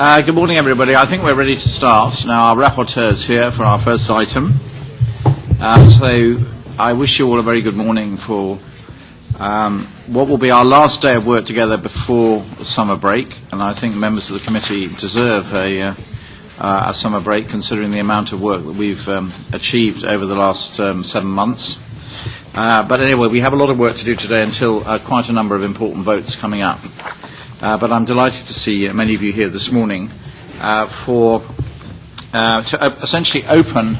Uh, good morning, everybody. I think we're ready to start. Now, our rapporteur is here for our first item. Uh, so I wish you all a very good morning for um, what will be our last day of work together before the summer break. And I think members of the committee deserve a, uh, uh, a summer break considering the amount of work that we've um, achieved over the last um, seven months. Uh, but anyway, we have a lot of work to do today until uh, quite a number of important votes coming up. Uh, but I'm delighted to see uh, many of you here this morning uh, for uh, to op- uh, essentially open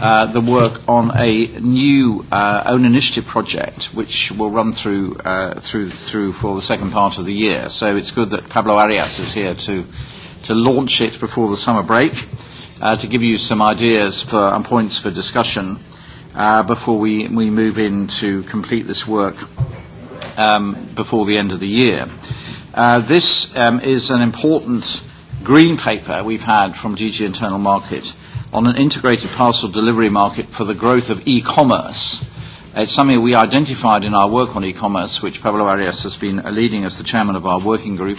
uh, the work on a new uh, own initiative project, which will run through uh, through through for the second part of the year. So it's good that Pablo Arias is here to to launch it before the summer break, uh, to give you some ideas for and points for discussion uh, before we, we move in to complete this work um, before the end of the year. Uh, Uh, this um, is an important green paper we've had from DG Internal Market on an integrated parcel delivery market for the growth of e-commerce. It's something we identified in our work on e-commerce, which Pablo Arias has been leading as the chairman of our working group,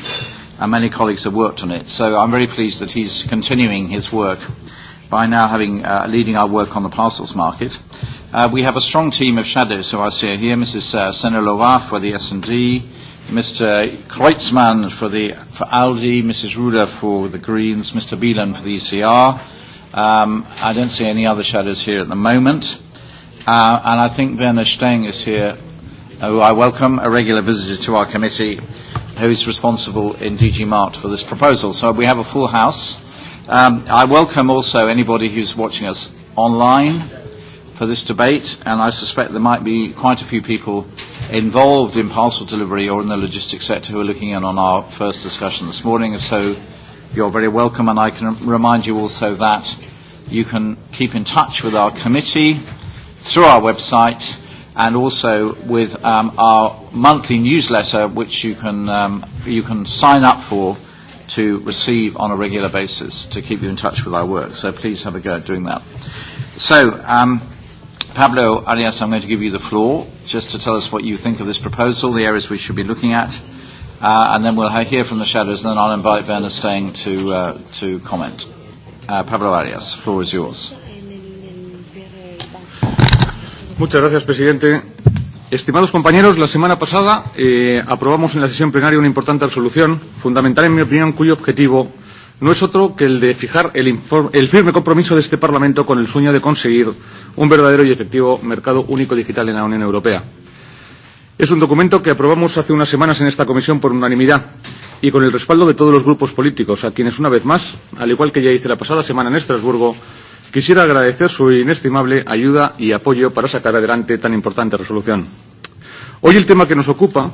and many colleagues have worked on it. So I'm very pleased that he's continuing his work by now having uh, leading our work on the parcels market. Uh, we have a strong team of shadows who I see here, Mrs. Uh, Senelova for the S&D, Mr. Kreutzmann for, the, for ALDI, Mrs. Ruder for the Greens, Mr. Bielan for the ECR. Um, I don't see any other shadows here at the moment. Uh, and I think Werner Steng is here, who I welcome, a regular visitor to our committee, who is responsible in DG Mart for this proposal. So we have a full house. Um, I welcome also anybody who's watching us online for this debate, and I suspect there might be quite a few people involved in parcel delivery or in the logistics sector who are looking in on our first discussion this morning. If so, you're very welcome, and I can remind you also that you can keep in touch with our committee through our website and also with um, our monthly newsletter, which you can, um, you can sign up for to receive on a regular basis to keep you in touch with our work. So please have a go at doing that. So, um, Pablo Arias, I'm going to give you the floor just to tell us what you think of this proposal, the areas we should be looking at, uh, and then we'll hear from the shadows, and then I'll invite Werner Stang to, uh, to comment. Uh, Pablo Arias, the floor is yours. Muchas gracias, presidente. Estimados compañeros, la semana pasada eh, aprobamos en la sesión plenaria una importante resolución, fundamental en mi opinión, cuyo objetivo no es otro que el de fijar el, informe, el firme compromiso de este Parlamento con el sueño de conseguir un verdadero y efectivo mercado único digital en la Unión Europea. Es un documento que aprobamos hace unas semanas en esta comisión por unanimidad y con el respaldo de todos los grupos políticos, a quienes una vez más, al igual que ya hice la pasada semana en Estrasburgo, quisiera agradecer su inestimable ayuda y apoyo para sacar adelante tan importante resolución. Hoy el tema que nos ocupa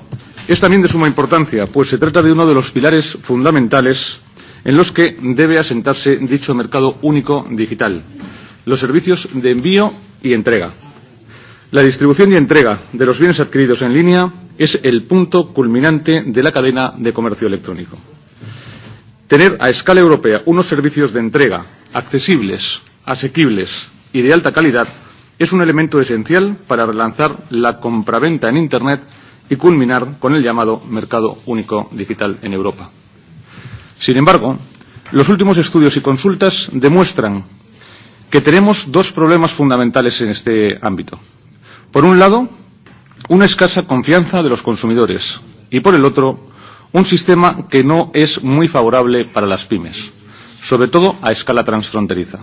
es también de suma importancia, pues se trata de uno de los pilares fundamentales en los que debe asentarse dicho mercado único digital, los servicios de envío y entrega. La distribución y entrega de los bienes adquiridos en línea es el punto culminante de la cadena de comercio electrónico. Tener a escala europea unos servicios de entrega accesibles, asequibles y de alta calidad es un elemento esencial para relanzar la compraventa en Internet y culminar con el llamado mercado único digital en Europa. Sin embargo, los últimos estudios y consultas demuestran que tenemos dos problemas fundamentales en este ámbito. Por un lado, una escasa confianza de los consumidores y por el otro, un sistema que no es muy favorable para las pymes, sobre todo a escala transfronteriza.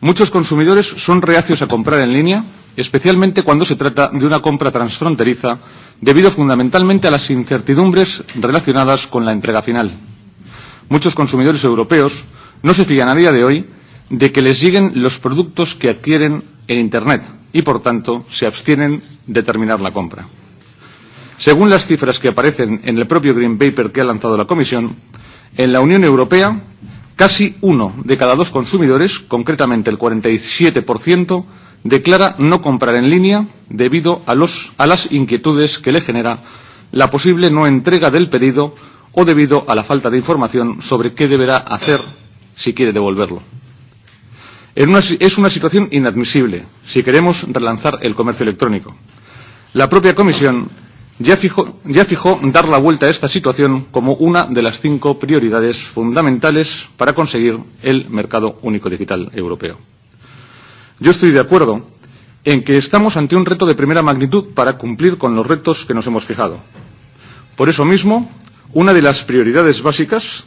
Muchos consumidores son reacios a comprar en línea, especialmente cuando se trata de una compra transfronteriza, debido fundamentalmente a las incertidumbres relacionadas con la entrega final muchos consumidores europeos no se fían a día de hoy de que les lleguen los productos que adquieren en Internet y, por tanto, se abstienen de terminar la compra. Según las cifras que aparecen en el propio Green Paper que ha lanzado la Comisión, en la Unión Europea casi uno de cada dos consumidores, concretamente el 47%, declara no comprar en línea debido a, los, a las inquietudes que le genera la posible no entrega del pedido o debido a la falta de información sobre qué deberá hacer si quiere devolverlo. En una, es una situación inadmisible si queremos relanzar el comercio electrónico. La propia Comisión ya fijó, ya fijó dar la vuelta a esta situación como una de las cinco prioridades fundamentales para conseguir el mercado único digital europeo. Yo estoy de acuerdo en que estamos ante un reto de primera magnitud para cumplir con los retos que nos hemos fijado. Por eso mismo, Una de las prioridades básicas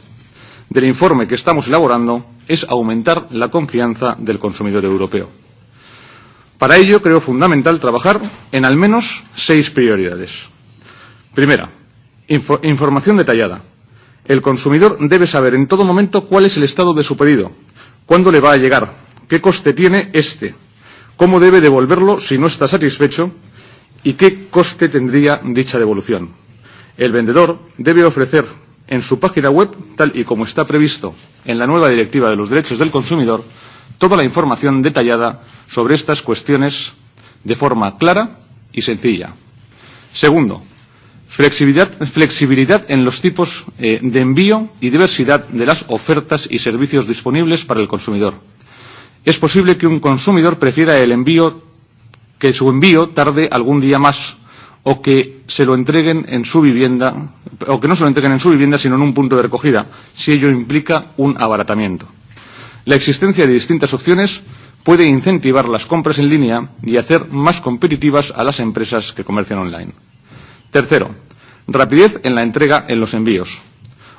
del informe que estamos elaborando es aumentar la confianza del consumidor europeo. Para ello, creo fundamental trabajar en al menos seis prioridades. Primera, inf información detallada. El consumidor debe saber en todo momento cuál es el estado de su pedido, cuándo le va a llegar, qué coste tiene este, cómo debe devolverlo si no está satisfecho y qué coste tendría dicha devolución el vendedor debe ofrecer en su página web, tal y como está previsto en la nueva Directiva de los Derechos del Consumidor, toda la información detallada sobre estas cuestiones de forma clara y sencilla. Segundo, flexibilidad, flexibilidad en los tipos eh, de envío y diversidad de las ofertas y servicios disponibles para el consumidor. Es posible que un consumidor prefiera el envío que su envío tarde algún día más o que se lo entreguen en su vivienda, o que no se lo entreguen en su vivienda, sino en un punto de recogida, si ello implica un abaratamiento. La existencia de distintas opciones puede incentivar las compras en línea y hacer más competitivas a las empresas que comercian online. Tercero, rapidez en la entrega en los envíos.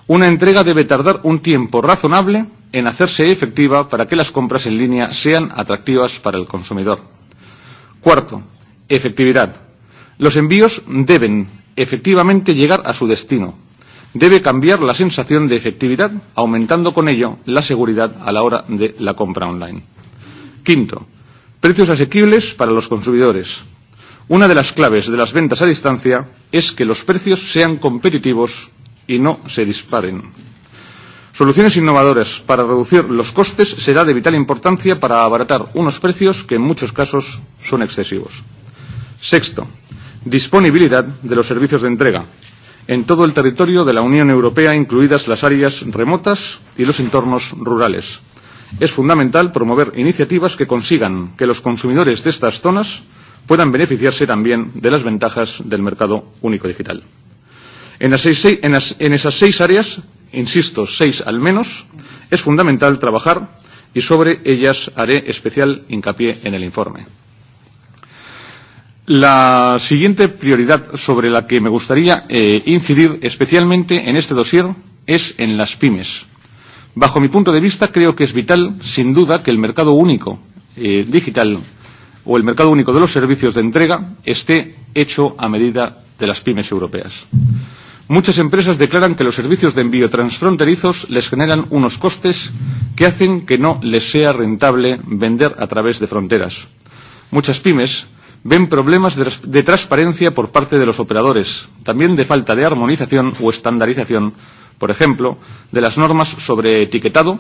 Una entrega debe tardar un tiempo razonable en hacerse efectiva para que las compras en línea sean atractivas para el consumidor. Cuarto, efectividad Los envíos deben efectivamente llegar a su destino. Debe cambiar la sensación de efectividad, aumentando con ello la seguridad a la hora de la compra online. Quinto, precios asequibles para los consumidores. Una de las claves de las ventas a distancia es que los precios sean competitivos y no se disparen. Soluciones innovadoras para reducir los costes será de vital importancia para abaratar unos precios que en muchos casos son excesivos. Sexto, disponibilidad de los servicios de entrega en todo el territorio de la Unión Europea, incluidas las áreas remotas y los entornos rurales. Es fundamental promover iniciativas que consigan que los consumidores de estas zonas puedan beneficiarse también de las ventajas del mercado único digital. En, las seis, en, las, en esas seis áreas, insisto, seis al menos, es fundamental trabajar y sobre ellas haré especial hincapié en el informe. La siguiente prioridad sobre la que me gustaría eh, incidir especialmente en este dossier es en las pymes. Bajo mi punto de vista, creo que es vital, sin duda, que el mercado único eh, digital o el mercado único de los servicios de entrega esté hecho a medida de las pymes europeas. Muchas empresas declaran que los servicios de envío transfronterizos les generan unos costes que hacen que no les sea rentable vender a través de fronteras. Muchas pymes ven problemas de, de transparencia por parte de los operadores, también de falta de armonización o estandarización, por ejemplo, de las normas sobre etiquetado,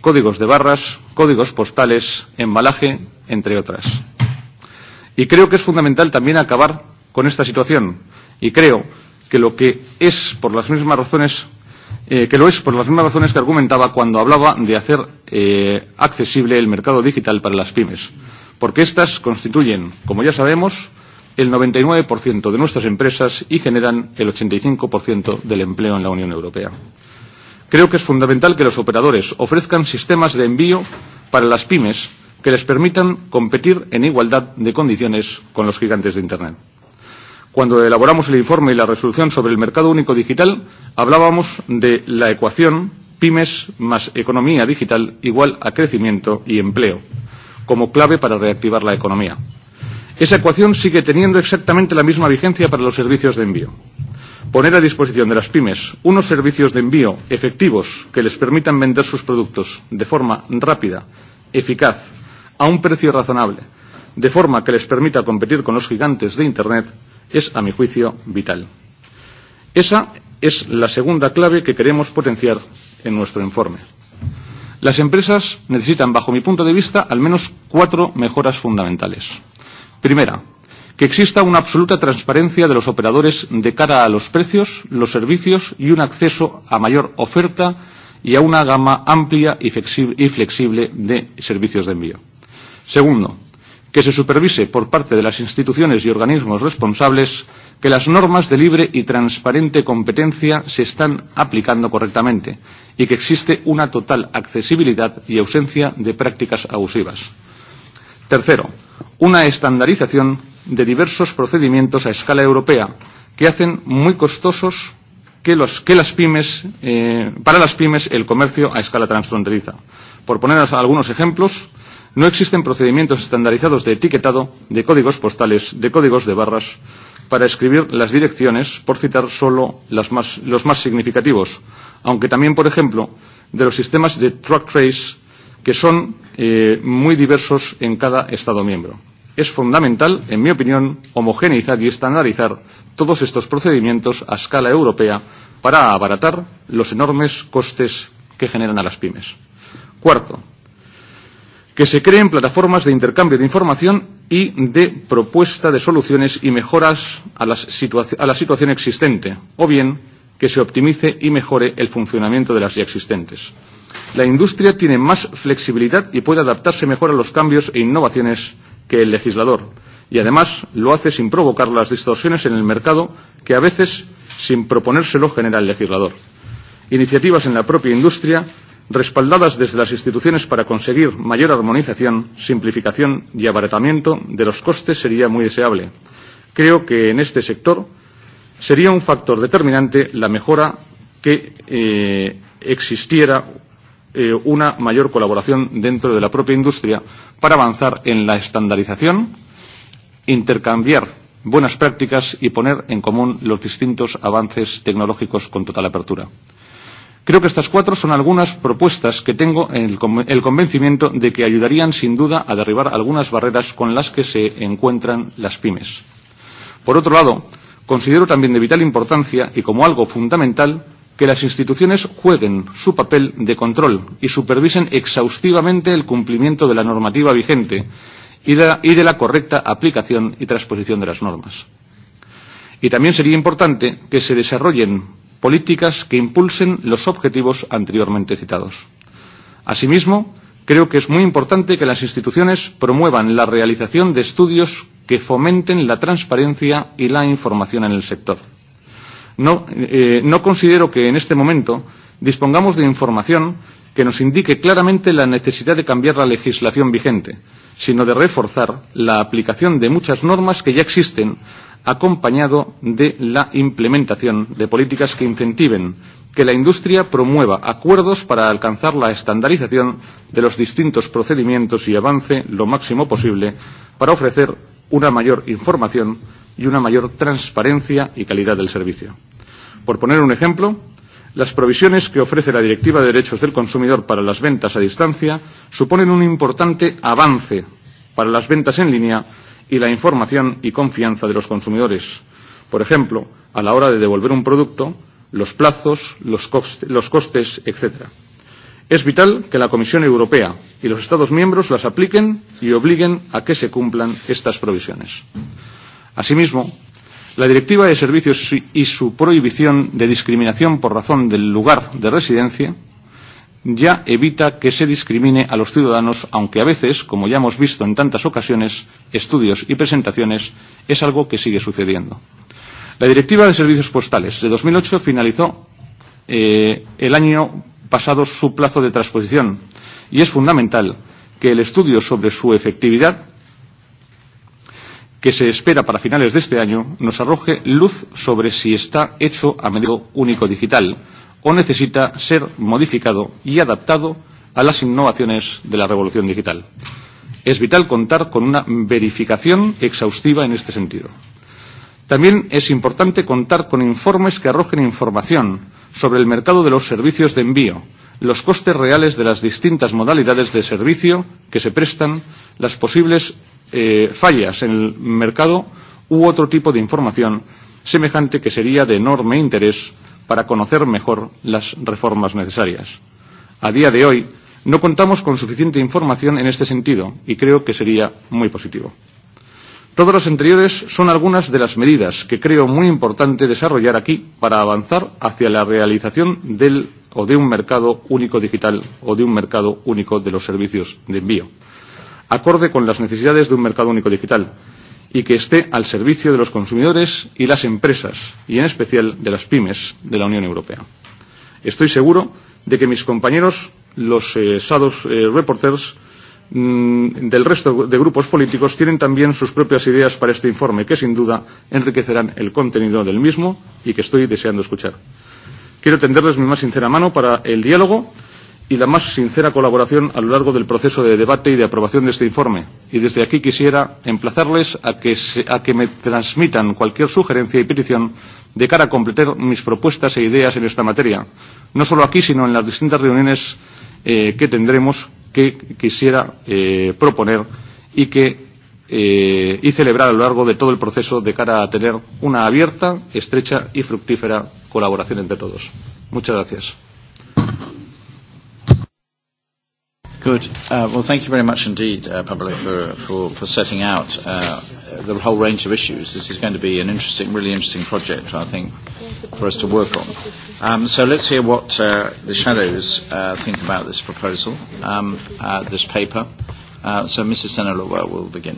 códigos de barras, códigos postales, embalaje, entre otras. Y creo que es fundamental también acabar con esta situación. Y creo que lo que es por las mismas razones eh, que lo es por las mismas razones que argumentaba cuando hablaba de hacer eh, accesible el mercado digital para las pymes porque éstas constituyen, como ya sabemos, el 99% de nuestras empresas y generan el 85% del empleo en la Unión Europea. Creo que es fundamental que los operadores ofrezcan sistemas de envío para las pymes que les permitan competir en igualdad de condiciones con los gigantes de Internet. Cuando elaboramos el informe y la resolución sobre el mercado único digital, hablábamos de la ecuación pymes más economía digital igual a crecimiento y empleo como clave para reactivar la economía. Esa ecuación sigue teniendo exactamente la misma vigencia para los servicios de envío. Poner a disposición de las pymes unos servicios de envío efectivos que les permitan vender sus productos de forma rápida, eficaz, a un precio razonable, de forma que les permita competir con los gigantes de Internet, es, a mi juicio, vital. Esa es la segunda clave que queremos potenciar en nuestro informe. Las empresas necesitan, bajo mi punto de vista, al menos cuatro mejoras fundamentales. Primera, que exista una absoluta transparencia de los operadores de cara a los precios, los servicios y un acceso a mayor oferta y a una gama amplia y flexible de servicios de envío. Segundo, que se supervise por parte de las instituciones y organismos responsables que las normas de libre y transparente competencia se están aplicando correctamente y que existe una total accesibilidad y ausencia de prácticas abusivas. Tercero, una estandarización de diversos procedimientos a escala europea que hacen muy costosos que, los, que las pymes, eh, para las pymes el comercio a escala transfronteriza. Por poner algunos ejemplos, no existen procedimientos estandarizados de etiquetado de códigos postales, de códigos de barras, para escribir las direcciones, por citar solo las más, los más significativos, aunque también, por ejemplo, de los sistemas de track trace, que son eh, muy diversos en cada Estado miembro. Es fundamental, en mi opinión, homogeneizar y estandarizar todos estos procedimientos a escala europea para abaratar los enormes costes que generan a las pymes. Cuarto, que se creen plataformas de intercambio de información y de propuesta de soluciones y mejoras a, las a la situación existente, o bien que se optimice y mejore el funcionamiento de las ya existentes. La industria tiene más flexibilidad y puede adaptarse mejor a los cambios e innovaciones que el legislador, y además lo hace sin provocar las distorsiones en el mercado que a veces, sin proponérselo, genera el legislador. Iniciativas en la propia industria respaldadas desde las instituciones para conseguir mayor armonización, simplificación y abaratamiento de los costes sería muy deseable. Creo que en este sector sería un factor determinante la mejora que eh, existiera eh, una mayor colaboración dentro de la propia industria para avanzar en la estandarización, intercambiar buenas prácticas y poner en común los distintos avances tecnológicos con total apertura. Creo que estas cuatro son algunas propuestas que tengo el, el convencimiento de que ayudarían sin duda a derribar algunas barreras con las que se encuentran las pymes. Por otro lado, considero también de vital importancia y como algo fundamental que las instituciones jueguen su papel de control y supervisen exhaustivamente el cumplimiento de la normativa vigente y de, y de la correcta aplicación y transposición de las normas. Y también sería importante que se desarrollen políticas que impulsen los objetivos anteriormente citados. Asimismo, creo que es muy importante que las instituciones promuevan la realización de estudios que fomenten la transparencia y la información en el sector. No, eh, no considero que en este momento dispongamos de información que nos indique claramente la necesidad de cambiar la legislación vigente, sino de reforzar la aplicación de muchas normas que ya existen acompañado de la implementación de políticas que incentiven que la industria promueva acuerdos para alcanzar la estandarización de los distintos procedimientos y avance lo máximo posible para ofrecer una mayor información y una mayor transparencia y calidad del servicio. Por poner un ejemplo, las provisiones que ofrece la Directiva de Derechos del Consumidor para las ventas a distancia suponen un importante avance para las ventas en línea y la información y confianza de los consumidores. Por ejemplo, a la hora de devolver un producto, los plazos, los, coste, los costes, etc. Es vital que la Comisión Europea y los Estados miembros las apliquen y obliguen a que se cumplan estas provisiones. Asimismo, la Directiva de Servicios y su prohibición de discriminación por razón del lugar de residencia ya evita que se discrimine a los ciudadanos, aunque a veces, como ya hemos visto en tantas ocasiones, estudios y presentaciones, es algo que sigue sucediendo. La Directiva de Servicios Postales de 2008 finalizó eh, el año pasado su plazo de transposición y es fundamental que el estudio sobre su efectividad que se espera para finales de este año nos arroje luz sobre si está hecho a medio único digital, o necesita ser modificado y adaptado a las innovaciones de la revolución digital. Es vital contar con una verificación exhaustiva en este sentido. También es importante contar con informes que arrojen información sobre el mercado de los servicios de envío, los costes reales de las distintas modalidades de servicio que se prestan, las posibles eh, fallas en el mercado u otro tipo de información semejante que sería de enorme interés para conocer mejor las reformas necesarias. A día de hoy no contamos con suficiente información en este sentido y creo que sería muy positivo. Todas las anteriores son algunas de las medidas que creo muy importante desarrollar aquí para avanzar hacia la realización del o de un mercado único digital o de un mercado único de los servicios de envío, acorde con las necesidades de un mercado único digital y que esté al servicio de los consumidores y las empresas, y en especial de las pymes de la Unión Europea. Estoy seguro de que mis compañeros, los eh, Sados eh, Reporters, mmm, del resto de grupos políticos tienen también sus propias ideas para este informe, que sin duda enriquecerán el contenido del mismo y que estoy deseando escuchar. Quiero tenderles mi más sincera mano para el diálogo y la más sincera colaboración a lo largo del proceso de debate y de aprobación de este informe. Y desde aquí quisiera emplazarles a que, se, a que me transmitan cualquier sugerencia y petición de cara a completar mis propuestas e ideas en esta materia, no solo aquí, sino en las distintas reuniones eh, que tendremos que quisiera eh, proponer y que eh, y celebrar a lo largo de todo el proceso de cara a tener una abierta, estrecha y fructífera colaboración entre todos. Muchas gracias. Good. Uh, well, thank you very much indeed, uh, Pablo, for, for, for setting out uh, the whole range of issues. This is going to be an interesting, really interesting project, I think, for us to work on. Um, so let's hear what uh, the shadows uh, think about this proposal, um, uh, this paper. Uh, so Mrs. Senelova will begin.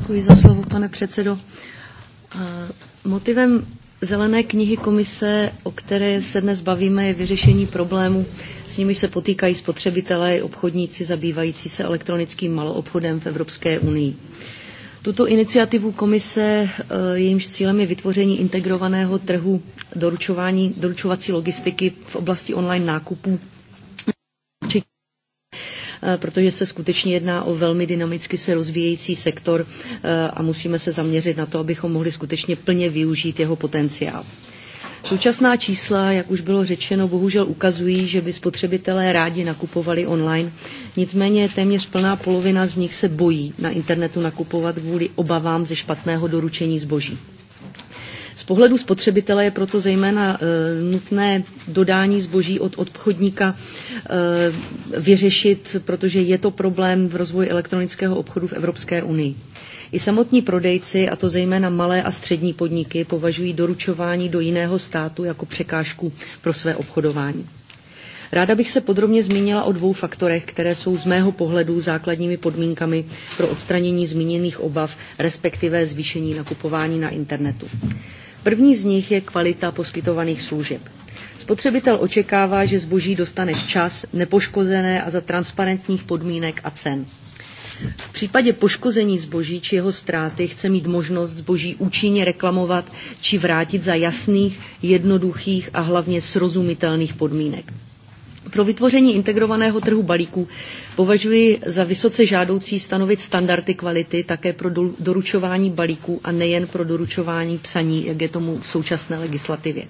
Děkuji za slovo, pane předsedo. Uh, motivem zelené knihy komise, o které se dnes bavíme, je vyřešení problému, s nimiž se potýkají spotřebitelé i obchodníci zabývající se elektronickým maloobchodem v Evropské unii. Tuto iniciativu komise, eh, jejímž cílem je vytvoření integrovaného trhu doručování, doručovací logistiky v oblasti online nákupů, Eh, protože se skutečně jedná o velmi dynamicky se rozvíjející sektor eh, a musíme se zaměřit na to, abychom mohli skutečně plně využít jeho potenciál. Současná čísla, jak už bylo řečeno, bohužel ukazují, že by spotřebitelé rádi nakupovali online. Nicméně téměř plná polovina z nich se bojí na internetu nakupovat kvůli obavám ze špatného doručení zboží. Z pohledu spotřebitele je proto zejména e, nutné dodání zboží od obchodníka e, vyřešit, protože je to problém v rozvoji elektronického obchodu v Evropské unii. I samotní prodejci, a to zejména malé a střední podniky, považují doručování do jiného státu jako překážku pro své obchodování. Ráda bych se podrobně zmínila o dvou faktorech, které jsou z mého pohledu základními podmínkami pro odstranění zmíněných obav, respektive zvýšení nakupování na internetu. První z nich je kvalita poskytovaných služeb. Spotřebitel očekává, že zboží dostane včas, nepoškozené a za transparentních podmínek a cen. V případě poškození zboží či jeho ztráty chce mít možnost zboží účinně reklamovat či vrátit za jasných, jednoduchých a hlavně srozumitelných podmínek. Pro vytvoření integrovaného trhu balíků považuji za vysoce žádoucí stanovit standardy kvality také pro doručování balíků a nejen pro doručování psaní, jak je tomu v současné legislativě.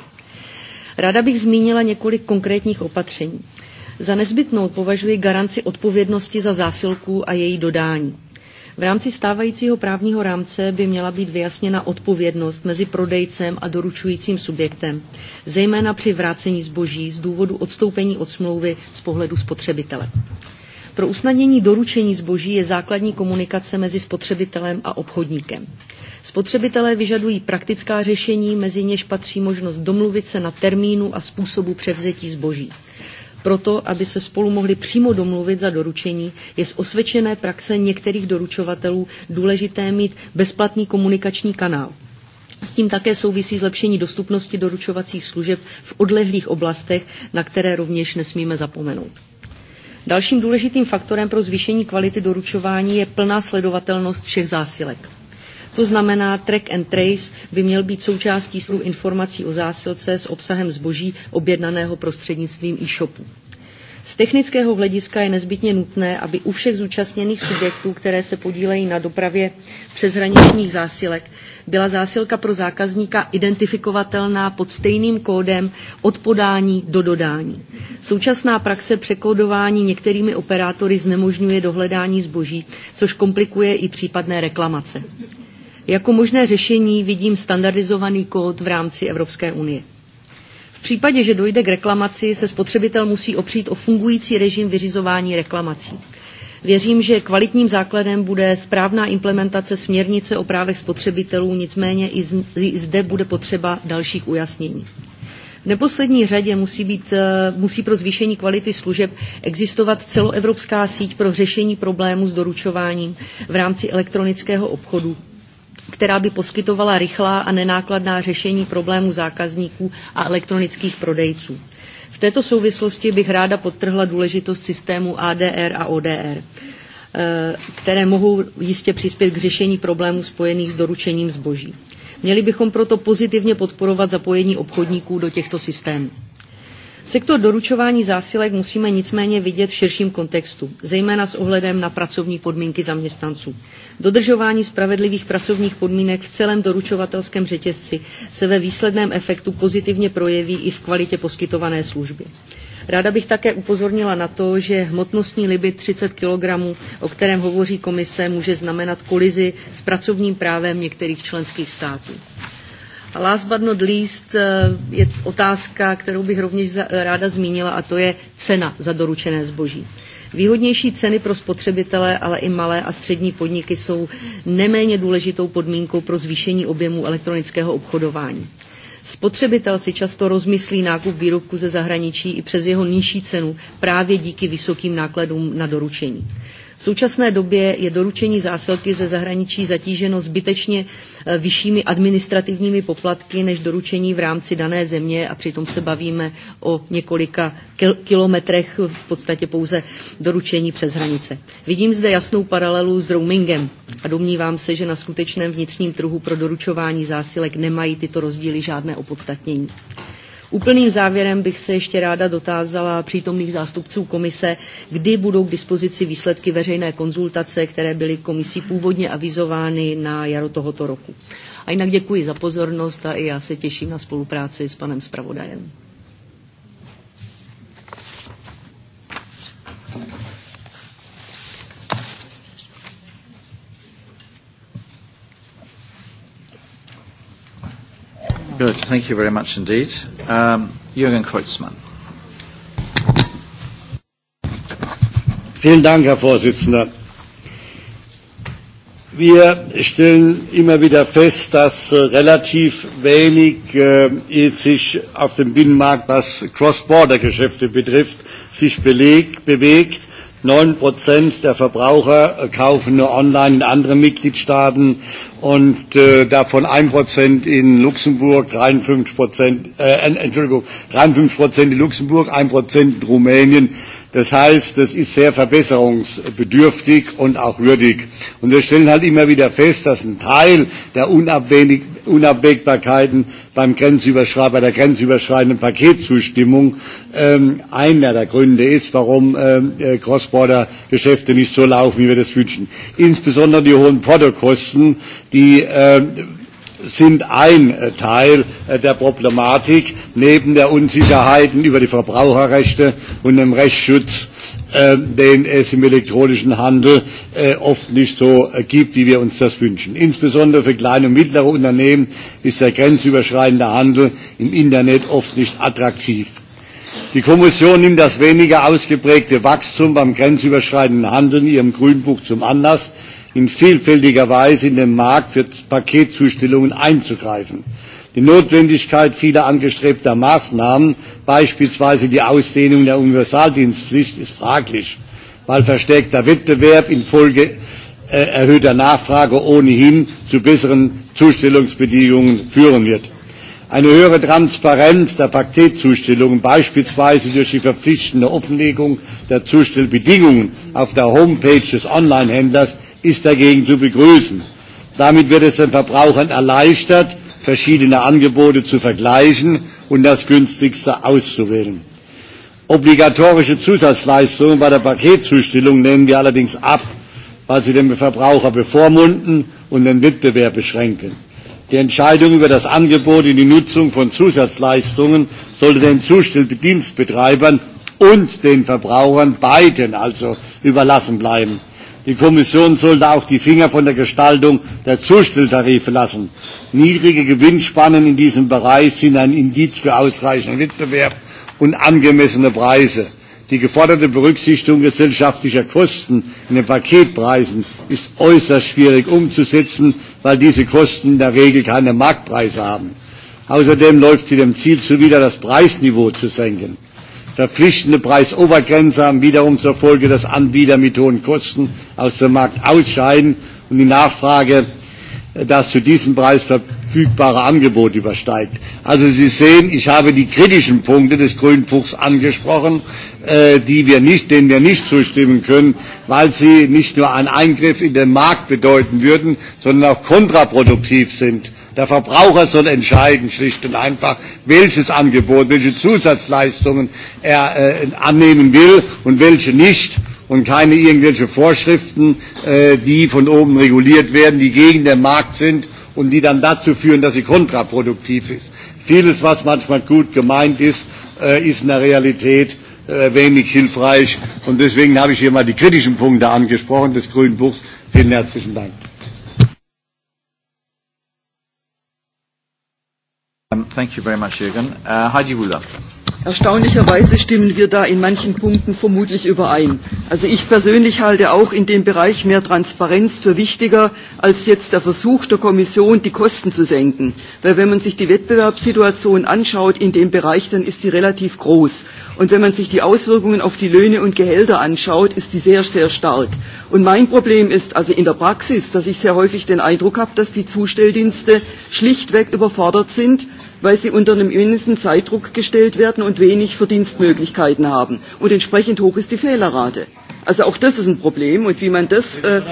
Ráda bych zmínila několik konkrétních opatření. Za nezbytnou považuji garanci odpovědnosti za zásilku a její dodání. V rámci stávajícího právního rámce by měla být vyjasněna odpovědnost mezi prodejcem a doručujícím subjektem, zejména při vrácení zboží z důvodu odstoupení od smlouvy z pohledu spotřebitele. Pro usnadnění doručení zboží je základní komunikace mezi spotřebitelem a obchodníkem. Spotřebitelé vyžadují praktická řešení, mezi něž patří možnost domluvit se na termínu a způsobu převzetí zboží proto, aby se spolu mohli přímo domluvit za doručení, je z osvědčené praxe některých doručovatelů důležité mít bezplatný komunikační kanál. S tím také souvisí zlepšení dostupnosti doručovacích služeb v odlehlých oblastech, na které rovněž nesmíme zapomenout. Dalším důležitým faktorem pro zvýšení kvality doručování je plná sledovatelnost všech zásilek. To znamená, track and trace by měl být součástí slu informací o zásilce s obsahem zboží objednaného prostřednictvím e-shopu. Z technického hlediska je nezbytně nutné, aby u všech zúčastněných subjektů, které se podílejí na dopravě přeshraničních zásilek, byla zásilka pro zákazníka identifikovatelná pod stejným kódem od podání do dodání. Současná praxe překódování některými operátory znemožňuje dohledání zboží, což komplikuje i případné reklamace. Jako možné řešení vidím standardizovaný kód v rámci Evropské unie. V případě, že dojde k reklamaci, se spotřebitel musí opřít o fungující režim vyřizování reklamací. Věřím, že kvalitním základem bude správná implementace směrnice o právech spotřebitelů, nicméně i zde bude potřeba dalších ujasnění. V neposlední řadě musí, být, eh, musí pro zvýšení kvality služeb existovat celoevropská síť pro řešení problémů s doručováním v rámci elektronického obchodu, která by poskytovala rychlá a nenákladná řešení problémů zákazníků a elektronických prodejců. V této souvislosti bych ráda podtrhla důležitost systému ADR a ODR, eh, které mohou jistě přispět k řešení problémů spojených s doručením zboží. Měli bychom proto pozitivně podporovat zapojení obchodníků do těchto systémů. Sektor doručování zásilek musíme nicméně vidět v širším kontextu, zejména s ohledem na pracovní podmínky zaměstnanců. Dodržování spravedlivých pracovních podmínek v celém doručovatelském řetězci se ve výsledném efektu pozitivně projeví i v kvalitě poskytované služby. Ráda bych také upozornila na to, že hmotnostní limit 30 kg, o kterém hovoří komise, může znamenat kolizi s pracovním právem některých členských států. A last but not least eh, je otázka, kterou bych rovněž ráda zmínila, a to je cena za doručené zboží. Výhodnější ceny pro spotřebitele, ale i malé a střední podniky jsou neméně důležitou podmínkou pro zvýšení objemu elektronického obchodování. Spotřebitel si často rozmyslí nákup výrobku ze zahraničí i přes jeho nižší cenu právě díky vysokým nákladům na doručení současné době je doručení zásilky ze zahraničí zatíženo zbytečně eh, vyššími administrativními poplatky než doručení v rámci dané země a přitom se bavíme o několika kilometrech v podstatě pouze doručení přes hranice. Vidím zde jasnou paralelu s roamingem a domnívám se, že na skutečném vnitřním trhu pro doručování zásilek nemají tyto rozdíly žádné opodstatnění. Úplným závěrem bych se ještě ráda dotázala přítomných zástupců komise, kdy budou k dispozici výsledky veřejné konzultace, které byly komisí původně avizovány na jaro tohoto roku. A jinak děkuji za pozornost a i já se těším na spolupráci s panem zpravodajem. Good. Thank you very much indeed. Um, Jürgen Kreuzmann. Vielen Dank, Herr Vorsitzender. Wir stellen immer wieder fest, dass äh, relativ wenig äh, sich auf dem Binnenmarkt, was Cross-Border-Geschäfte betrifft, sich beleg, bewegt 9 der Verbraucher kaufen nur online in anderen Mitgliedstaaten und äh, davon 1 in Luxemburg, 53 äh, Entschuldigung, 53 in Luxemburg, 1 in Rumänien, Das heißt, das ist sehr verbesserungsbedürftig und auch würdig. Und wir stellen halt immer wieder fest, dass ein Teil der Unabwägbarkeiten beim Grenzüberschreit bei der grenzüberschreitenden Paketzustimmung ähm, einer der Gründe ist, warum ähm, äh, Cross-Border-Geschäfte nicht so laufen, wie wir das wünschen. Insbesondere die hohen Portokosten, die äh, sind ein äh, Teil äh, der Problematik neben der Unsicherheiten über die Verbraucherrechte und dem Rechtsschutz, äh, den es im elektronischen Handel oft nicht so gibt, wie wir uns das wünschen. Insbesondere für kleine und mittlere Unternehmen ist der grenzüberschreitende Handel im Internet oft nicht attraktiv. Die Kommission nimmt das weniger ausgeprägte Wachstum beim grenzüberschreitenden Handel in ihrem Grünbuch zum Anlass, in vielfältiger Weise in den Markt für Paketzustellungen einzugreifen. Die Notwendigkeit vieler angestrebter Maßnahmen, beispielsweise die Ausdehnung der Universaldienstpflicht, ist fraglich, weil verstärkter Wettbewerb infolge äh, erhöhter Nachfrage ohnehin zu besseren Zustellungsbedingungen führen wird. Eine höhere Transparenz der Paketzustellungen, beispielsweise durch die verpflichtende Offenlegung der Zustellbedingungen auf der Homepage des Onlinehändlers, ist dagegen zu begrüßen. Damit wird es den Verbrauchern erleichtert, verschiedene Angebote zu vergleichen und das günstigste auszuwählen. Obligatorische Zusatzleistungen bei der Paketzustellung lehnen wir allerdings ab, weil sie den Verbraucher bevormunden und den Wettbewerb beschränken. Die Entscheidung über das Angebot und die Nutzung von Zusatzleistungen sollte den Dienstbetreibern und den Verbrauchern beiden also überlassen bleiben. Die Kommission sollte auch die Finger von der Gestaltung der Zustelltarife lassen. Niedrige Gewinnspannen in diesem Bereich sind ein Indiz für ausreichenden Wettbewerb und angemessene Preise. Die geforderte Berücksichtigung gesellschaftlicher Kosten in den Paketpreisen ist äußerst schwierig umzusetzen, weil diese Kosten in der Regel keine Marktpreise haben. Außerdem läuft sie dem Ziel zuwider, das Preisniveau zu senken. Verpflichtende Preisobergrenzen haben wiederum zur Folge, dass Anbieter mit hohen Kosten aus dem Markt ausscheiden und die Nachfrage äh, das zu diesem Preis verfügbare Angebot übersteigt. Also Sie sehen, ich habe die kritischen Punkte des Grünbuchs angesprochen. Äh, die wir nicht, denen wir nicht zustimmen können, weil sie nicht nur einen Eingriff in den Markt bedeuten würden, sondern auch kontraproduktiv sind. Der Verbraucher soll entscheiden, schlicht und einfach, welches Angebot, welche Zusatzleistungen er äh, annehmen will und welche nicht und keine irgendwelche Vorschriften, äh, die von oben reguliert werden, die gegen den Markt sind und die dann dazu führen, dass sie kontraproduktiv ist. Vieles, was manchmal gut gemeint ist, äh, ist in der Realität Äh, wenig hilfreich. Und deswegen habe ich hier mal die kritischen Punkte angesprochen des Grünen Buchs. Vielen herzlichen Dank. Um, thank you very much, Jürgen. Uh, Heidi Wuller erstaunlicherweise stimmen wir da in manchen punkten vermutlich überein. also ich persönlich halte auch in dem bereich mehr transparenz für wichtiger als jetzt der versuch der kommission die kosten zu senken. denn wenn man sich die wettbewerbssituation anschaut in dem bereich dann ist sie relativ groß und wenn man sich die auswirkungen auf die löhne und gehälter anschaut ist sie sehr sehr stark. Und mein Problem ist also in der Praxis, dass ich sehr häufig den Eindruck habe, dass die Zustelldienste schlichtweg überfordert sind, weil sie unter einem immensen Zeitdruck gestellt werden und wenig Verdienstmöglichkeiten haben. Und entsprechend hoch ist die Fehlerrate. Also auch das ist ein Problem. Und wie man das... Äh,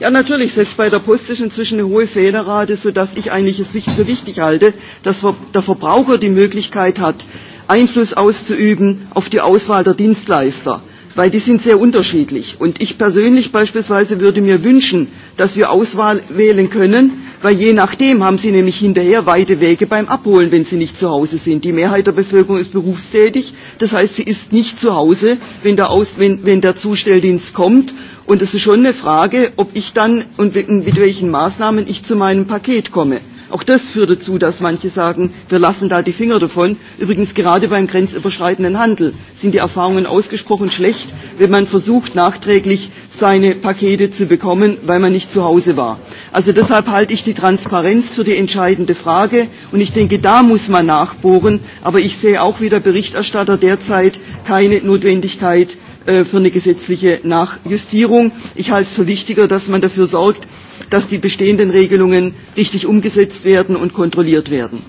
ja, natürlich, selbst bei der Post ist inzwischen eine hohe Fehlerrate, sodass ich eigentlich es für wichtig halte, dass der Verbraucher die Möglichkeit hat, Einfluss auszuüben auf die Auswahl der Dienstleister weil die sind sehr unterschiedlich. Und ich persönlich beispielsweise würde mir wünschen, dass wir Auswahl wählen können, weil je nachdem haben sie nämlich hinterher weite Wege beim Abholen, wenn sie nicht zu Hause sind. Die Mehrheit der Bevölkerung ist berufstätig, das heißt, sie ist nicht zu Hause, wenn der, Aus, wenn, wenn der Zustelldienst kommt. Und es ist schon eine Frage, ob ich dann und mit welchen Maßnahmen ich zu meinem Paket komme. Auch das führt dazu, dass manche sagen, wir lassen da die Finger davon. Übrigens gerade beim grenzüberschreitenden Handel sind die Erfahrungen ausgesprochen schlecht, wenn man versucht, nachträglich seine Pakete zu bekommen, weil man nicht zu Hause war. Also deshalb halte ich die Transparenz für die entscheidende Frage. Und ich denke, da muss man nachbohren. Aber ich sehe auch wie der Berichterstatter derzeit keine Notwendigkeit, Äh, für eine gesetzliche Nachjustierung. Ich halte es für wichtiger, dass man dafür sorgt, dass die bestehenden Regelungen richtig umgesetzt werden und kontrolliert werden.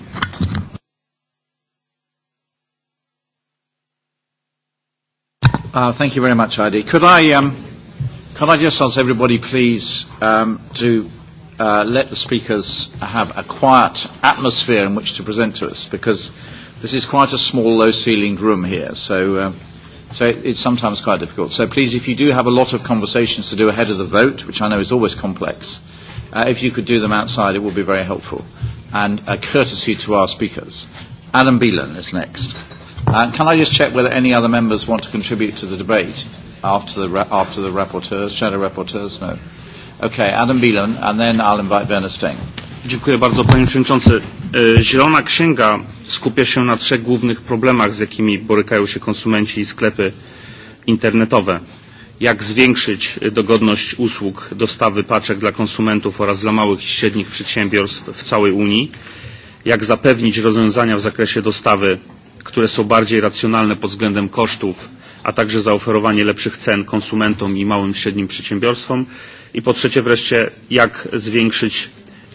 Uh, thank you very much, Heidi. Could I, um, could I just ask everybody, please, um, to uh, let the speakers have a quiet atmosphere in which to present to us, because this is quite a small, low-ceilinged room here. So. Uh, So it's sometimes quite difficult. So please, if you do have a lot of conversations to do ahead of the vote, which I know is always complex, uh, if you could do them outside, it would be very helpful. And a courtesy to our speakers. Adam Beelan is next. Uh, can I just check whether any other members want to contribute to the debate after the, ra- after the rapporteurs, shadow rapporteurs? No. Okay, Adam Beelan, and then I'll invite Werner Steng. Dziękuję bardzo, panie przewodniczący. E, zielona Księga skupia się na trzech głównych problemach, z jakimi borykają się konsumenci i sklepy internetowe. Jak zwiększyć dogodność usług dostawy paczek dla konsumentów oraz dla małych i średnich przedsiębiorstw w całej Unii. Jak zapewnić rozwiązania w zakresie dostawy, które są bardziej racjonalne pod względem kosztów, a także zaoferowanie lepszych cen konsumentom i małym i średnim przedsiębiorstwom. I po trzecie wreszcie, jak zwiększyć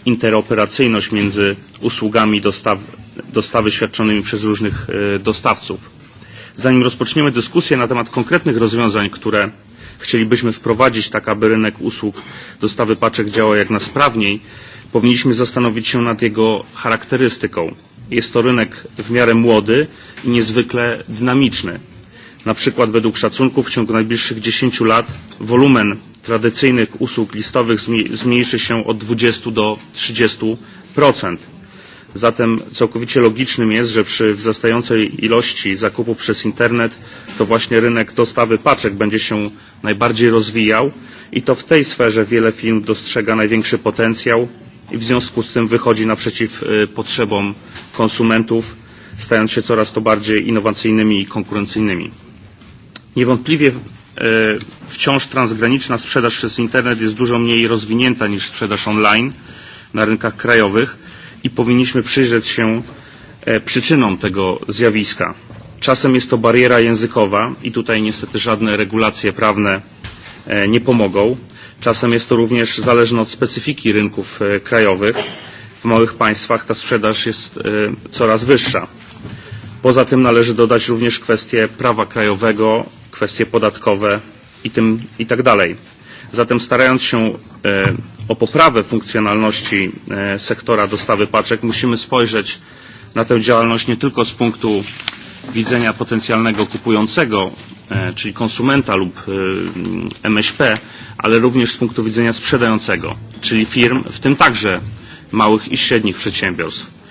interoperacyjność między usługami dostaw, dostawy świadczonymi przez różnych e, dostawców. Zanim rozpoczniemy dyskusję na temat konkretnych rozwiązań, które chcielibyśmy wprowadzić, tak aby rynek usług dostawy paczek działał jak najsprawniej, powinniśmy zastanowić się nad jego charakterystyką. Jest to rynek w miarę młody i niezwykle dynamiczny Na przykład według szacunków w ciągu najbliższych 10 lat wolumen tradycyjnych usług listowych zmniejszy się od 20 do 30%. Zatem całkowicie logicznym jest, że przy wzrastającej ilości zakupów przez internet to właśnie rynek dostawy paczek będzie się najbardziej rozwijał i to w tej sferze wiele firm dostrzega największy potencjał i w związku z tym wychodzi naprzeciw potrzebom konsumentów, stając się coraz to bardziej innowacyjnymi i konkurencyjnymi. Niewątpliwie e, wciąż transgraniczna sprzedaż przez internet jest dużo mniej rozwinięta niż sprzedaż online na rynkach krajowych i powinniśmy przyjrzeć się e, przyczynom tego zjawiska. Czasem jest to bariera językowa i tutaj niestety żadne regulacje prawne e, nie pomogą. Czasem jest to również zależne od specyfiki rynków e, krajowych. W małych państwach ta sprzedaż jest coraz wyższa. Poza tym należy dodać również kwestię prawa krajowego kwestie podatkowe i, tym, i tak dalej. Zatem starając się e, o poprawę funkcjonalności e, sektora dostawy paczek, musimy spojrzeć na tę działalność nie tylko z punktu widzenia potencjalnego kupującego, e, czyli konsumenta lub e, MŚP, ale również z punktu widzenia sprzedającego, czyli firm, w tym także małych i średnich przedsiębiorstw.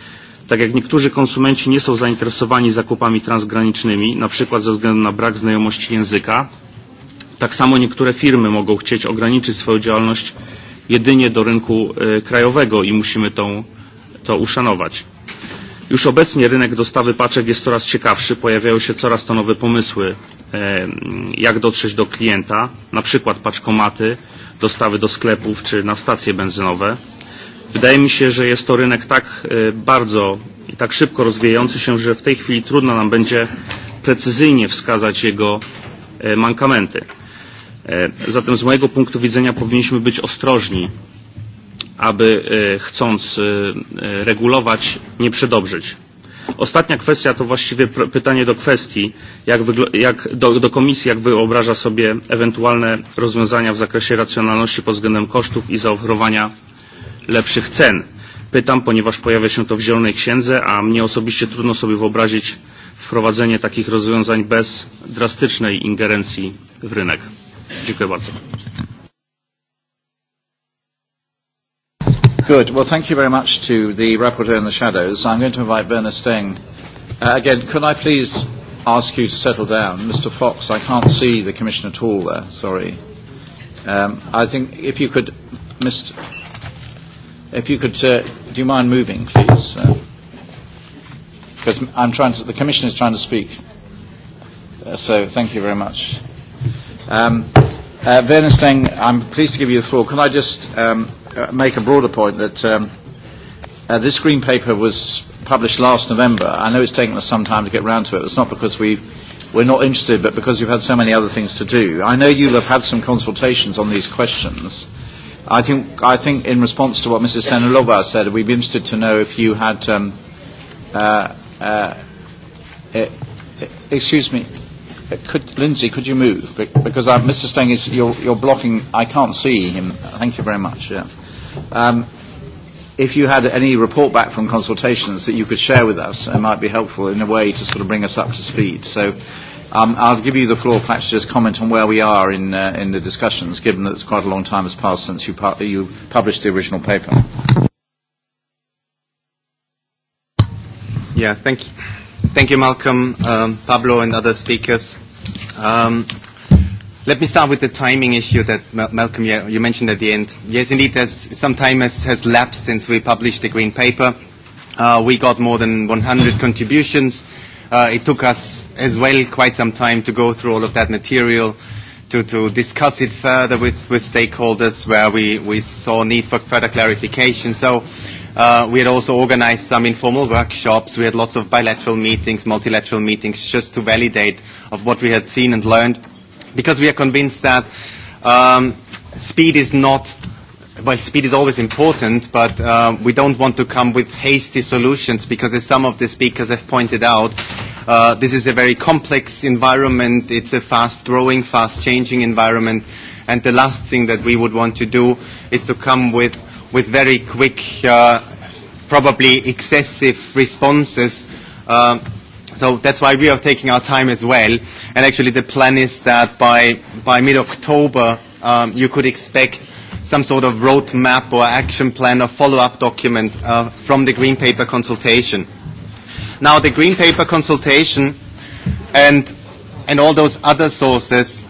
Tak jak niektórzy konsumenci nie są zainteresowani zakupami transgranicznymi, na przykład ze względu na brak znajomości języka, tak samo niektóre firmy mogą chcieć ograniczyć swoją działalność jedynie do rynku y, e, krajowego i musimy tą, to uszanować. Już obecnie rynek dostawy paczek jest coraz ciekawszy, pojawiają się coraz to nowe pomysły, e, jak dotrzeć do klienta, na przykład paczkomaty, dostawy do sklepów czy na stacje benzynowe. Wydaje mi się, że jest to rynek tak e, bardzo i tak szybko rozwijający się, że w tej chwili trudno nam będzie precyzyjnie wskazać jego e, mankamenty. E, zatem z mojego punktu widzenia powinniśmy być ostrożni, aby chcąc regulować nie przedobrzyć. Ostatnia kwestia to właściwie pytanie do kwestii, jak, jak do, do komisji, jak wyobraża sobie ewentualne rozwiązania w zakresie racjonalności pod względem kosztów i zaoferowania lepszych cen. Pytam, ponieważ pojawia się to w Zielonej Księdze, a mnie osobiście trudno sobie wyobrazić wprowadzenie takich rozwiązań bez drastycznej ingerencji w rynek. Dziękuję bardzo. Good. Well, thank you very much to the rapporteur in the shadows. I'm going to invite Bernard Steng. Uh, again, could I please ask you to settle down? Mr. Fox, I can't see the Commission at all there, sorry. Um, I think if you could, Mr. If you could, uh, do you mind moving, please? Because uh, I'm trying to, the Commission is trying to speak. Uh, so thank you very much. Um, uh, Bernstein, I'm pleased to give you the floor. Can I just um, uh, make a broader point that um, uh, this green paper was published last November. I know it's taken us some time to get round to it. It's not because we we're not interested, but because you've had so many other things to do. I know you have had some consultations on these questions. I think, I think in response to what Mrs. Senilova said, we'd be interested to know if you had, um, uh, uh, it, it, excuse me, could, Lindsay, could you move? because uh, Mr. Steng is, you're, you're blocking, I can't see him. Thank you very much. Yeah. Um, if you had any report back from consultations that you could share with us, it might be helpful in a way to sort of bring us up to speed. So Um, I'll give you the floor perhaps to just comment on where we are in, uh, in the discussions, given that it's quite a long time has passed since you, pu- you published the original paper. Yeah, thank you. Thank you, Malcolm, um, Pablo, and other speakers. Um, let me start with the timing issue that Mal- Malcolm you, you mentioned at the end. Yes, indeed, some time has, has lapsed since we published the green paper. Uh, we got more than 100 contributions Uh, it took us as well quite some time to go through all of that material, to, to discuss it further with, with stakeholders where we, we saw need for further clarification. So uh, we had also organized some informal workshops. We had lots of bilateral meetings, multilateral meetings, just to validate of what we had seen and learned, because we are convinced that um, speed is not well, speed is always important, but uh, we don't want to come with hasty solutions because, as some of the speakers have pointed out, uh, this is a very complex environment. It's a fast-growing, fast-changing environment, and the last thing that we would want to do is to come with with very quick, uh, probably excessive responses. Uh, so that's why we are taking our time as well. And actually, the plan is that by by mid-October, um, you could expect some sort of roadmap or action plan or follow-up document uh, from the Green Paper consultation. Now, the Green Paper consultation and, and all those other sources,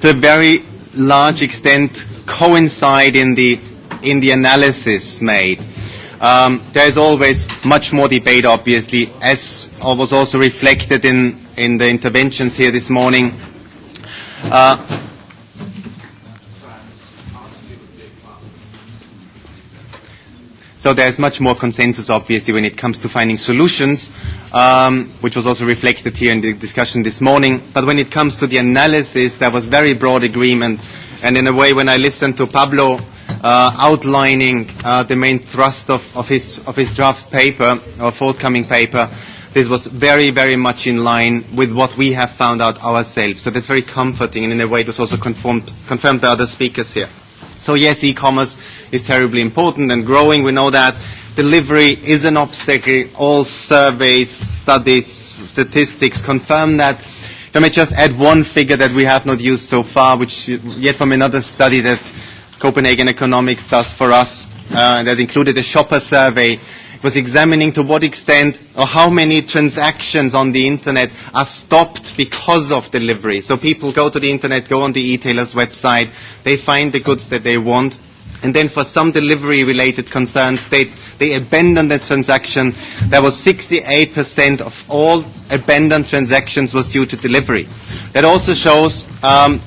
to a very large extent, coincide in the, in the analysis made. Um, there is always much more debate, obviously, as was also reflected in, in the interventions here this morning. Uh, So there's much more consensus, obviously, when it comes to finding solutions, um, which was also reflected here in the discussion this morning. But when it comes to the analysis, there was very broad agreement. And in a way, when I listened to Pablo uh, outlining uh, the main thrust of, of, his, of his draft paper, or forthcoming paper, this was very, very much in line with what we have found out ourselves. So that's very comforting, and in a way, it was also confirmed, confirmed by other speakers here. So yes, e-commerce is terribly important and growing. We know that delivery is an obstacle. All surveys, studies, statistics confirm that. If I may just add one figure that we have not used so far, which yet from another study that Copenhagen Economics does for us, uh, that included a shopper survey It was examining to what extent or how many transactions on the internet are stopped because of delivery. So people go to the internet, go on the e-tailer's website, they find the goods that they want, and then for some delivery related concerns they, they abandon the transaction there was 68% of all abandoned transactions was due to delivery that also shows um,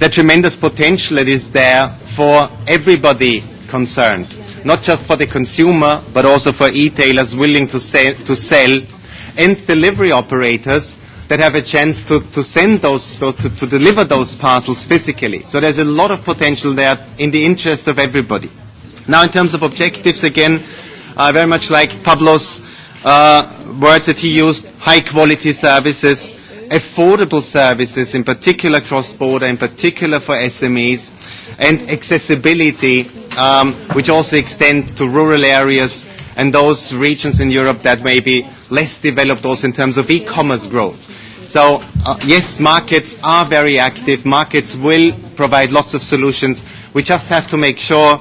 the tremendous potential that is there for everybody concerned Yeah not just for the consumer, but also for e-tailers willing to, say, to sell and delivery operators that have a chance to, to send those, those to, to deliver those parcels physically. So there's a lot of potential there in the interest of everybody. Now, in terms of objectives, again, I very much like Pablo's uh, words that he used, high quality services, affordable services, in particular cross-border, in particular for SMEs, and accessibility, um, which also extend to rural areas and those regions in Europe that may be less developed also in terms of e-commerce growth. So uh, yes, markets are very active. Markets will provide lots of solutions. We just have to make sure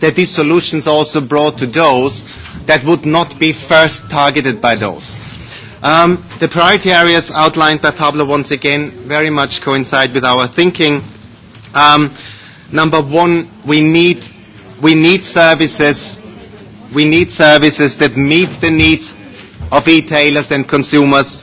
that these solutions are also brought to those that would not be first targeted by those. Um, the priority areas outlined by Pablo once again very much coincide with our thinking. Um, number one, we need, we need services we need services that meet the needs of retailers and consumers.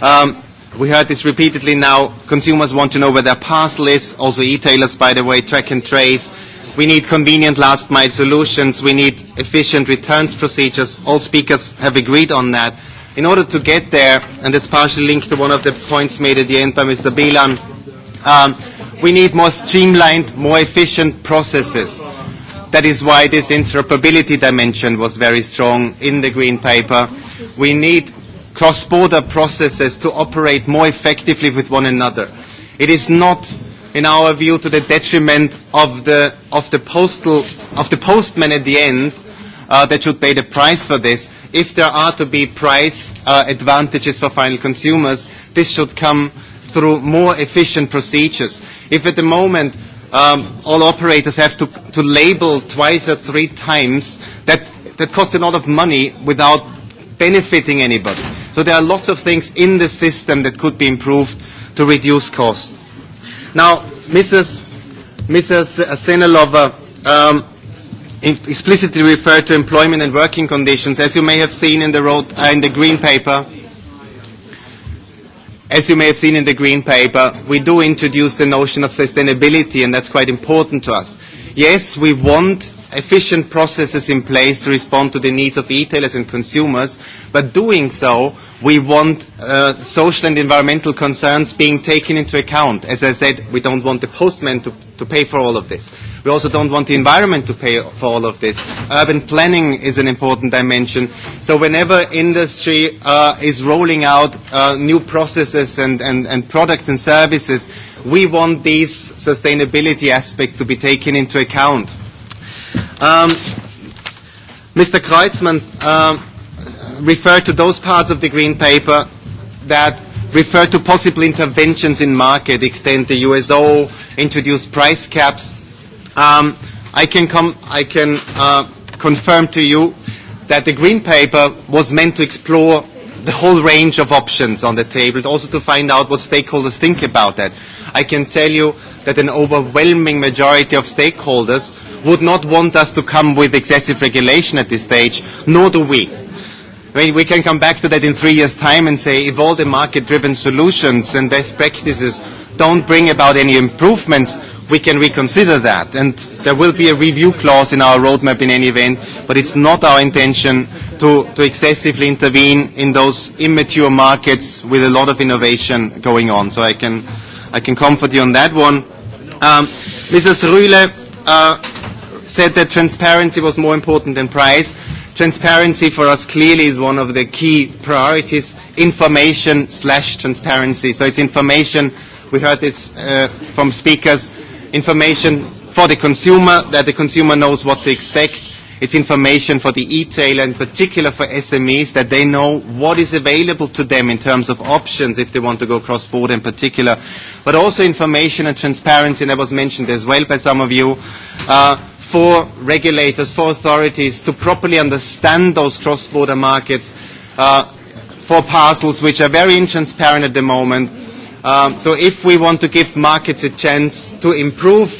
Um, we heard this repeatedly now. Consumers want to know where their parcel is. Also, retailers, by the way, track and trace. We need convenient last mile solutions. We need efficient returns procedures. All speakers have agreed on that. In order to get there, and it's partially linked to one of the points made at the end by Mr. Bilan, um, we need more streamlined, more efficient processes. That is why this interoperability dimension was very strong in the Green Paper. We need cross-border processes to operate more effectively with one another. It is not, in our view, to the detriment of the, of the, postal, of the postman at the end uh, that should pay the price for this, if there are to be price uh, advantages for final consumers, this should come through more efficient procedures. If at the moment um, all operators have to, to label twice or three times, that, that costs a lot of money without benefiting anybody. So there are lots of things in the system that could be improved to reduce cost. Now, Mrs. Mrs. Senelova, um, explicitly refer to employment and working conditions, as you may have seen in the, road, uh, in the green paper. As you may have seen in the green paper, we do introduce the notion of sustainability, and that's quite important to us. Yes, we want efficient processes in place to respond to the needs of retailers and consumers, but doing so, we want uh, social and environmental concerns being taken into account. As I said, we don't want the postman to, to pay for all of this. We also don't want the environment to pay for all of this. Urban planning is an important dimension. So whenever industry uh, is rolling out uh, new processes and, and, and products and services, we want these sustainability aspects to be taken into account. Um, Mr. Kreutzmann uh, referred to those parts of the Green Paper that refer to possible interventions in market, extend the USO, introduce price caps. Um, I can, com- I can uh, confirm to you that the Green Paper was meant to explore the whole range of options on the table, also to find out what stakeholders think about that. I can tell you that an overwhelming majority of stakeholders would not want us to come with excessive regulation at this stage, nor do we. I mean, we can come back to that in three years' time and say if all the market-driven solutions and best practices don't bring about any improvements, we can reconsider that. And there will be a review clause in our roadmap in any event, but it's not our intention to, to excessively intervene in those immature markets with a lot of innovation going on. So I can I can comfort you on that one. Um, Mrs. Rühle uh, said that transparency was more important than price. Transparency for us clearly is one of the key priorities, information slash transparency. So it's information, we heard this uh, from speakers, information for the consumer, that the consumer knows what to expect, It's information for the e-tailer, in particular for SMEs, that they know what is available to them in terms of options if they want to go cross-border in particular. But also information and transparency, and that was mentioned as well by some of you, uh, for regulators, for authorities to properly understand those cross-border markets uh, for parcels which are very intransparent at the moment. Um, so if we want to give markets a chance to improve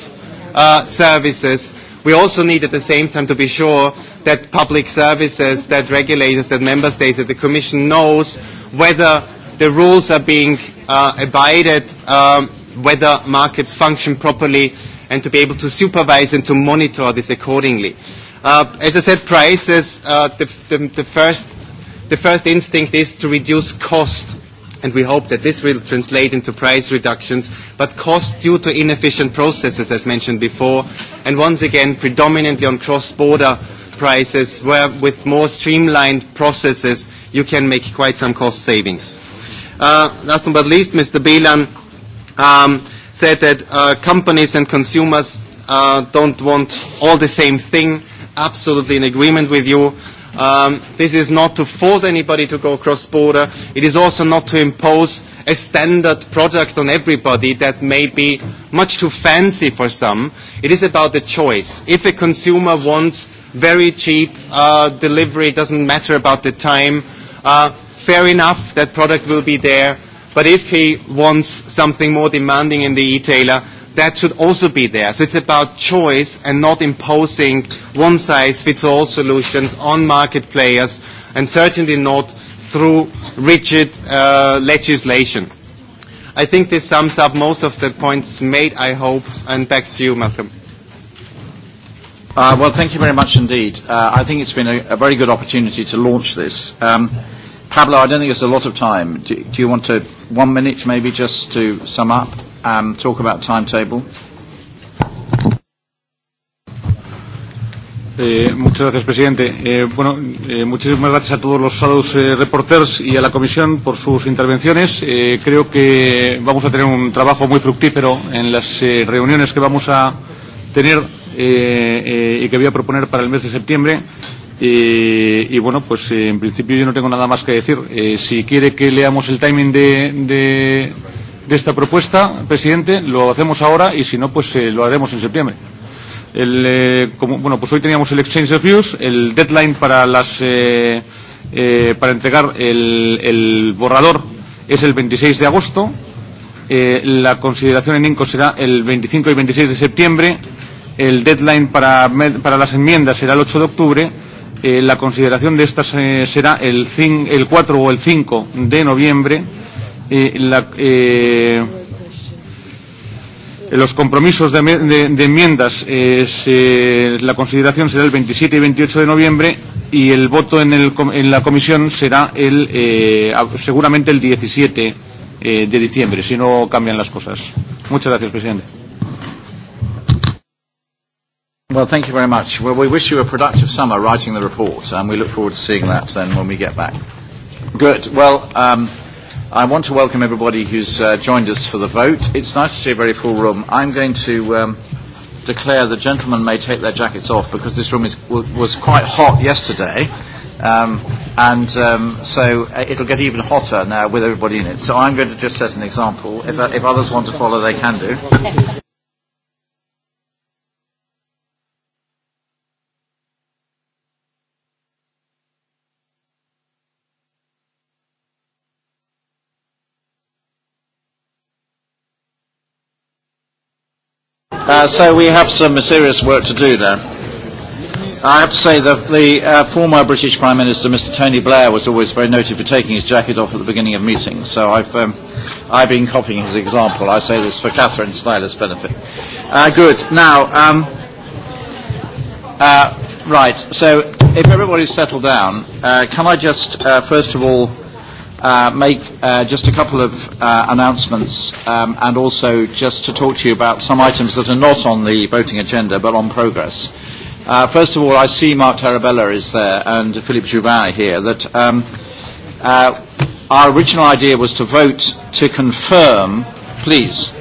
uh, services, We also need at the same time to be sure that public services, that regulators, that member states, that the Commission knows whether the rules are being uh, abided, um, whether markets function properly, and to be able to supervise and to monitor this accordingly. Uh, as I said, prices, uh, the, the, the, first, the first instinct is to reduce cost and we hope that this will translate into price reductions, but cost due to inefficient processes, as mentioned before, and once again, predominantly on cross-border prices, where with more streamlined processes, you can make quite some cost savings. Uh, last but not least, Mr. Bilan um, said that uh, companies and consumers uh, don't want all the same thing. Absolutely in agreement with you Um, this is not to force anybody to go cross-border. It is also not to impose a standard product on everybody that may be much too fancy for some. It is about the choice. If a consumer wants very cheap uh, delivery, it doesn't matter about the time, uh, fair enough, that product will be there. But if he wants something more demanding in the e-tailer, that should also be there. So it's about choice and not imposing one-size-fits-all solutions on market players and certainly not through rigid uh, legislation. I think this sums up most of the points made, I hope, and back to you, Malcolm. Uh, well, thank you very much indeed. Uh, I think it's been a, a very good opportunity to launch this. Um, Pablo, I don't think it's a lot of time. Do, do you want to, one minute maybe, just to sum up? um, talk about timetable? Eh, muchas gracias, presidente. Eh, bueno, eh, muchísimas gracias a todos los shadows eh, reporters y a la comisión por sus intervenciones. Eh, creo que vamos a tener un trabajo muy fructífero en las eh, reuniones que vamos a tener eh, eh, y que voy a proponer para el mes de septiembre. Eh, y bueno, pues eh, en principio yo no tengo nada más que decir. Eh, si quiere que leamos el timing de, de de esta propuesta, presidente, lo hacemos ahora y si no, pues eh, lo haremos en septiembre. El, eh, como, bueno, pues hoy teníamos el exchange of views, el deadline para las eh, eh, para entregar el, el borrador es el 26 de agosto, eh, la consideración en INCO será el 25 y 26 de septiembre, el deadline para, para las enmiendas será el 8 de octubre, eh, la consideración de estas eh, será el, cin, el 4 o el 5 de noviembre eh, la, eh, los compromisos de, de, de enmiendas, eh, se, la consideración será el 27 y 28 de noviembre y el voto en, el, en la comisión será el, eh, seguramente el 17 eh, de diciembre, si no cambian las cosas. Muchas gracias, presidente. Well, thank you very much. Well, we wish you a productive summer writing the report, and we look forward to seeing that then when we get back. Good. Well, um, I want to welcome everybody who's uh, joined us for the vote. It's nice to see a very full room. I'm going to um, declare the gentlemen may take their jackets off because this room is, w- was quite hot yesterday. Um, and um, so uh, it'll get even hotter now with everybody in it. So I'm going to just set an example. If, uh, if others want to follow, they can do. Uh, so we have some serious work to do there. I have to say that the uh, former British Prime Minister, Mr. Tony Blair, was always very noted for taking his jacket off at the beginning of meetings. So I've, um, I've been copying his example. I say this for Catherine Styler's benefit. Uh, good. Now, um, uh, right. So if everybody's settled down, uh, can I just uh, first of all uh, make uh, just a couple of uh, announcements um, and also just to talk to you about some items that are not on the voting agenda but on progress. Uh, first of all, I see Mark Tarabella is there and Philippe Jouvin here. That um, uh, our original idea was to vote to confirm, please,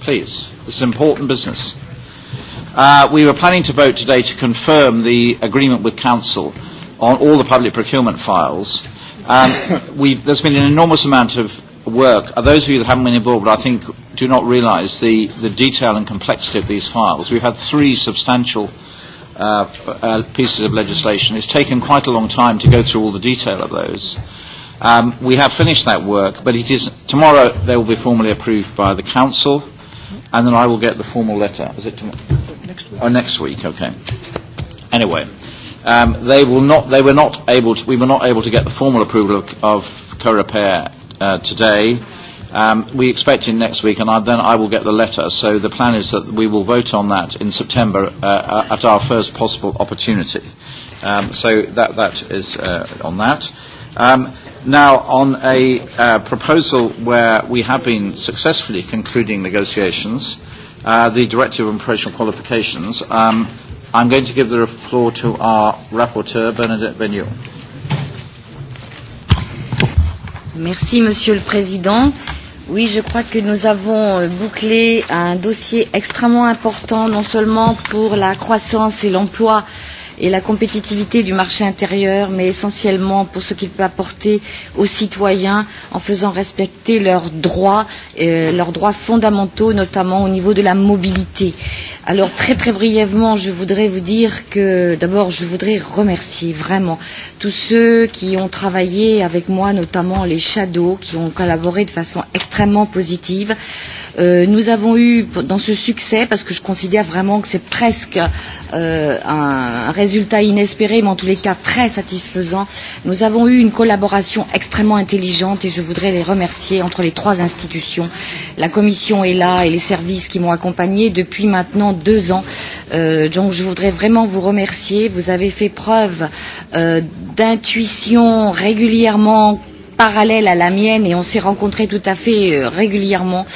please, this is important business. Uh, we were planning to vote today to confirm the agreement with Council on all the public procurement files. Um, we've, there's been an enormous amount of work. Uh, those of you that haven't been involved, I think, do not realise the, the detail and complexity of these files. We've had three substantial uh, uh, pieces of legislation. It's taken quite a long time to go through all the detail of those. Um, we have finished that work, but it is, tomorrow they will be formally approved by the Council, and then I will get the formal letter. Is it tomorrow? Next week. Oh, next week, okay. Anyway um, they, will not, they were not able to, we were not able to get the formal approval of, of co-repair uh, today. Um, we expect in next week, and I, then I will get the letter. So the plan is that we will vote on that in September uh, uh at our first possible opportunity. Um, so that, that is uh, on that. Um, now, on a uh, proposal where we have been successfully concluding negotiations, uh, the Directive on Professional Qualifications, um, I'm going to give the floor to our rapporteur, Bernadette Benyon. Merci, Monsieur le Président. Oui, je crois que nous avons euh, bouclé un dossier extrêmement important, non seulement pour la croissance et l'emploi, euh, et la compétitivité du marché intérieur, mais essentiellement pour ce qu'il peut apporter aux citoyens en faisant respecter leurs droits, euh, leurs droits fondamentaux, notamment au niveau de la mobilité. Alors très très brièvement, je voudrais vous dire que d'abord je voudrais remercier vraiment tous ceux qui ont travaillé avec moi, notamment les shadows, qui ont collaboré de façon extrêmement positive. Euh, Euh, nous avons eu dans ce succès, parce que je considère vraiment que c'est presque euh, un, un résultat inespéré, mais en tous les cas très satisfaisant, nous avons eu une collaboration extrêmement intelligente et je voudrais les remercier entre les trois institutions. La Commission est là et les services qui m'ont accompagné depuis maintenant deux ans. Euh, donc je voudrais vraiment vous remercier. Vous avez fait preuve euh, d'intuition régulièrement parallèle à la mienne et on s'est rencontrés tout à fait euh, régulièrement.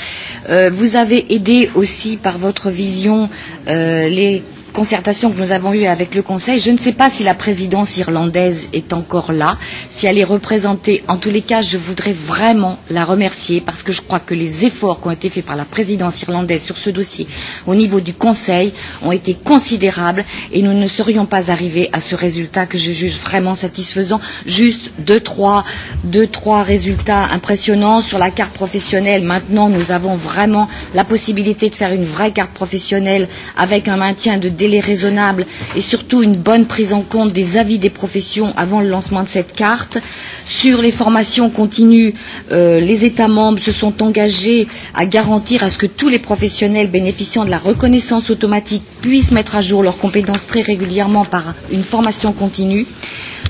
Euh, vous avez aidé aussi par votre vision euh, les concertation que nous avons eue avec le Conseil, je ne sais pas si la présidence irlandaise est encore là, si elle est représentée. En tous les cas, je voudrais vraiment la remercier parce que je crois que les efforts qui ont été faits par la présidence irlandaise sur ce dossier au niveau du Conseil ont été considérables et nous ne serions pas arrivés à ce résultat que je juge vraiment satisfaisant. Juste deux, trois, deux, trois résultats impressionnants sur la carte professionnelle. Maintenant, nous avons vraiment la possibilité de faire une vraie carte professionnelle avec un maintien de délai raisonnable et surtout une bonne prise en compte des avis des professions avant le lancement de cette carte. Sur les formations continues, euh, les États membres se sont engagés à garantir à ce que tous les professionnels bénéficiant de la reconnaissance automatique puissent mettre à jour leurs compétences très régulièrement par une formation continue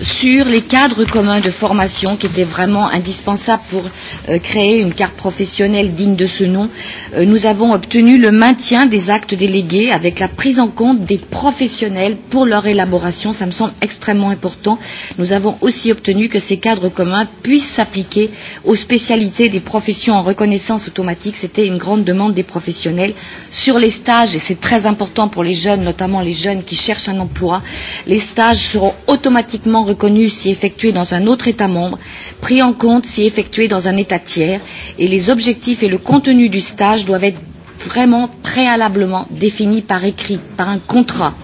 sur les cadres communs de formation qui étaient vraiment indispensables pour euh, créer une carte professionnelle digne de ce nom, euh, nous avons obtenu le maintien des actes délégués avec la prise en compte des professionnels pour leur élaboration. Ça me semble extrêmement important. Nous avons aussi obtenu que ces cadres communs puissent s'appliquer aux spécialités des professions en reconnaissance automatique. C'était une grande demande des professionnels. Sur les stages, et c'est très important pour les jeunes, notamment les jeunes qui cherchent un emploi, les stages seront automatiquement reconnus si effectués dans un autre État membre, pris en compte si effectués dans un État tiers, et les objectifs et le contenu du stage doivent être vraiment préalablement définis par écrit, par un contrat.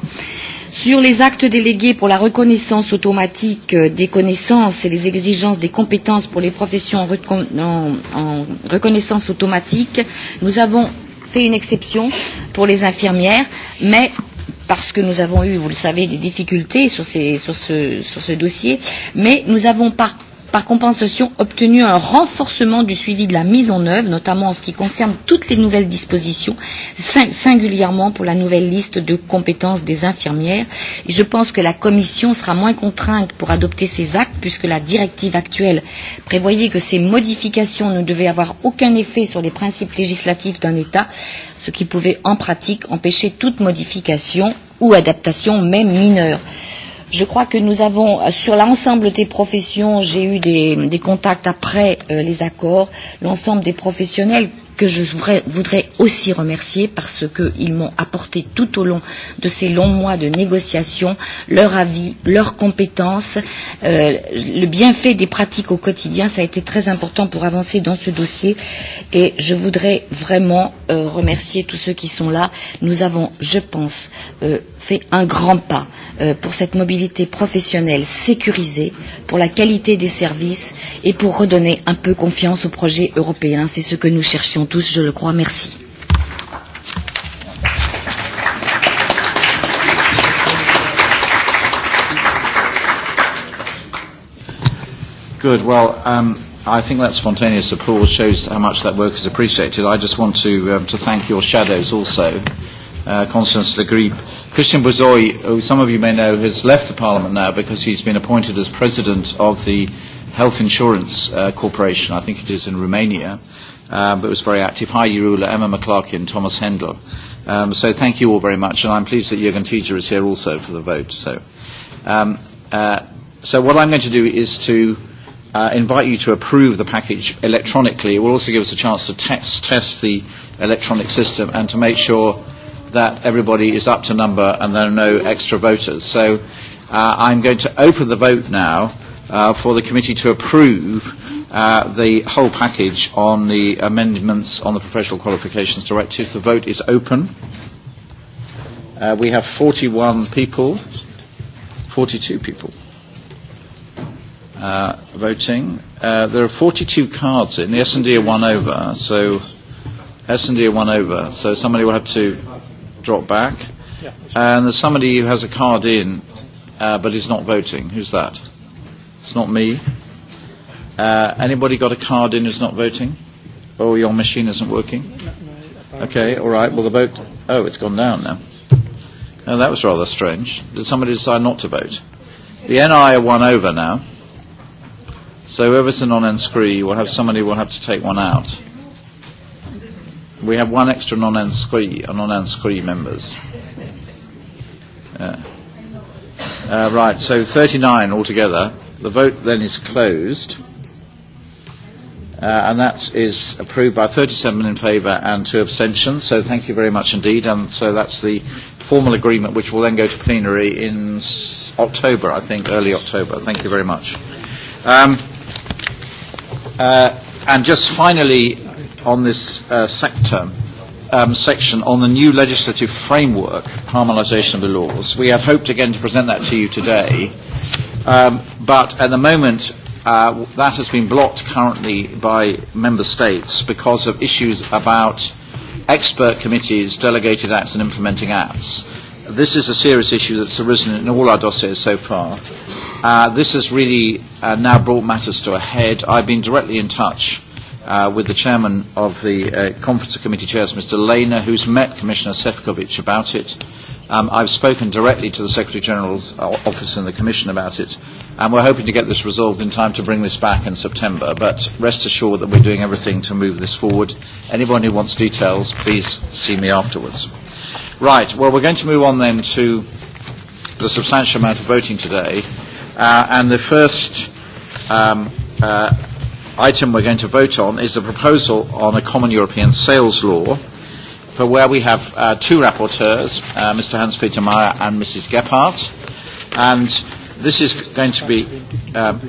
Sur les actes délégués pour la reconnaissance automatique des connaissances et les exigences des compétences pour les professions en, recon en, en reconnaissance automatique, nous avons fait une exception pour les infirmières, mais parce que nous avons eu, vous le savez, des difficultés sur, ce dossier, mais nous avons par par compensation obtenu un renforcement du suivi de la mise en œuvre, notamment en ce qui concerne toutes les nouvelles dispositions, singulièrement pour la nouvelle liste de compétences des infirmières. Et je pense que la Commission sera moins contrainte pour adopter ces actes, puisque la directive actuelle prévoyait que ces modifications ne devaient avoir aucun effet sur les principes législatifs d'un État, ce qui pouvait en pratique empêcher toute modification ou adaptation, même mineure. Je crois que nous avons, euh, sur l'ensemble des professions, j'ai eu des, des contacts après euh, les accords, l'ensemble des professionnels que je voudrais voudrais aussi remercier parce qu'ils m'ont apporté tout au long de ces longs mois de négociations leur avis, leurs compétences, euh, le bienfait des pratiques au quotidien. Ça a été très important pour avancer dans ce dossier et je voudrais vraiment euh, remercier tous ceux qui sont là. Nous avons, je pense, euh, fait un grand pas euh, pour cette mobilité professionnelle sécurisée, pour la qualité des services et pour redonner un peu confiance au projet européen. C'est ce que nous cherchons sont tous, je le crois. Merci. Good. Well, um, I think that spontaneous applause shows how much that work is appreciated. I just want to, um, to thank your shadows also, uh, Constance Le Grip. Christian Bozoy, who some of you may know, has left the Parliament now because he's been appointed as President of the Health Insurance uh, Corporation, I think it is in Romania um, but was very active, Heidi Ruler, Emma McClarkin, Thomas Hendel. Um, so thank you all very much, and I'm pleased that Jürgen Tijer is here also for the vote. So, um, uh, so what I'm going to do is to uh, invite you to approve the package electronically. It will also give us a chance to test, test the electronic system and to make sure that everybody is up to number and there are no extra voters. So uh, I'm going to open the vote now uh, for the committee to approve uh, the whole package on the amendments on the Professional Qualifications Directive. The vote is open. Uh, we have 41 people, 42 people uh, voting. Uh, there are 42 cards in. The S&D are one over, so S&D are one over. So somebody will have to drop back. Yeah. And there's somebody who has a card in, uh, but is not voting. Who's that? It's not me. Uh, anybody got a card in who's not voting? Oh, your machine isn't working? Okay, all right. Well, the vote. Oh, it's gone down now. Oh, that was rather strange. Did somebody decide not to vote? The NI are one over now. So whoever's a non-enscree will have somebody will have to take one out. We have one extra non-enscree, non-enscree members. Yeah. Uh, right, so 39 altogether. The vote then is closed uh, and that is approved by 37 in favour and two abstentions. So thank you very much indeed. And so that's the formal agreement, which will then go to plenary in October, I think, early October. Thank you very much. Um, uh, and just finally on this uh, sector, um, section on the new legislative framework, harmonisation of the laws. We had hoped again to present that to you today, um, but at the moment Uh, that has been blocked currently by member states because of issues about expert committees, delegated acts and implementing acts. This is a serious issue that's arisen in all our dossiers so far. Uh, this has really uh, now brought matters to a head. I've been directly in touch uh, with the chairman of the uh, Conference of Committee Chairs, Mr. Lehner, who's met Commissioner Sefcovic about it. Um, I've spoken directly to the Secretary General's office and the Commission about it, and we're hoping to get this resolved in time to bring this back in September. But rest assured that we're doing everything to move this forward. Anyone who wants details, please see me afterwards. Right, well, we're going to move on then to the substantial amount of voting today. Uh, and the first um, uh, item we're going to vote on is the proposal on a common European sales law, for where we have uh, two rapporteurs, uh, Mr. Hans-Peter Meyer and Mrs. Gephardt. And this is going to be um,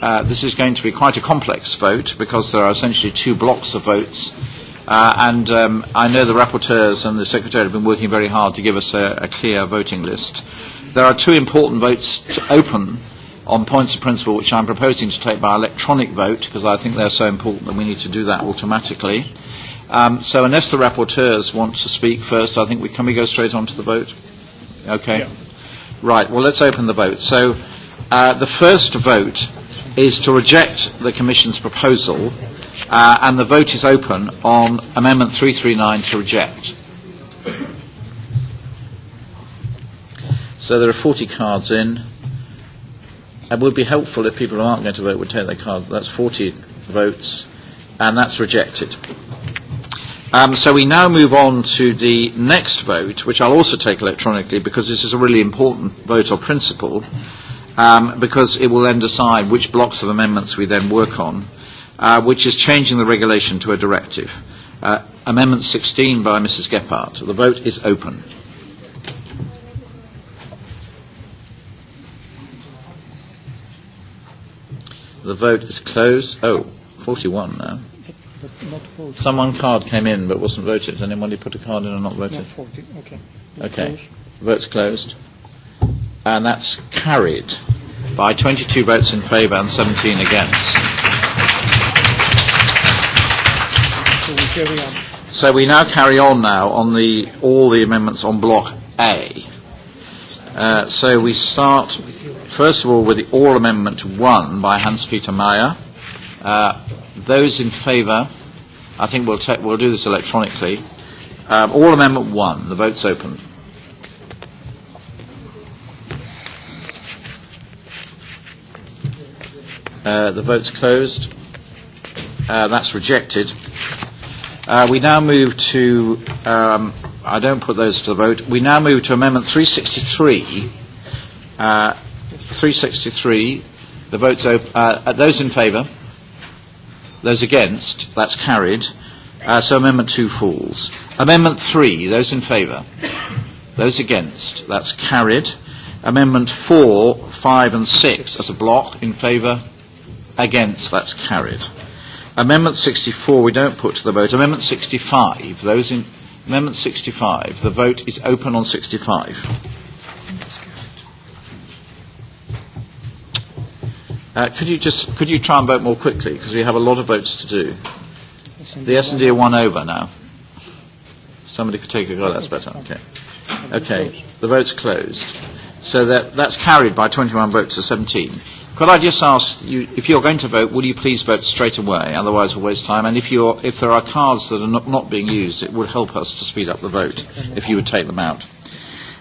uh, this is going to be quite a complex vote because there are essentially two blocks of votes. Uh, and um, I know the rapporteurs and the secretary have been working very hard to give us a, a clear voting list. There are two important votes to open on points of principle which I'm proposing to take by electronic vote because I think they're so important that we need to do that automatically. Um, so unless the rapporteurs want to speak first, I think we can we go straight on to the vote? Okay. Yeah. Right, well, let's open the vote. So uh, the first vote is to reject the Commission's proposal, uh, and the vote is open on Amendment 339 to reject. So there are 40 cards in. It would be helpful if people who aren't going to vote would take their card. That's 40 votes, and that's rejected. Um, so we now move on to the next vote, which I'll also take electronically because this is a really important vote of principle, um, because it will then decide which blocks of amendments we then work on, uh, which is changing the regulation to a directive. Uh, amendment 16 by Mrs. Gephardt. The vote is open. The vote is closed. Oh, 41 now. Someone card came in but wasn't voted. anybody put a card in and not voted? Not voted. Okay. Vote okay. Closed. Votes closed. And that's carried by 22 votes in favour and 17 against. So we carry on. So we now carry on now on the all the amendments on Block A. Uh, so we start first of all with the oral amendment one by Hans Peter Meyer. Uh, those in favour I think we'll, take, we'll do this electronically. Um, all Amendment 1, the vote's open. Uh, the vote's closed. Uh, that's rejected. Uh, we now move to, um, I don't put those to the vote, we now move to Amendment 363. Uh, 363, the vote's open. Uh, those in favour? Those against? That's carried. Uh, so Amendment 2 falls. Amendment 3, those in favour? Those against? That's carried. Amendment 4, 5 and 6 as a block in favour? Against? That's carried. Amendment 64 we don't put to the vote. Amendment 65, those in... Amendment 65, the vote is open on 65. Uh, could you just could you try and vote more quickly because we have a lot of votes to do. The S and D are one over now. Somebody could take a go. That's better. Okay. Okay. The vote's closed. So that, that's carried by 21 votes to 17. Could I just ask you, if you're going to vote, will you please vote straight away? Otherwise, we'll waste time. And if, you're, if there are cards that are not, not being used, it would help us to speed up the vote if you would take them out.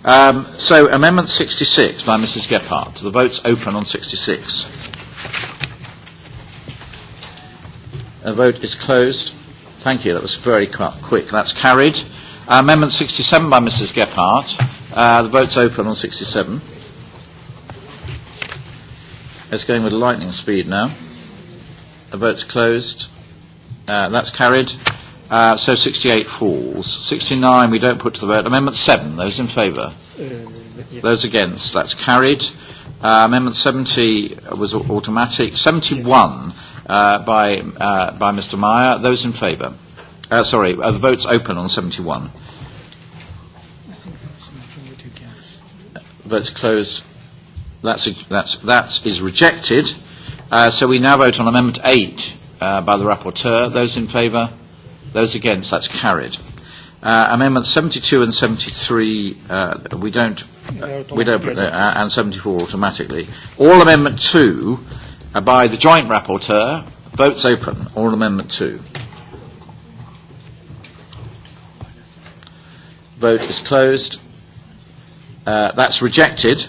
Um, so, Amendment 66 by Mrs. Gephardt. The vote's open on 66. The vote is closed. Thank you. That was very quick. That's carried. Uh, amendment 67 by Mrs. Gephardt. Uh, the vote's open on 67. It's going with lightning speed now. The vote's closed. Uh, that's carried. Uh, so 68 falls. 69 we don't put to the vote. Amendment 7, those in favour? Uh, yes. Those against? That's carried. Uh, amendment 70 was automatic. 71, uh, by, uh, by Mr. Meyer. Those in favour? Uh, sorry, are uh, the vote's open on 71. Vote's closed. That's, that's, that is rejected. Uh, so we now vote on Amendment 8 uh, by the Rapporteur. Those in favour? Those against? That's carried. Uh, amendments 72 and 73, uh, we don't, uh, we don't, uh, and 74 automatically. All Amendment 2 by the joint rapporteur. Votes open. Oral Amendment 2. Vote is closed. Uh, that's rejected.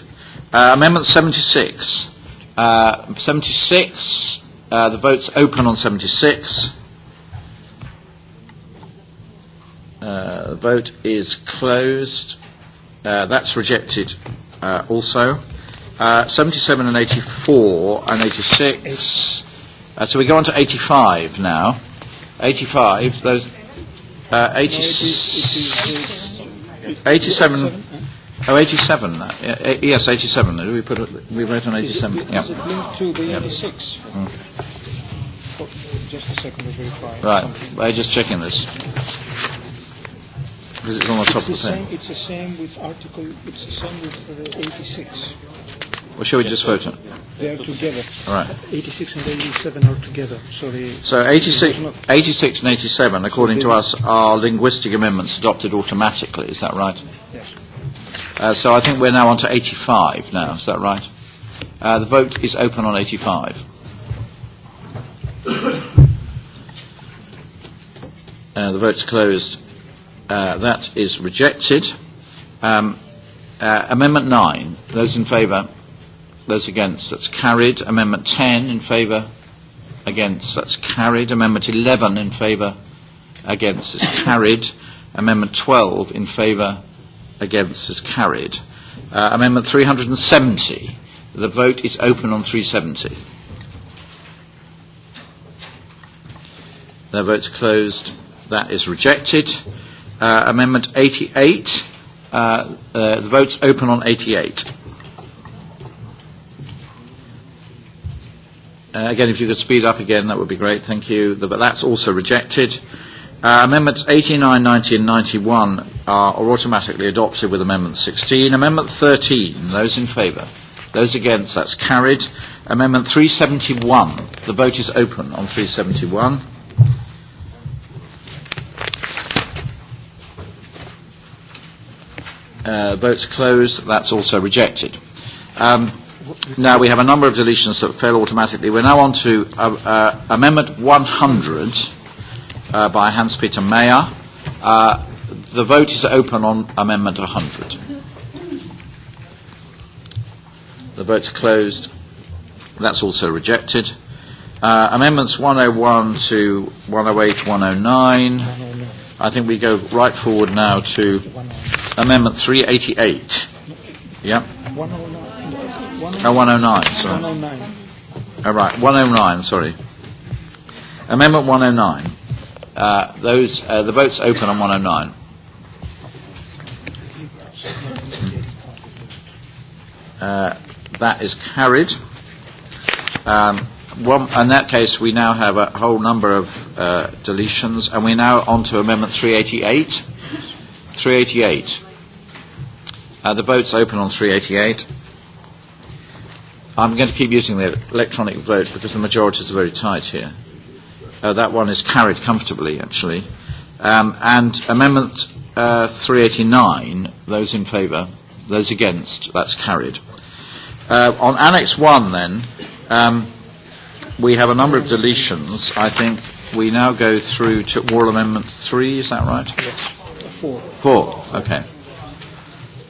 Uh, amendment 76. Uh, 76. Uh, the vote's open on 76. Uh, the vote is closed. Uh, that's rejected uh, also. 77 uh, and 84 and 86. Uh, so we go on to 85 now. 85, those, uh, 80, 87, oh 87, uh, eh, yes 87, we put it, we wrote on 87, yeah. yeah. 86? Mm. Right, we're just checking this. Because it's on the top it's of the, the same, thing. It's the same with article, it's the same with uh, 86. Or shall we yes, just vote on it? They are together. All right. 86 and 87 are together. So, the So 86, 86 and 87, according so to us, are linguistic amendments adopted automatically. Is that right? Yes. Uh, so I think we're now on to 85 now. Is that right? Uh, the vote is open on 85. Uh, the vote's closed. Uh, that is rejected. Um, uh, amendment 9. Those in favour? Those against, that's carried. Amendment 10 in favour. Against, that's carried. Amendment 11 in favour. Against, is carried. Amendment 12 in favour. Against, is carried. Uh, amendment 370. The vote is open on 370. The vote's closed. That is rejected. Uh, amendment 88. Uh, uh, the vote's open on 88. Uh, again, if you could speed up again, that would be great. Thank you. The, but that's also rejected. Uh, amendments 89, 90 and 91 are, are automatically adopted with Amendment 16. Amendment 13, those in favour. Those against, that's carried. Amendment 371, the vote is open on 371. Uh, votes closed, that's also rejected. Um, Now we have a number of deletions that fell automatically. We're now on to uh, uh, Amendment 100 uh, by Hans-Peter Mayer. Uh, the vote is open on Amendment 100. The vote's closed. That's also rejected. Uh, amendments 101 to 108, 109. I think we go right forward now to Amendment 388. Yeah. Oh, 109, sorry. 109. All right, 109, sorry. Amendment 109. Uh, those, uh, the vote's open on 109. Uh, that is carried. Um, one, in that case, we now have a whole number of uh, deletions, and we're now on to Amendment 388. 388. Uh, the vote's open on 388. I'm going to keep using the electronic vote because the majorities are very tight here. Uh, that one is carried comfortably, actually. Um, and Amendment uh, 389, those in favour, those against, that's carried. Uh, on Annex 1, then, um, we have a number of deletions. I think we now go through to Oral Amendment 3, is that right? Yes. Four. Four, okay.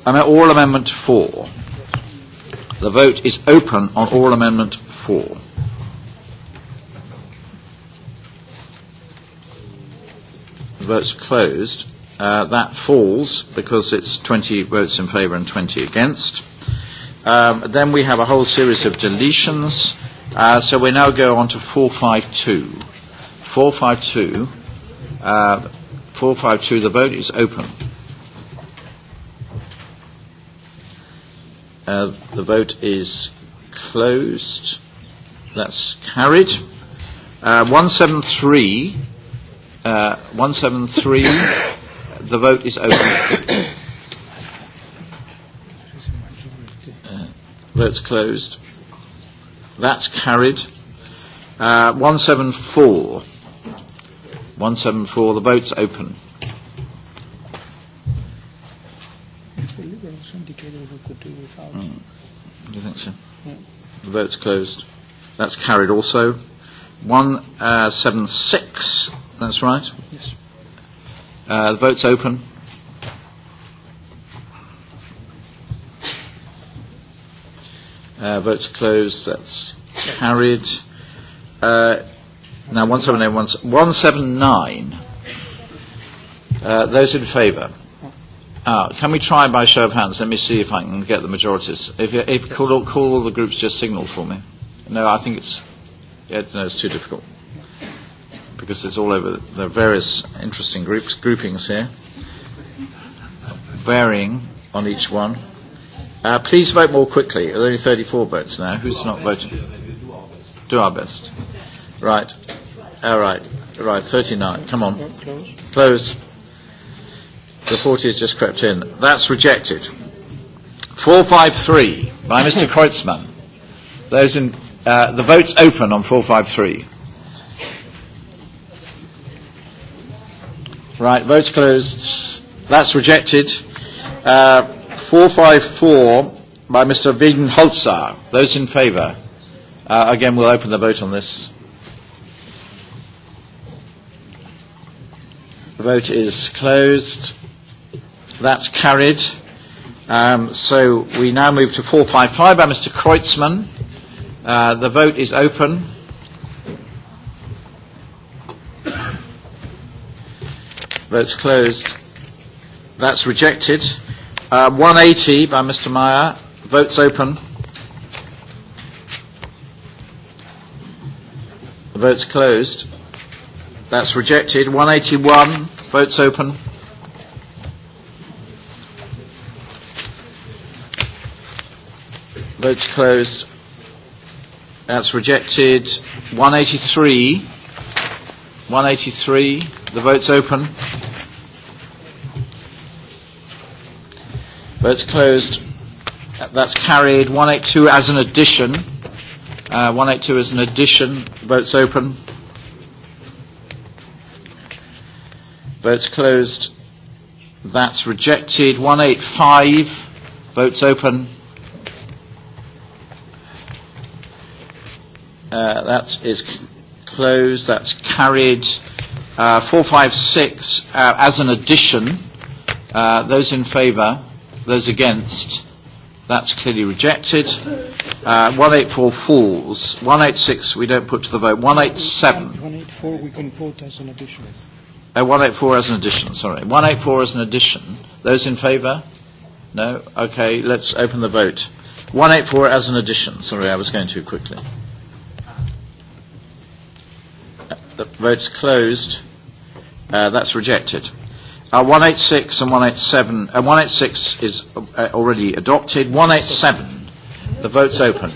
I mean, oral Amendment 4. The vote is open on oral amendment four. The vote's closed. Uh, that falls because it's 20 votes in favour and 20 against. Um, then we have a whole series of deletions. Uh, so we now go on to 452. 452. Uh, 452, the vote is open. Uh, the vote is closed. That's carried. Uh, 173. Uh, 173. the vote is open. uh, vote's closed. That's carried. Uh, 174. 174. The vote's open. the out. Mm. Do you think so? Yeah. The vote's closed. That's carried also. 176, uh, that's right? Yes. Uh, the vote's open. Uh, votes closed. That's carried. Uh, now 179. 179. Uh, those in favour? out. Ah, can we try by show of hands? Let me see if I can get the majorities. If, if call, call all the groups, just signal for me. No, I think it's, yeah, no, it's too difficult because it's all over. There are various interesting groups, groupings here, varying on each one. Uh, please vote more quickly. There are only 34 votes now. Who's not voting? Do our best. Right. All right. Right. 39. Come on. Close. The 40 has just crept in. That's rejected. 453 by Mr. Kreutzmann. Those in, uh, the vote's open on 453. Right, vote's closed. That's rejected. Uh, 454 by Mr. Wiedenholzer. Those in favour. Uh, again, we'll open the vote on this. The vote is closed. That's carried. Um, so we now move to 455 by Mr. Kreutzmann. Uh, the vote is open. Vote's closed. That's rejected. Uh, 180 by Mr. Meyer. Vote's open. The vote's closed. That's rejected. 181. Vote's open. Votes closed. That's rejected. 183. 183. The vote's open. Votes closed. That's carried. 182 as an addition. Uh, 182 as an addition. Votes open. Votes closed. That's rejected. 185. Votes open. Uh, that is closed. That's carried. Uh, 456 uh, as an addition. Uh, those in favour, those against, that's clearly rejected. Uh, 184 falls. 186 we don't put to the vote. 187. 184 we can vote as an addition. Uh, 184 as an addition, sorry. 184 as an addition. Those in favour? No? Okay, let's open the vote. 184 as an addition. Sorry, I was going too quickly. The vote's closed. Uh, that's rejected. Uh, 186 and 187. Uh, 186 is uh, already adopted. 187. The vote's open.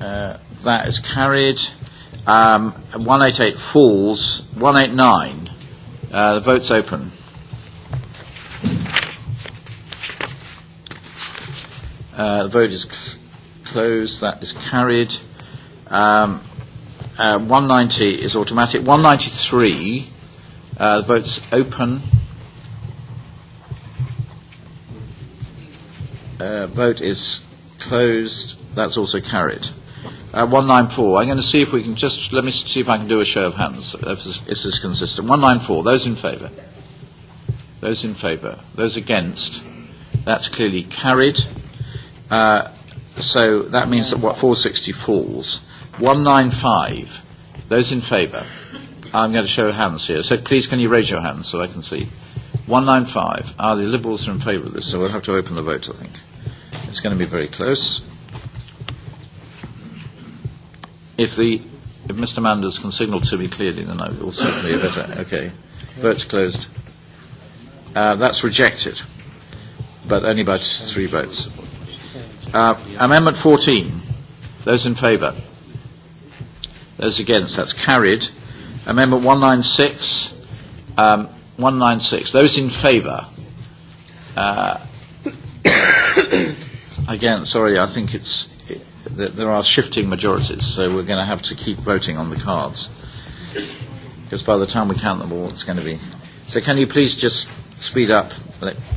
Uh, that is carried. Um, 188 falls. 189. Uh, the vote's open. Uh, the vote is closed. That is carried. Um, uh, 190 is automatic. 193, uh, the vote's open. Uh, vote is closed. That's also carried. Uh, 194. I'm going to see if we can just, let me see if I can do a show of hands, if this, if this is consistent. 194. Those in favour? Those in favour? Those against? That's clearly carried. Uh, So that means that what 460 falls. 195. Those in favour? I'm going to show hands here. So please can you raise your hands so I can see? 195. Ah, the Liberals are in favour of this, so we'll have to open the vote, I think. It's going to be very close. If the if Mr. Manders can signal to me clearly, then I will certainly better. Okay. Vote's closed. Uh, that's rejected, but only by three votes. Uh, amendment 14. Those in favour? Those against? That's carried. Amendment 196. Um, 196. Those in favour? Uh, again, sorry, I think it's it, there are shifting majorities, so we're going to have to keep voting on the cards because by the time we count them all, it's going to be. So can you please just speed up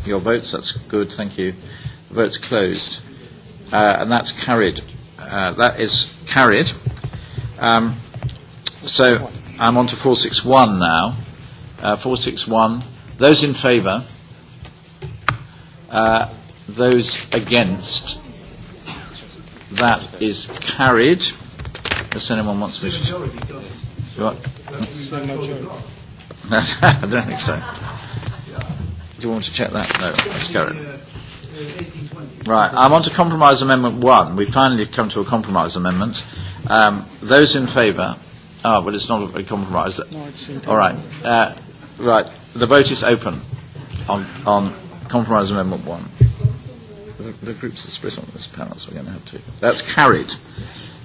your votes? That's good. Thank you. The vote's closed uh, and that's carried. Uh, that is carried. Um, so I'm on to 461 now. Uh, 461. Those in favour. Uh, those against. That is carried. Unless anyone wants me to. What? I don't think so. Do you want to check that? No, that's carried. Right, I want to Compromise Amendment one. We finally come to a compromise amendment. Um, those in favour? Ah, oh, well, it's not a compromise. No, All right. Uh, right, the vote is open on, on Compromise Amendment one. The, the groups are split on this panel, so we're going to have to. That's carried.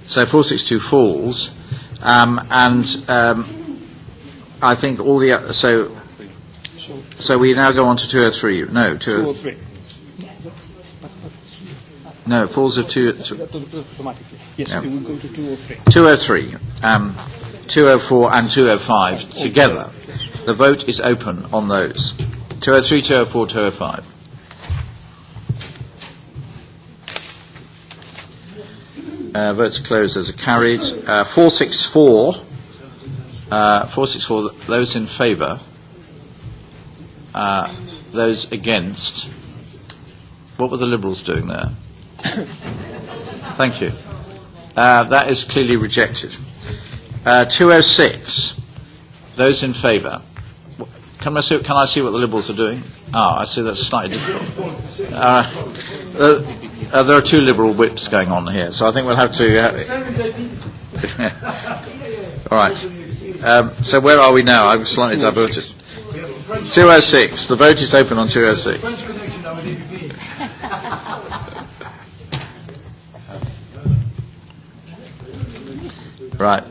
So 462 falls. Um, and um, I think all the. Uh, so, so we now go on to 203. No, 203. 203. No, Paul's falls two. two yes, no. we go to 203. 203, um, 204 and 205 together. The vote is open on those. 203, 204, 205. Uh, votes closed as a carried. Uh, 464. Uh, 464, those in favour. Uh, those against. What were the Liberals doing there? Thank you. Uh, that is clearly rejected. Uh, 206. Those in favour. Can I, see, can I see what the Liberals are doing? Ah, oh, I see that's slightly difficult. Uh, uh, uh, there are two Liberal whips going on here, so I think we'll have to. Uh, all right. Um, so where are we now? I'm slightly diverted. 206. The vote is open on 206. Right.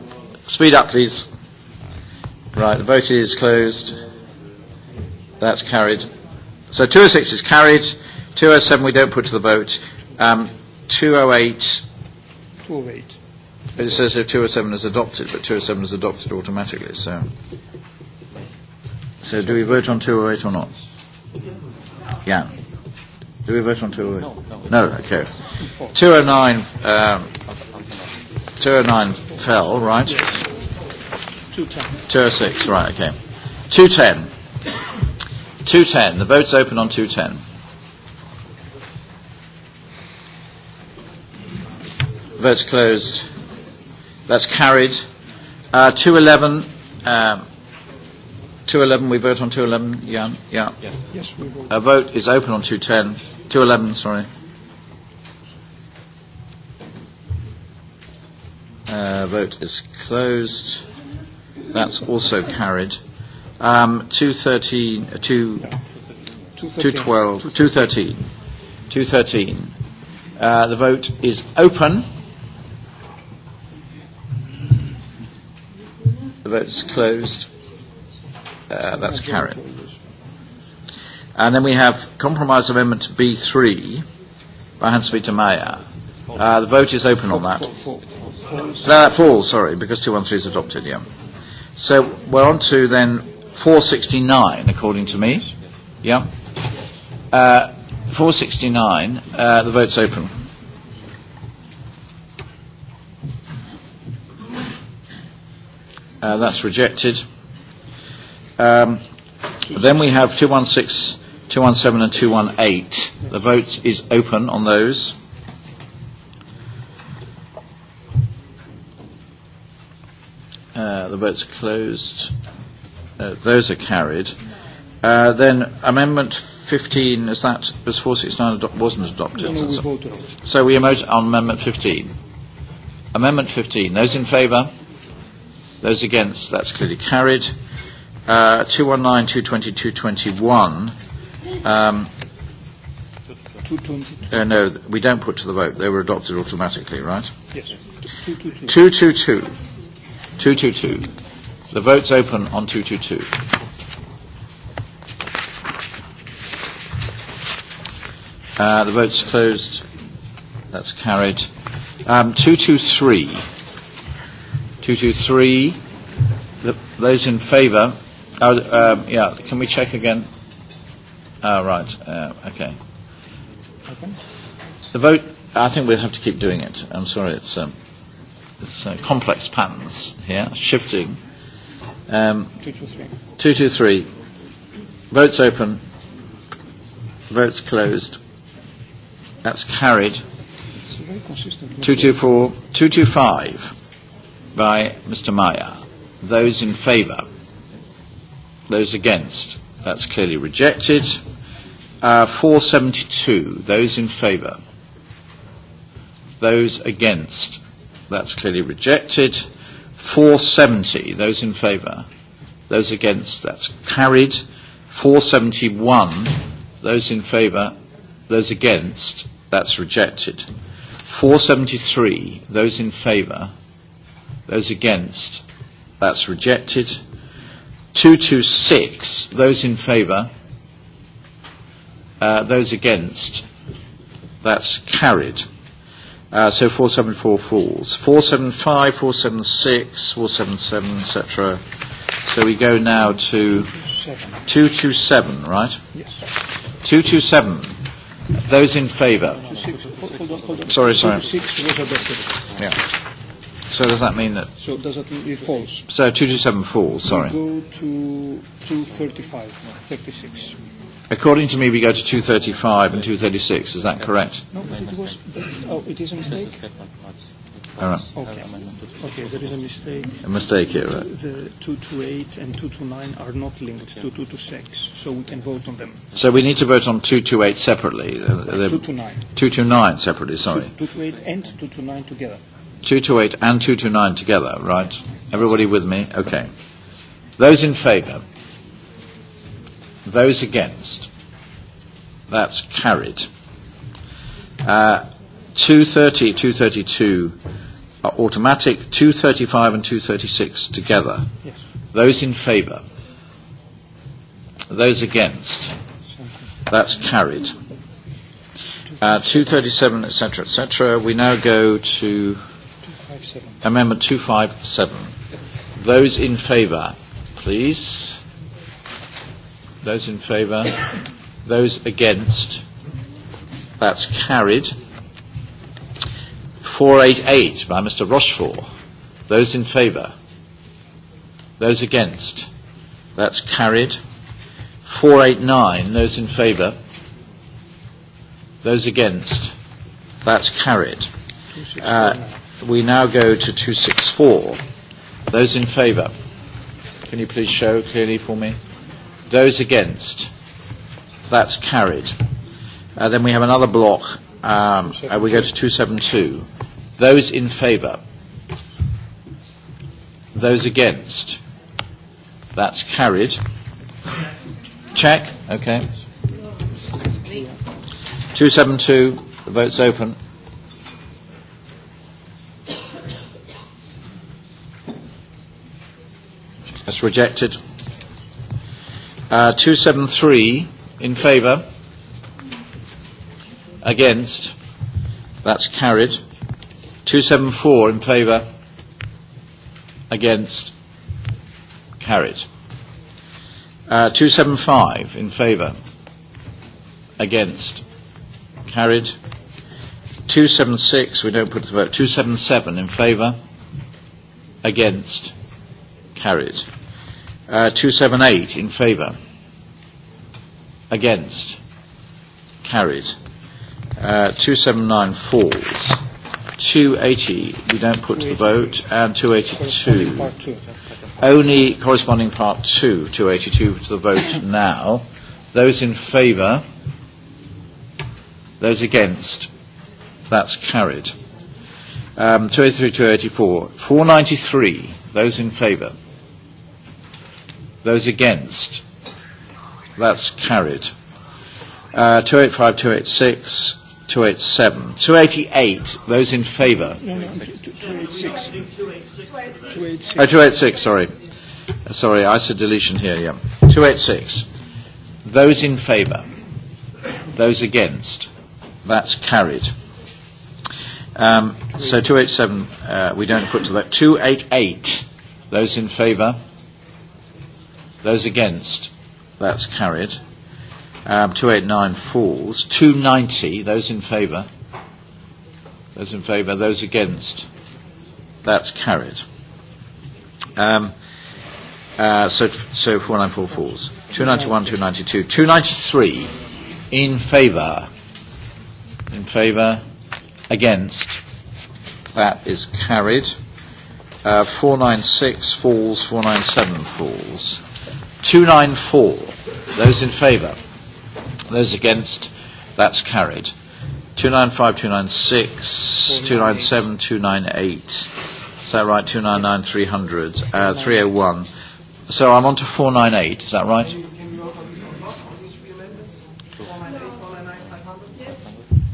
Speed up, please. Right. The vote is closed. That's carried. So 206 is carried. 207 we don't put to the vote. Um, 208. 208. It says if 207 is adopted, but 207 is adopted automatically. So, so do we vote on 208 or not? Yeah. Do we vote on 208? No. No. no okay. 209. Um, 209 fell, right? Yes. 210. Tur six, right, okay. Two ten. The vote's open on ten. Vote's closed. That's carried. Uh, 211. Um, eleven. we vote on eleven. yeah, yeah. Yes, yes we vote. A vote is open on Two eleven. sorry. Uh, vote is closed. That's also carried. Um, 213, uh, two, 212, 213. 213. Uh, the vote is open. The vote is closed. Uh, that's carried. And then we have compromise amendment B3 by Hans-Peter Mayer. Uh, the vote is open on that. Uh, falls, sorry, because 213 is adopted, yeah. So we're on to then 469, according to me. Yeah. Uh, 469, uh, the vote's open. Uh, that's rejected. Um, then we have 216, 217 and 218. The vote is open on those. Uh, the vote's closed. Uh, those are carried. Uh, then Amendment 15, is that, was 469 adopt, wasn't adopted? No, no, we so, voted So we emote on Amendment 15. Amendment 15, those in favour? Those against? That's clearly carried. Uh, 219, 220, 221. Um, uh, no, we don't put to the vote. They were adopted automatically, right? Yes. 222. Two, two, two. 222. The vote's open on 222. Uh, the vote's closed. That's carried. Um, 223. 223. The, those in favour. Uh, um, yeah, can we check again? Oh, right. Uh, okay. The vote, I think we'll have to keep doing it. I'm sorry, it's. Um, so uh, complex patterns here, shifting. Um, two, two, two, three. two, three. Votes open. Votes closed. That's carried. Two, two, Two, four. two, five. by Mr. Maya. Those in favour. Those against. That's clearly rejected. Uh, 472. Those in favour. Those against. That's clearly rejected. 470, those in favour. Those against, that's carried. 471, those in favour. Those against, that's rejected. 473, those in favour. Those against, that's rejected. 226, those in favour. Uh, those against, that's carried. Uh, so 474 falls. 475, 476, 477, etc. So we go now to 227, right? Yes. 227. Those in favour? Sorry, sorry. Yeah. So does that mean that? So does that mean it falls? So 227 falls. Sorry. We go to 235, 36. According to me, we go to 235 and 236. Is that correct? No, it was. Oh, it is a mistake. All right. Okay. okay, there is a mistake. A mistake here, right? The 228 and 229 are not linked to 226, so we can vote on them. So we need to vote on 228 separately. 229. Uh, 229 separately, sorry. 228 and 229 together. 228 and 229 together, right? Everybody with me? Okay. Those in favour? Those against? That's carried. Uh, 230, 232 are automatic. 235 and 236 together. Yes. Those in favour? Those against? That's carried. Uh, 237, etc., etc. We now go to Amendment 257. Those in favour, please. Those in favour? Those against? That's carried. 488 by Mr Rochefort. Those in favour? Those against? That's carried. 489. Those in favour? Those against? That's carried. Uh, we now go to 264. Those in favour? Can you please show clearly for me? Those against? That's carried. Uh, then we have another block. Um, uh, we go to 272. Those in favour? Those against? That's carried. Check. Okay. 272. The vote's open. That's rejected. Uh, 273 in favour. Against. That's carried. 274 in favour. Against. Carried. Uh, 275 in favour. Against. Carried. 276, we don't put the vote. 277 in favour. Against. Carried. 278 uh, in favour. Against. Carried. Uh, 279 falls. 280 we don't put to the vote and 282. Only corresponding part 2, 282 to the vote now. Those in favour. Those against. That's carried. Um, 283, 284. 493. Those in favour. Those against? That's carried. Uh, 285, 286, 287. 288, those in favour? No, no, 286. 286. Oh, 286, sorry. Uh, sorry, I said deletion here, yeah. 286. Those in favour? Those against? That's carried. Um, so 287, uh, we don't put to that. 288, those in favour? Those against? That's carried. Um, 289 falls. 290, those in favour? Those in favour, those against? That's carried. Um, uh, so, so 494 falls. 291, 292. 293 in favour. In favour. Against. That is carried. Uh, 496 falls, 497 falls. 294. Those in favour? Those against? That's carried. 295, 296, 297, 298. Is that right? 299, 300, uh, 301. So I'm on to 498. Is that right?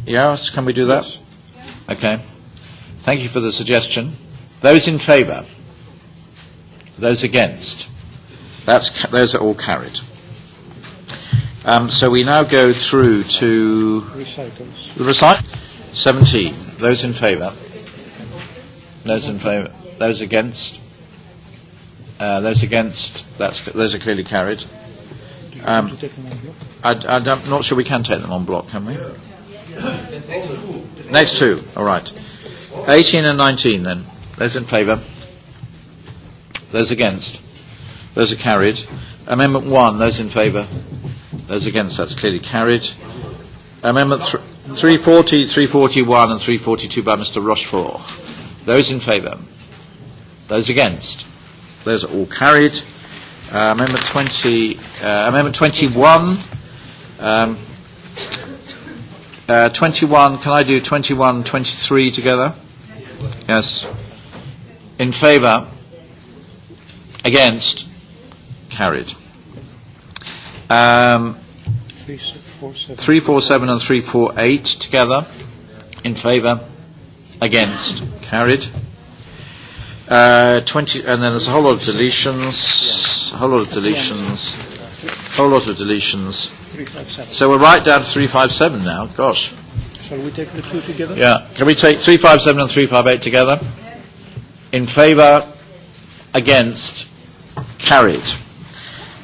Yes, can we do that? Okay. Thank you for the suggestion. Those in favour? Those against? That's, those are all carried. Um, so we now go through to recycles. Recycle 17. Those in favour. Those in favour. Those against. Uh, those against. That's those are clearly carried. Um, I, I'm not sure we can take them on block, can we? Next two. All right. 18 and 19 then. Those in favour. Those against. Those are carried. Amendment 1, those in favour. Those against, that's clearly carried. Amendment th- 340, 341 and 342 by Mr Rochefort. Those in favour. Those against. Those are all carried. Uh, amendment 20, uh, Amendment 21. Um, uh, 21, can I do 21, 23 together? Yes. In favour? Against? carried. Um, 347 three, and 348 together. In favour. Against. Carried. Uh, 20, and then there's a whole lot of deletions. A whole lot of deletions. A whole lot of deletions. So we're right down to 357 now. Gosh. Shall we take the two together? Yeah. Can we take 357 and 358 together? In favour. Against. Carried.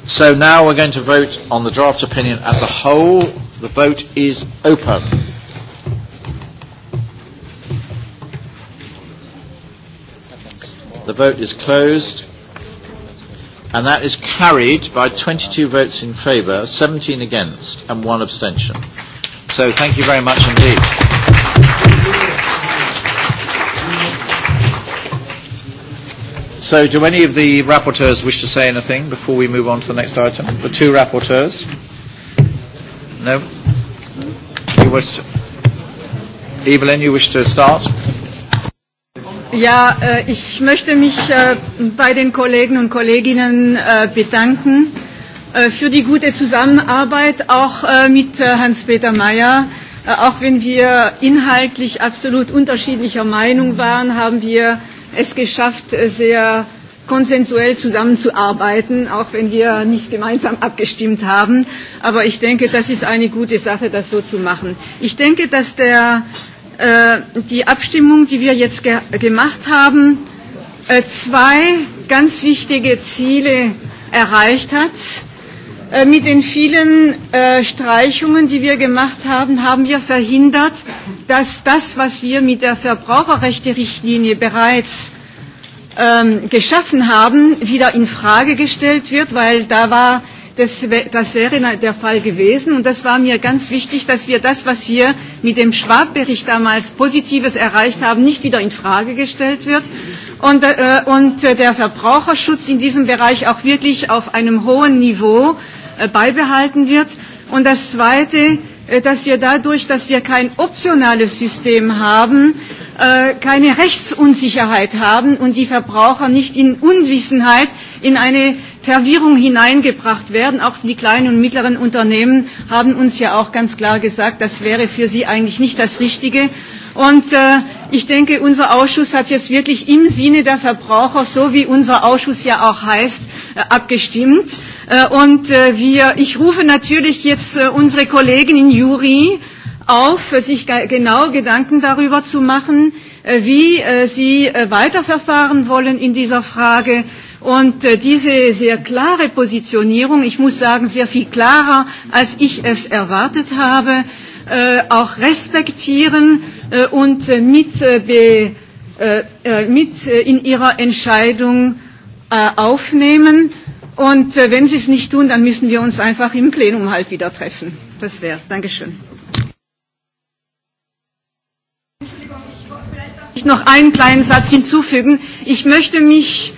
So now we're going to vote on the draft opinion as a whole. The vote is open. The vote is closed. And that is carried by 22 votes in favour, 17 against, and one abstention. So thank you very much indeed. So do any of the rapporteurs wish to say anything before we move on to the next item? The two rapporteurs? No? You wish to, Evelyn, you wish to start? Ja, äh, ich möchte mich äh, bei den Kollegen und Kolleginnen äh, bedanken äh, für die gute Zusammenarbeit, auch äh, mit äh, Hans-Peter Mayer. Auch wenn wir inhaltlich absolut unterschiedlicher Meinung waren, haben wir es geschafft, äh, sehr konsensuell zusammenzuarbeiten, auch wenn wir nicht gemeinsam abgestimmt haben. Aber ich denke, das ist eine gute Sache, das so zu machen. Ich denke, dass der, äh, die Abstimmung, die wir jetzt ge gemacht haben, äh, zwei ganz wichtige Ziele erreicht hat. Äh, mit den vielen äh, Streichungen, die wir gemacht haben, haben wir verhindert, dass das, was wir mit der Verbraucherrechte-Richtlinie bereits ähm, geschaffen haben, wieder in Frage gestellt wird, weil da war das, das wäre der Fall gewesen. Und das war mir ganz wichtig, dass wir das, was wir mit dem Schwab-Bericht damals Positives erreicht haben, nicht wieder in Frage gestellt wird. Und, äh, und äh, der Verbraucherschutz in diesem Bereich auch wirklich auf einem hohen Niveau äh, Äh, beibehalten wird. Und das Zweite, äh, dass wir dadurch, dass wir kein optionales System haben, äh, keine Rechtsunsicherheit haben und die Verbraucher nicht in Unwissenheit in eine Verwirrung hineingebracht werden. Auch die kleinen und mittleren Unternehmen haben uns ja auch ganz klar gesagt, das wäre für sie eigentlich nicht das Richtige. Und äh, ich denke, unser Ausschuss hat jetzt wirklich im Sinne der Verbraucher, so wie unser Ausschuss ja auch heißt, äh, abgestimmt. Äh, und äh, wir, ich rufe natürlich jetzt äh, unsere Kollegen in Juri auf, äh, sich genau Gedanken darüber zu machen, äh, wie äh, Sie weiterverfahren wollen in dieser Frage, Und äh, diese sehr klare Positionierung, ich muss sagen, sehr viel klarer, als ich es erwartet habe, äh, auch respektieren äh, und äh, mit, äh, be, äh, äh mit äh, in ihrer Entscheidung äh, aufnehmen. Und äh, wenn sie es nicht tun, dann müssen wir uns einfach im Plenum halt wieder treffen. Das wäre es. Dankeschön. Ich noch einen kleinen Satz hinzufügen. Ich möchte mich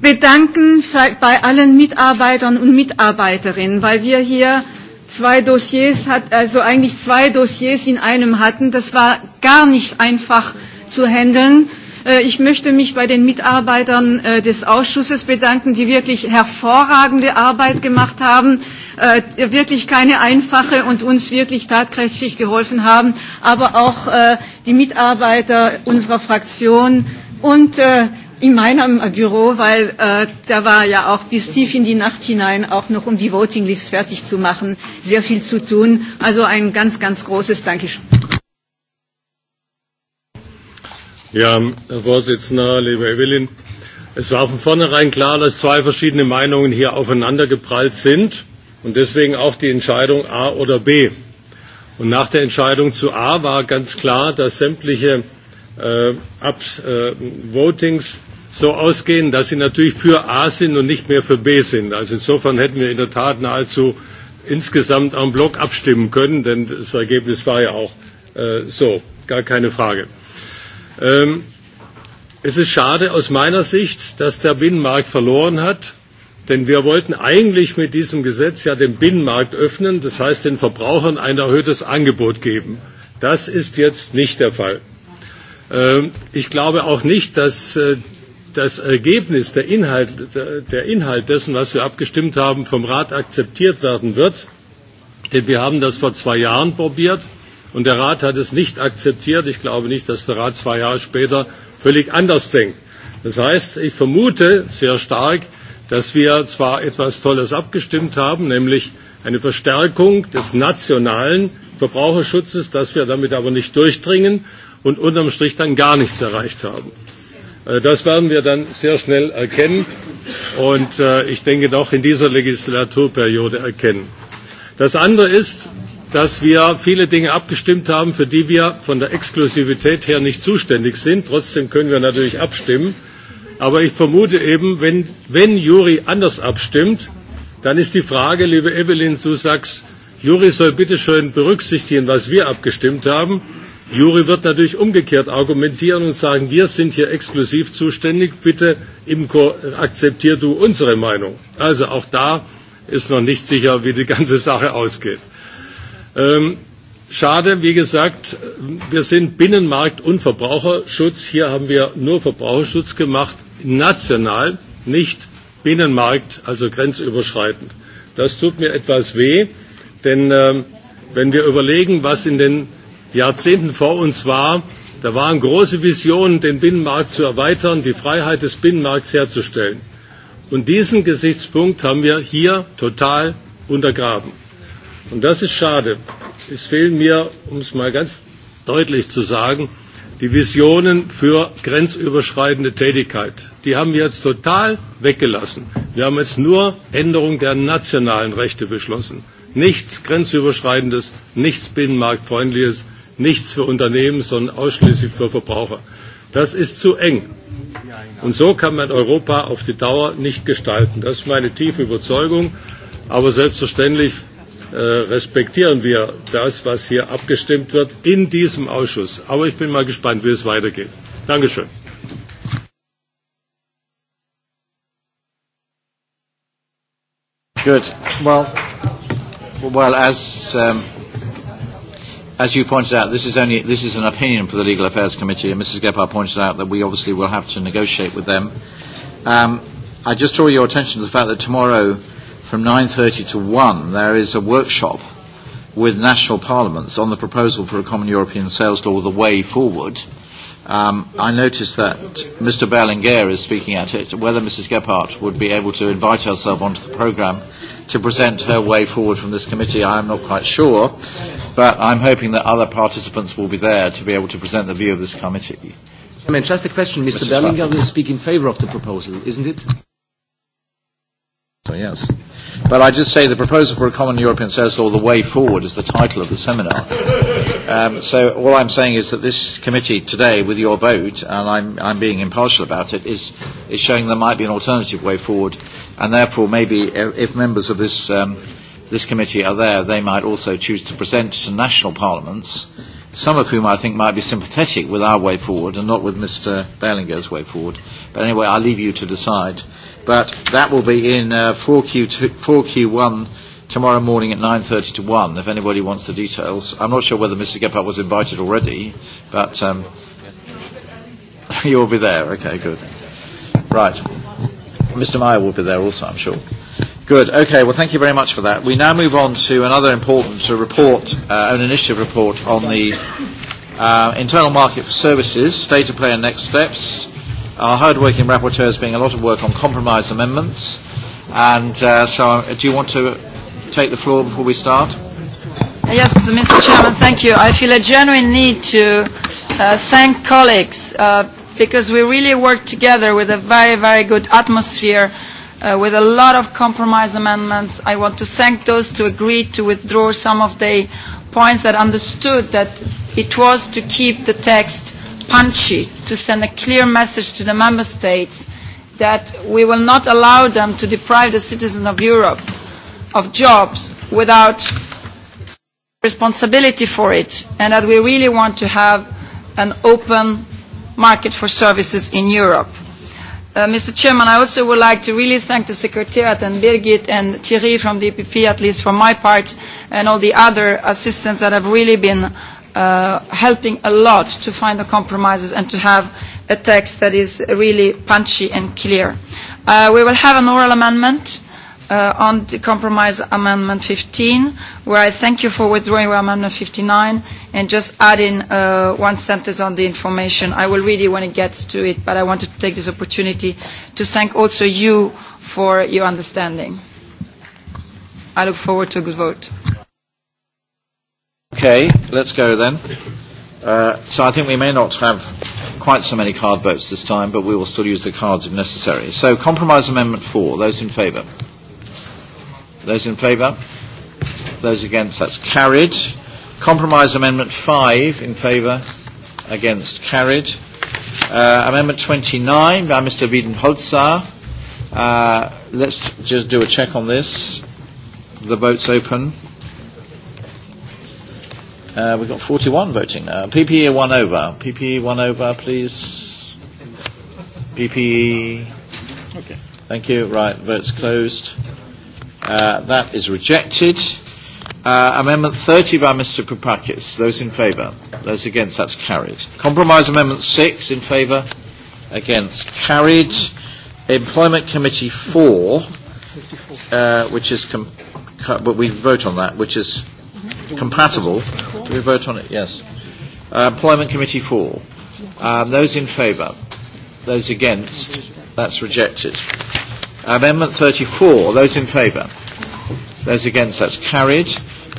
bedanken bei allen Mitarbeitern und Mitarbeiterinnen, weil wir hier zwei Dossiers, hat, also eigentlich zwei Dossiers in einem hatten. Das war gar nicht einfach zu handeln. Äh, ich möchte mich bei den Mitarbeitern äh, des Ausschusses bedanken, die wirklich hervorragende Arbeit gemacht haben, äh, wirklich keine einfache und uns wirklich tatkräftig geholfen haben, aber auch die Mitarbeiter unserer Fraktion und in meinem Büro, weil äh, da war ja auch bis tief in die Nacht hinein, auch noch um die Voting List fertig zu machen, sehr viel zu tun. Also ein ganz, ganz großes Dankeschön. Ja, Herr Vorsitzender, liebe Evelyn, es war von vornherein klar, dass zwei verschiedene Meinungen hier aufeinandergeprallt sind und deswegen auch die Entscheidung A oder B. Und nach der Entscheidung zu A war ganz klar, dass sämtliche äh, Abs, äh, Votings so ausgehen, dass sie natürlich für A sind und nicht mehr für B sind. Also insofern hätten wir in der Tat nahezu insgesamt am Block abstimmen können, denn das Ergebnis war ja auch äh, so, gar keine Frage. Ähm, es ist schade aus meiner Sicht, dass der Binnenmarkt verloren hat, denn wir wollten eigentlich mit diesem Gesetz ja den Binnenmarkt öffnen, das heißt den Verbrauchern ein erhöhtes Angebot geben. Das ist jetzt nicht der Fall. Ähm, ich glaube auch nicht, dass äh, das Ergebnis, der Inhalt, der Inhalt dessen, was wir abgestimmt haben, vom Rat akzeptiert werden wird. Denn wir haben das vor zwei Jahren probiert und der Rat hat es nicht akzeptiert. Ich glaube nicht, dass der Rat zwei Jahre später völlig anders denkt. Das heißt, ich vermute sehr stark, dass wir zwar etwas Tolles abgestimmt haben, nämlich eine Verstärkung des nationalen Verbraucherschutzes, dass wir damit aber nicht durchdringen und unterm Strich dann gar nichts erreicht haben. Äh, das werden wir dann sehr schnell erkennen und äh, ich denke noch in dieser Legislaturperiode erkennen. Das andere ist, dass wir viele Dinge abgestimmt haben, für die wir von der Exklusivität her nicht zuständig sind. Trotzdem können wir natürlich abstimmen. Aber ich vermute eben, wenn, wenn Juri anders abstimmt, dann ist die Frage, liebe Evelyn, du sagst, Juri soll bitte schön berücksichtigen, was wir abgestimmt haben. Juri wird natürlich umgekehrt argumentieren und sagen, wir sind hier exklusiv zuständig, bitte Imko, akzeptier du unsere Meinung. Also auch da ist noch nicht sicher, wie die ganze Sache ausgeht. Ähm, schade, wie gesagt, wir sind Binnenmarkt und Verbraucherschutz. Hier haben wir nur Verbraucherschutz gemacht, national, nicht Binnenmarkt, also grenzüberschreitend. Das tut mir etwas weh, denn äh, wenn wir überlegen, was in den Jahrzehnten vor uns war. Da waren große Visionen, den Binnenmarkt zu erweitern, die Freiheit des Binnenmarkts herzustellen. Und diesen Gesichtspunkt haben wir hier total untergraben. Und das ist schade. Es fehlen mir, um es mal ganz deutlich zu sagen, die Visionen für grenzüberschreitende Tätigkeit. Die haben wir jetzt total weggelassen. Wir haben jetzt nur Änderung der nationalen Rechte beschlossen. Nichts grenzüberschreitendes, nichts binnenmarktfreundliches nichts für Unternehmen, sondern ausschließlich für Verbraucher. Das ist zu eng. Und so kann man Europa auf die Dauer nicht gestalten. Das ist meine tiefe Überzeugung. Aber selbstverständlich äh, respektieren wir das, was hier abgestimmt wird in diesem Ausschuss. Aber ich bin mal gespannt, wie es weitergeht. Dankeschön. Good. Well, well as um, as you pointed out, this is only this is an opinion for the Legal Affairs Committee, and Mrs. Gephardt pointed out that we obviously will have to negotiate with them. Um, I just draw your attention to the fact that tomorrow, from 9:30 to 1, there is a workshop with national parliaments on the proposal for a common European sales law, the way forward. Um, I noticed that Mr. Berlinguer is speaking at it. Whether Mrs. Gephardt would be able to invite herself onto the programme to present her way forward from this committee. I'm not quite sure, but I'm hoping that other participants will be there to be able to present the view of this committee. I mean, just a question, Mr. Mr. Berlinger will speak in favour of the proposal, isn't it? So, yes. But I just say the proposal for a common European sales law, the way forward, is the title of the seminar. um, so all I'm saying is that this committee today, with your vote, and I'm, I'm being impartial about it, is, is showing there might be an alternative way forward, and therefore maybe uh, if members of this, um, this committee are there, they might also choose to present to national parliaments some of whom I think might be sympathetic with our way forward and not with Mr. Berlinger's way forward. But anyway, I'll leave you to decide but that will be in uh, 4Q2, 4Q1 tomorrow morning at 9.30 to 1, if anybody wants the details. I'm not sure whether Mr. Gephardt was invited already, but um, you'll be there. Okay, good. Right. Mr. Meyer will be there also, I'm sure. Good. Okay. Well, thank you very much for that. We now move on to another important report, uh, an initiative report on the uh, internal market for services, state of play and next steps. Our hard-working rapporteur is being a lot of work on compromise amendments. And uh, so uh, do you want to take the floor before we start? Uh, yes, Mr. Chairman, thank you. I feel a genuine need to uh, thank colleagues uh, because we really worked together with a very, very good atmosphere uh, with a lot of compromise amendments. I want to thank those who agreed to withdraw some of the points that understood that it was to keep the text uh, punchy to send a clear message to the member states that we will not allow them to deprive the citizens of Europe of jobs without responsibility for it and that we really want to have an open market for services in Europe. Uh, Mr. Chairman, I also would like to really thank the Secretariat and Birgit and Thierry from the EPP, at least from my part, and all the other assistants that have really been uh, helping a lot to find the compromises and to have a text that is really punchy and clear. Uh, we will have an oral amendment uh, on the compromise amendment 15, where I thank you for withdrawing amendment 59 and just adding uh, one sentence on the information. I will read it when it gets to it, but I wanted to take this opportunity to thank also you for your understanding. I look forward to a good vote. Okay, let's go then. Uh, so I think we may not have quite so many card votes this time, but we will still use the cards if necessary. So Compromise Amendment 4, those in favour? Those in favour? Those against? That's carried. Compromise Amendment 5 in favour? Against? Carried. Uh, amendment 29 by Mr. Wiedenholzer. Uh, let's just do a check on this. The vote's open. Uh, we've got 41 voting now. PPE one over. PPE one over, please. PPE. Okay. Thank you. Right, vote's closed. Uh, that is rejected. Uh, amendment 30 by Mr. Kupakis. Those in favour? Those against? That's carried. Compromise Amendment 6 in favour? Against? Carried. Employment Committee 4, uh, which is, com- but we vote on that, which is compatible. Do we vote on it? Yes. Uh, Employment Committee 4. Um, those in favour? Those against? That's rejected. Amendment 34. Those in favour? Those against? That's carried.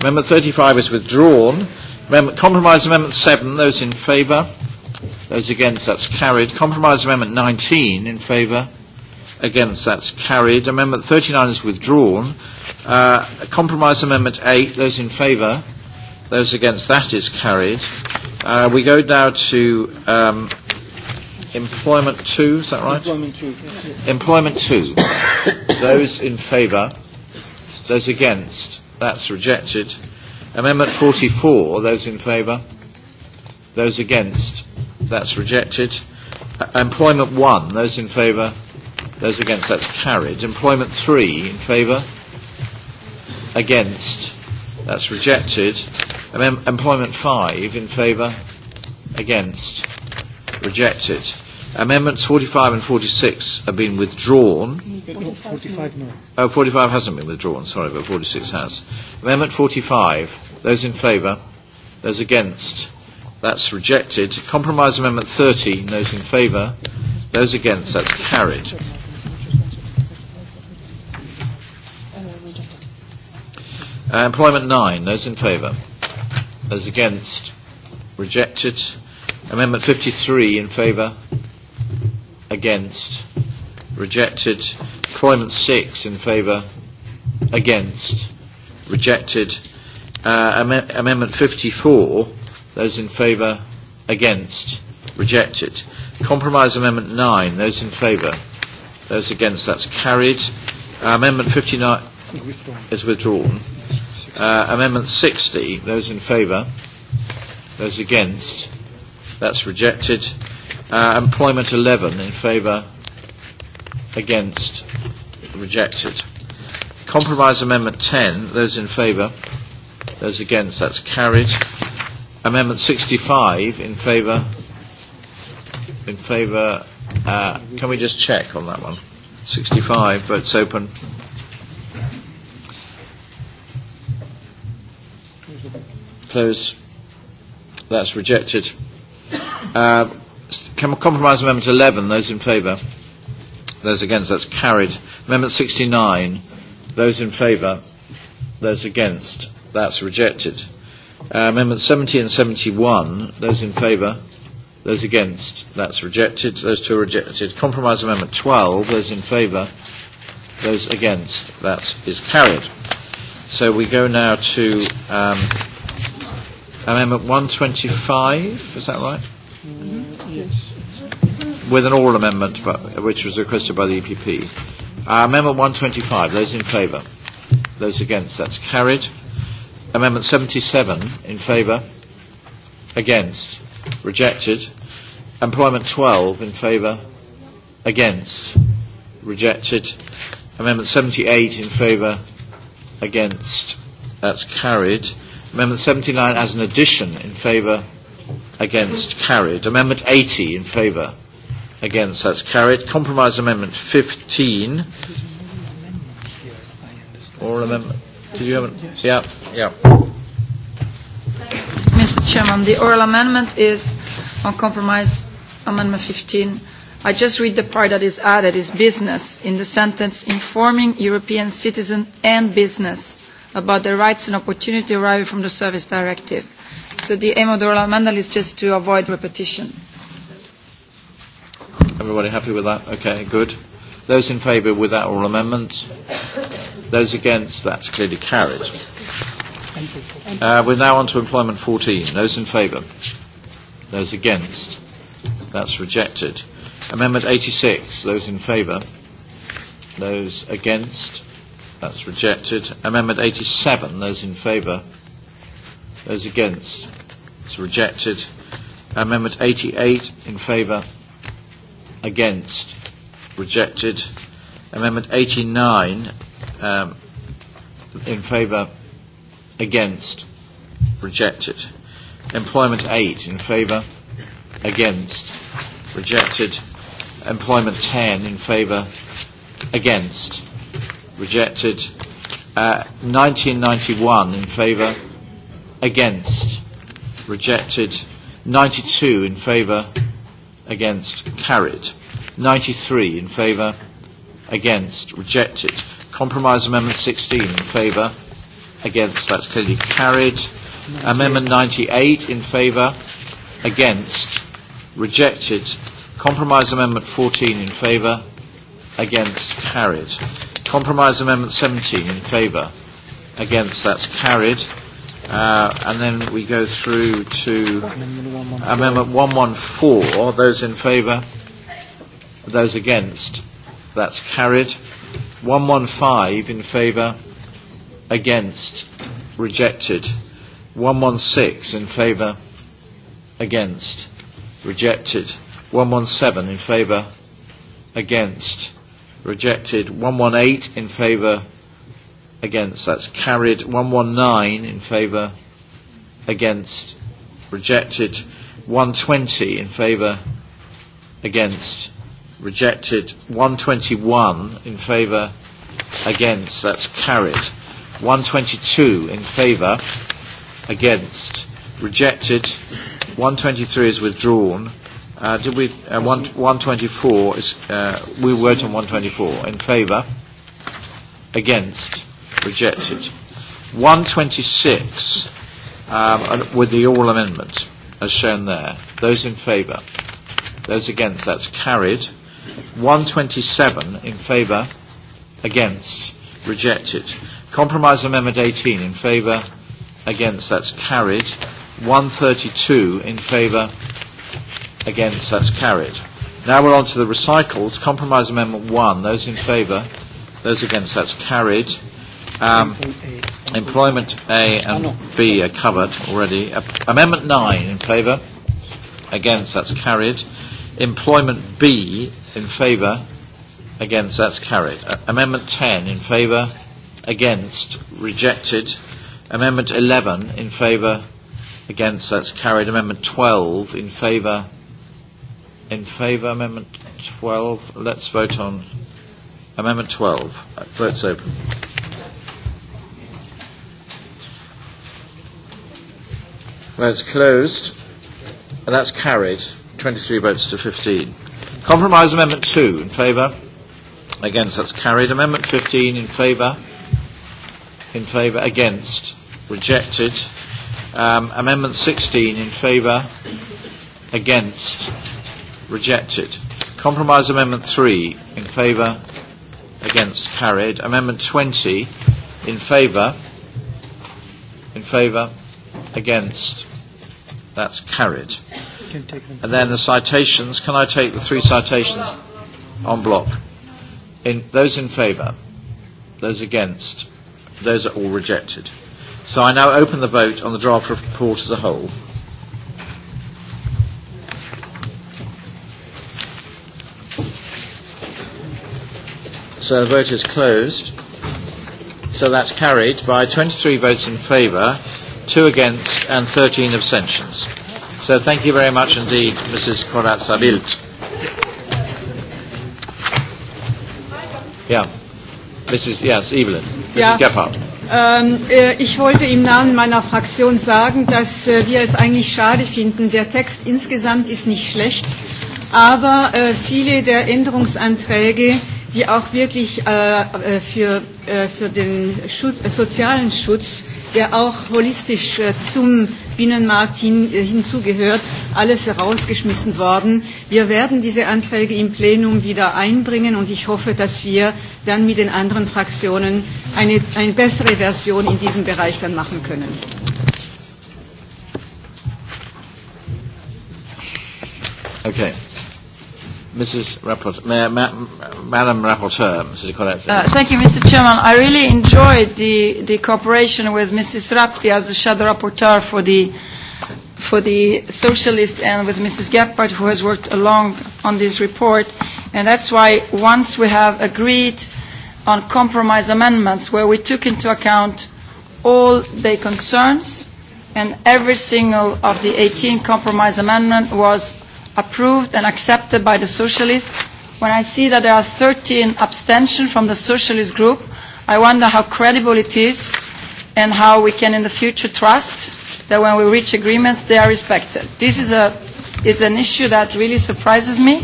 Amendment 35 is withdrawn. Amendment, compromise Amendment 7. Those in favour? Those against? That's carried. Compromise Amendment 19. In favour? Against? That's carried. Amendment 39 is withdrawn. Uh, compromise Amendment 8, those in favour, those against that is carried. Uh, we go now to um, Employment 2, is that right? Employment 2. Yes. Employment 2. those in favour, those against, that's rejected. Amendment 44, those in favour, those against, that's rejected. Uh, employment 1, those in favour, those against, that's carried. Employment 3, in favour, against, that's rejected. And employment 5 in favour, against, rejected. Amendments 45 and 46 have been withdrawn. 45 no. Oh, 45 hasn't been withdrawn, sorry, but 46 has. Amendment 45, those in favour, those against, that's rejected. Compromise Amendment 30, those in favour, those against, that's carried. Uh, employment 9, those in favour. Those against, rejected. Amendment 53 in favour, against, rejected. Employment 6 in favour, against, rejected. Uh, am- amendment 54, those in favour, against, rejected. Compromise Amendment 9, those in favour, those against, that's carried. Uh, amendment 59 is withdrawn. Uh, amendment 60, those in favour, those against, that's rejected. Uh, employment 11, in favour, against, rejected. Compromise Amendment 10, those in favour, those against, that's carried. Amendment 65, in favour, in favour, uh, can we just check on that one? 65, votes open. Those That's rejected. Uh, compromise Amendment 11, those in favour. Those against, that's carried. Amendment 69, those in favour. Those against, that's rejected. Uh, Amendment 70 and 71, those in favour. Those against, that's rejected. Those two are rejected. Compromise Amendment 12, those in favour. Those against, that is carried. So we go now to um, Amendment 125, is that right? Mm, yes. With an oral amendment, which was requested by the EPP. Uh, amendment 125, those in favour? Those against? That's carried. Amendment 77, in favour? Against? Rejected. Employment 12, in favour? Against? Rejected. Amendment 78, in favour? Against? That's carried. Amendment 79 as an addition in favour, against, carried. Amendment 80 in favour, against, that's carried. Compromise Amendment 15. Oral amendment. Did you have it? Yeah, yeah. Mr. Chairman, the oral amendment is on compromise amendment 15. I just read the part that is added is business in the sentence informing European citizen and business about the rights and opportunity arriving from the service directive. So the aim of the oral amendment is just to avoid repetition. Everybody happy with that? Okay, good. Those in favour with that oral amendment? Those against? That's clearly carried. Uh, we're now on to employment 14. Those in favour? Those against? That's rejected. Amendment 86. Those in favour? Those against? That's rejected. Amendment 87, those in favour. Those against. It's rejected. Amendment 88, in favour. Against. Rejected. Amendment 89, um, in favour. Against. Rejected. Employment 8, in favour. Against. Rejected. Employment 10, in favour. Against rejected. Uh, 1991 in favour, against, rejected. 92 in favour, against, carried. 93 in favour, against, rejected. Compromise Amendment 16 in favour, against, that's clearly carried. 98. Amendment 98 in favour, against, rejected. Compromise Amendment 14 in favour, against carried. Compromise Amendment 17 in favour against that's carried. Uh, and then we go through to Amendment 114. Those in favour? Those against? That's carried. 115 in favour? Against? Rejected. 116 in favour? Against? Rejected. 117 in favour? Against? rejected. 118 in favour, against. That's carried. 119 in favour, against. Rejected. 120 in favour, against. Rejected. 121 in favour, against. That's carried. 122 in favour, against. Rejected. 123 is withdrawn. Uh, did we, uh, one, 124 is, uh, we vote on 124 in favour, against, rejected. 126 um, with the oral amendment as shown there. Those in favour, those against, that's carried. 127 in favour, against, rejected. Compromise Amendment 18 in favour, against, that's carried. 132 in favour, Against, that's carried. Now we're on to the recycles. Compromise Amendment 1. Those in favour? Those against, that's carried. Um, employment A and B are covered already. Uh, amendment 9 in favour? Against, that's carried. Employment B in favour? Against, that's carried. Uh, amendment 10 in favour? Against, rejected. Amendment 11 in favour? Against, that's carried. Amendment 12 in favour? in favour amendment 12? Let's vote on amendment 12. Votes open. Votes closed. And that's carried. 23 votes to 15. Compromise amendment 2 in favour. Against, that's carried. Amendment 15 in favour. In favour. Against. Rejected. Um, amendment 16 in favour. Against Rejected. Compromise Amendment 3 in favour. Against. Carried. Amendment 20 in favour. In favour. Against. That's carried. And then the citations. Can I take the three citations on block? In, those in favour. Those against. Those are all rejected. So I now open the vote on the draft report as a whole. So the vote is closed. So that's carried by 23 votes in favour, two against and 13 abstentions. So thank you very much indeed, Mrs. Koratsa-Bilt. Ja, Mrs. Yes, Evelyn, Mrs. Ja. Gephardt. Ähm, äh, ich wollte im Namen meiner Fraktion sagen, dass äh, wir es eigentlich schade finden. Der Text insgesamt ist nicht schlecht, aber äh, viele der Änderungsanträge die auch wirklich äh, äh, für, äh, für den Schutz, äh, sozialen Schutz, der auch holistisch äh, zum Binnenmarkt hin, äh, hinzugehört, alles herausgeschmissen worden. Wir werden diese Anträge im Plenum wieder einbringen und ich hoffe, dass wir dann mit den anderen Fraktionen eine, eine bessere Version in diesem Bereich dann machen können. Okay. Mrs. Rapport, Ma- Ma- Madam Rapporteur, Mrs. Collette. Uh, thank you, Mr. Chairman. I really enjoyed the, the cooperation with Mrs. Rapti as the Shadow Rapporteur for the, for the Socialist and with Mrs. Gephardt, who has worked along on this report. And that's why once we have agreed on compromise amendments where we took into account all their concerns and every single of the 18 compromise amendment was approved and accepted by the socialists. When I see that there are 13 abstentions from the socialist group, I wonder how credible it is and how we can in the future trust that when we reach agreements, they are respected. This is, a, is an issue that really surprises me,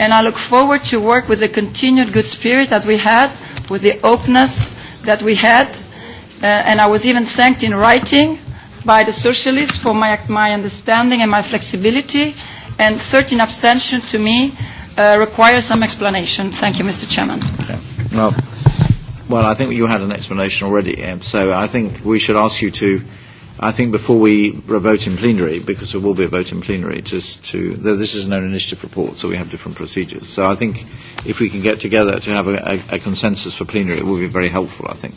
and I look forward to work with the continued good spirit that we had, with the openness that we had, uh, and I was even thanked in writing by the socialists for my, my understanding and my flexibility and 13 abstention to me uh, requires some explanation. Thank you, Mr. Chairman. Okay. Well, well, I think you had an explanation already, um, so I think we should ask you to, I think before we vote in plenary, because there will be a vote in plenary, just to, this is an own initiative report, so we have different procedures. So I think if we can get together to have a, a, a consensus for plenary, it will be very helpful, I think.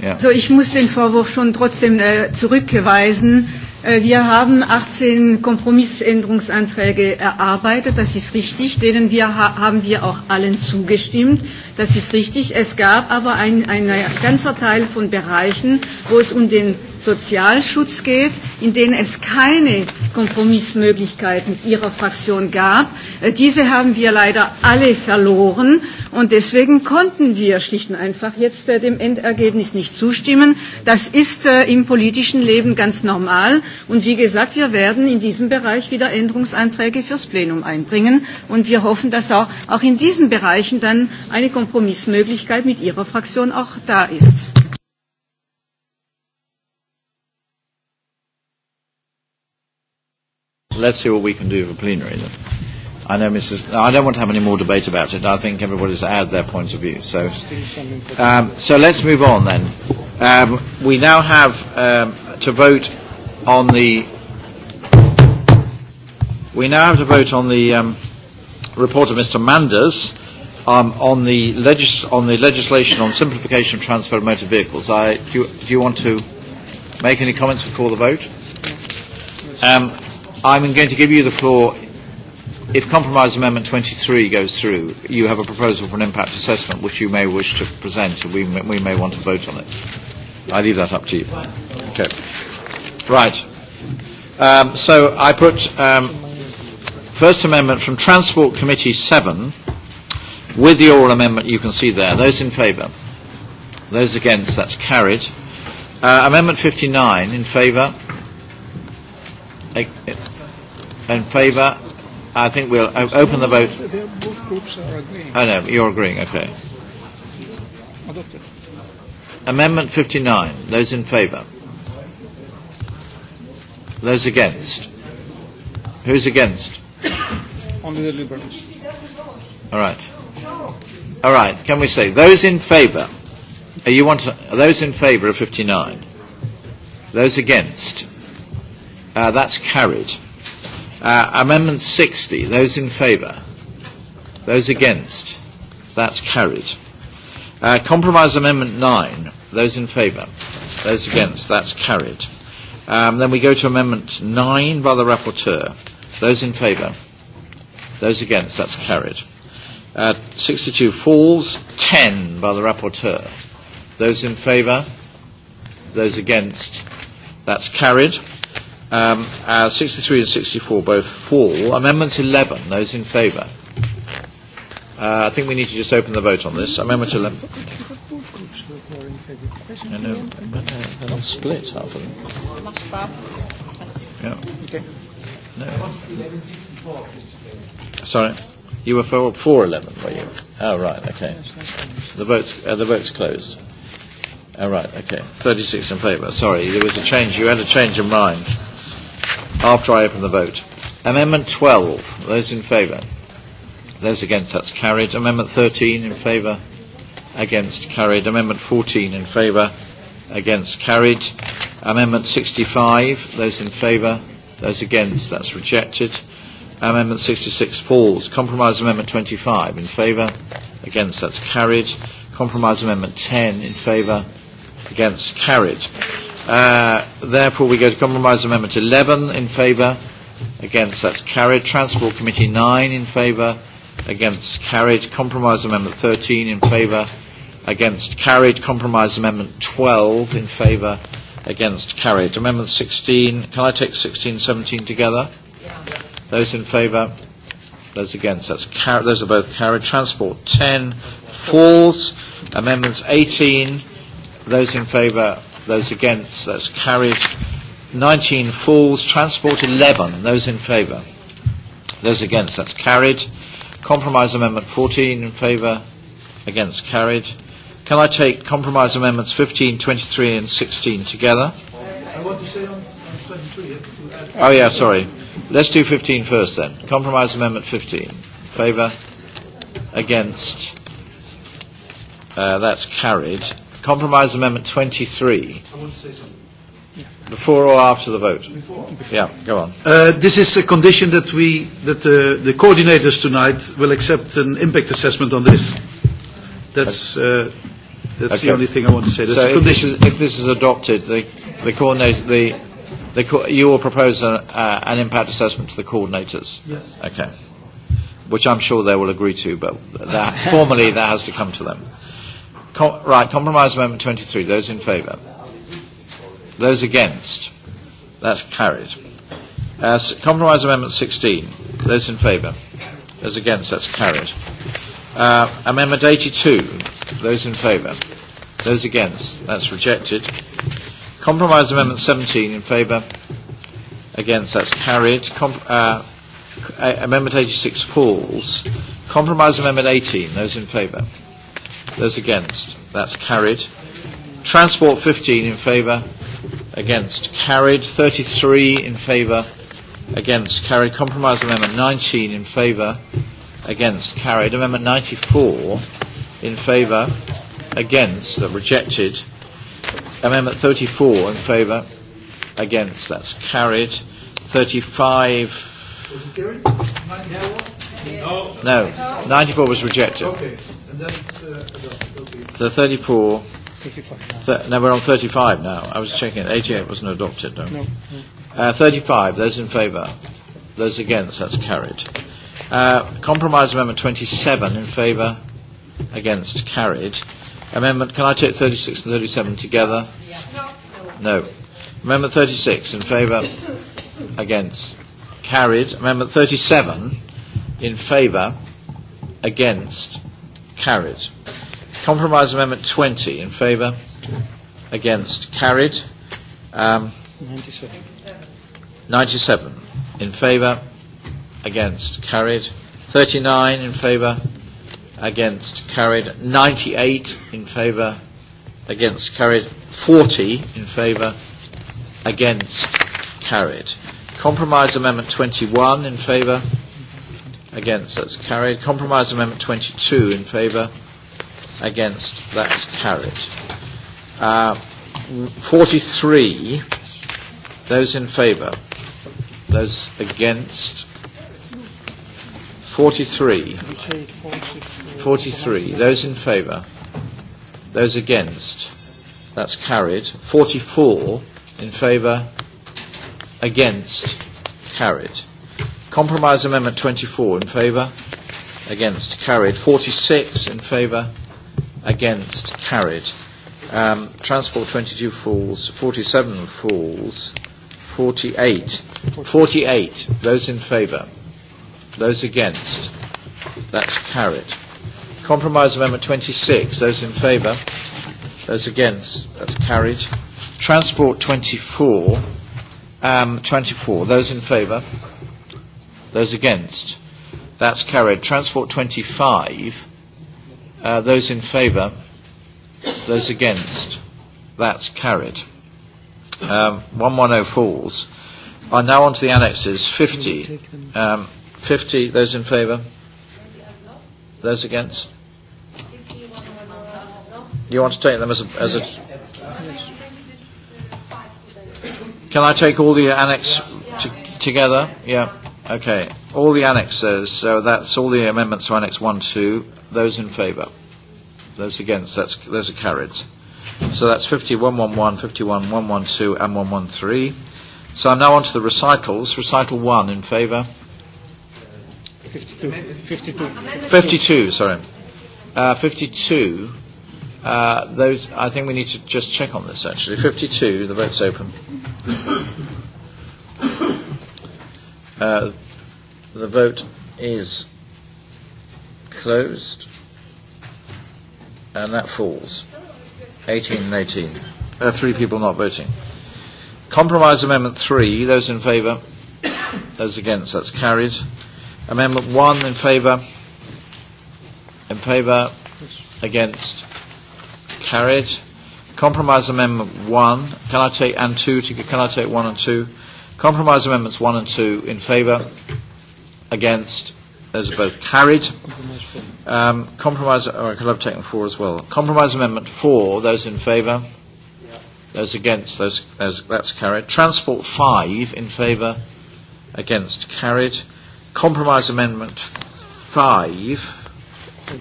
Yeah. So ich muss den Vorwurf schon trotzdem äh, zurückweisen. Äh, wir haben 18 Kompromissänderungsanträge erarbeitet, das ist richtig, denen wir, haben wir auch allen zugestimmt. Das ist richtig. Es gab aber ein, ein ganzer Teil von Bereichen, wo es um den Sozialschutz geht, in denen es keine Kompromissmöglichkeiten Ihrer Fraktion gab. Äh, diese haben wir leider alle verloren und deswegen konnten wir schlicht und einfach jetzt äh, dem Endergebnis nicht zustimmen. Das ist äh, im politischen Leben ganz normal und wie gesagt, wir werden in diesem Bereich wieder Änderungsanträge fürs Plenum einbringen und wir hoffen, dass auch, in diesen Bereichen dann eine Kompromiss Kompromissmöglichkeit mit Ihrer Fraktion auch da ist. Let's see what we can do for plenary then. I know Mrs. I don't want to have any more debate about it. I think everybody's had their point of view. So, um, so let's move on then. Um, we now have um, to vote on the. We now have to vote on the um, report of Mr. Manders um, on, the legis- on the legislation on simplification of transfer of motor vehicles. I, do, you, do you want to make any comments before the vote? Um, I'm going to give you the floor. If Compromise Amendment 23 goes through, you have a proposal for an impact assessment which you may wish to present, and we, may, we may want to vote on it. I leave that up to you. Okay. Right. Um, so I put um, First Amendment from Transport Committee 7 With the oral amendment you can see there. Those in favour? Those against? That's carried. Uh, amendment 59 in favour? Uh, in favour? I think we'll open the vote. Both groups are agreeing. I oh, know, you're agreeing, okay. Adopted. Amendment 59. Those in favour? Those against? Who's against? Only the Liberals. All right. All right, can we say those in favour? Are you want are those in favour of 59? Those against? Uh, that's carried. Uh, amendment 60. Those in favour? Those against? That's carried. Uh, compromise Amendment 9. Those in favour? Those against? That's carried. Um, then we go to Amendment 9 by the Rapporteur. Those in favour? Those against? That's carried. Uh, 62 falls, 10 by the rapporteur. Those in favour? Those against? That's carried. Um, uh, 63 and 64 both fall. Amendment 11, those in favour? Uh, I think we need to just open the vote on this. Amendment 11. I know, but uh, they're not split, are they? Yeah. Okay. No. Sorry. You were for 411, were you? Oh, right, okay. The vote's, uh, the vote's closed. Oh, right, okay. 36 in favour. Sorry, there was a change. You had a change of mind after I opened the vote. Amendment 12, those in favour. Those against, that's carried. Amendment 13 in favour, against, carried. Amendment 14 in favour, against, carried. Amendment 65, those in favour, those against, that's rejected. Amendment 66 falls. Compromise Amendment 25 in favour. Against. That's carried. Compromise Amendment 10 in favour. Against. Carried. Uh, therefore, we go to Compromise Amendment 11 in favour. Against. That's carried. Transport Committee 9 in favour. Against. Carried. Compromise Amendment 13 in favour. Against. Carried. Compromise Amendment 12 in favour. Against. Carried. Amendment 16. Can I take 16 17 together? Yeah. Those in favour? Those against? That's car- those are both carried. Transport 10 falls. Amendments 18. Those in favour? Those against? That's carried. 19 falls. Transport 11. Those in favour? Those against? That's carried. Compromise Amendment 14 in favour? Against? Carried. Can I take Compromise Amendments 15, 23 and 16 together? I want to say on Oh yeah, sorry. Let's do 15 first then. Compromise Amendment 15. Favour? Against? Uh, that's carried. Compromise Amendment 23. I want to say something. Before or after the vote? Before. Yeah, go on. Uh, this is a condition that we, that uh, the coordinators tonight will accept an impact assessment on this. That's, uh, that's okay. the only thing I want to say. That's so a condition. If this, is, if this is adopted, the, the coordinator, the The, you will propose a, uh, an impact assessment to the coordinators? Yes. Okay. Which I'm sure they will agree to, but that, formally that has to come to them. Com- right, compromise amendment 23. Those in favour? Those against? That's carried. Uh, compromise amendment 16. Those in favour? Those against? That's carried. Uh, amendment 82. Those in favour? Those against? That's rejected. Compromise Amendment 17 in favour. Against, that's carried. Com- uh, amendment 86 falls. Compromise Amendment 18, those in favour. Those against, that's carried. Transport 15 in favour. Against, carried. 33 in favour. Against, carried. Compromise Amendment 19 in favour. Against, carried. Amendment 94 in favour. Against, rejected. Amendment 34 in favour. Against. That's carried. 35. Was it No. 94 was rejected. Okay. And then it's uh, adopted. So 34. 35 now. Th- no, we're on 35 now. I was checking. 88 wasn't adopted, no? No. Uh, 35, those in favour. Those against, that's carried. Uh, compromise Amendment 27 in favour, against, carried. Amendment, can I take 36 and 37 together? No. Amendment 36 in favour, against, carried. Amendment 37 in favour, against, carried. Compromise Amendment 20 in favour, against, carried. Um, 97. 97 in favour, against, carried. 39 in favour, against carried 98 in favour against carried 40 in favour against carried compromise amendment 21 in favour against that's carried compromise amendment 22 in favour against that's carried uh, 43 those in favour those against 43 43. Those in favour? Those against? That's carried. 44 in favour? Against? Carried. Compromise Amendment 24 in favour? Against? Carried. 46 in favour? Against? Carried. Um, transport 22 falls. 47 falls. 48. 48. Those in favour? Those against? That's carried. Compromise Amendment 26. Those in favour? Those against? That's carried. Transport 24. Um, 24. Those in favour? Those against? That's carried. Transport 25. Uh, those in favour? Those against? That's carried. Um, 110 falls. I'm now on to the annexes. 50. Um, 50. Those in favour? Those against? You want to take them as a, as a Can I take all the annex t- together? Yeah. Okay. All the annexes. So that's all the amendments to Annex 1, 2. Those in favour. Those against. That's, those are carried. So that's 5111, 51, 112 and 113. So I'm now on to the recitals. Recital 1 in favour. 52. 52. 52, sorry. Uh, 52. Uh, those, I think we need to just check on this actually. 52, the vote's open. Uh, the vote is closed. And that falls. 18 and 18. There are three people not voting. Compromise Amendment 3, those in favour? those against? That's carried. Amendment 1 in favour. In favour. Against. Carried. Compromise Amendment 1. Can I take and 2? To, can I take 1 and 2? Compromise Amendments 1 and 2 in favour. Against. Those are both carried. Um, compromise, or oh, I could have taken four as well. Compromise Amendment 4, those in favour. Those against, those, those, that's carried. Transport 5 in favour. Against, carried. Compromise Amendment 5. Hold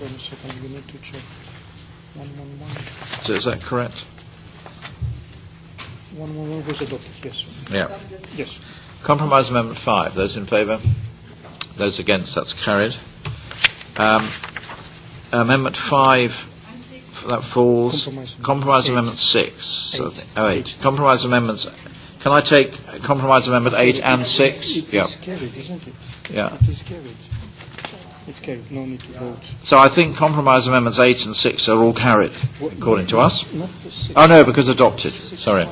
on a second, we need to check. 111. So is that correct? One, 111 was adopted, yes. Yeah. Yes. Compromise Amendment 5. Those in favour? Those against? That's carried. Um, amendment 5 that falls. Compromise, Compromise Amendment 6. Eight. So, oh, eight. eight. Compromise Amendments Can I take compromise amendment eight 8 and 6? Yeah. It's carried, isn't it? Yeah. It is carried. It's carried. No need to vote. So I think compromise amendments eight and six are all carried, what, according to us. Oh, no, because adopted. Six Sorry.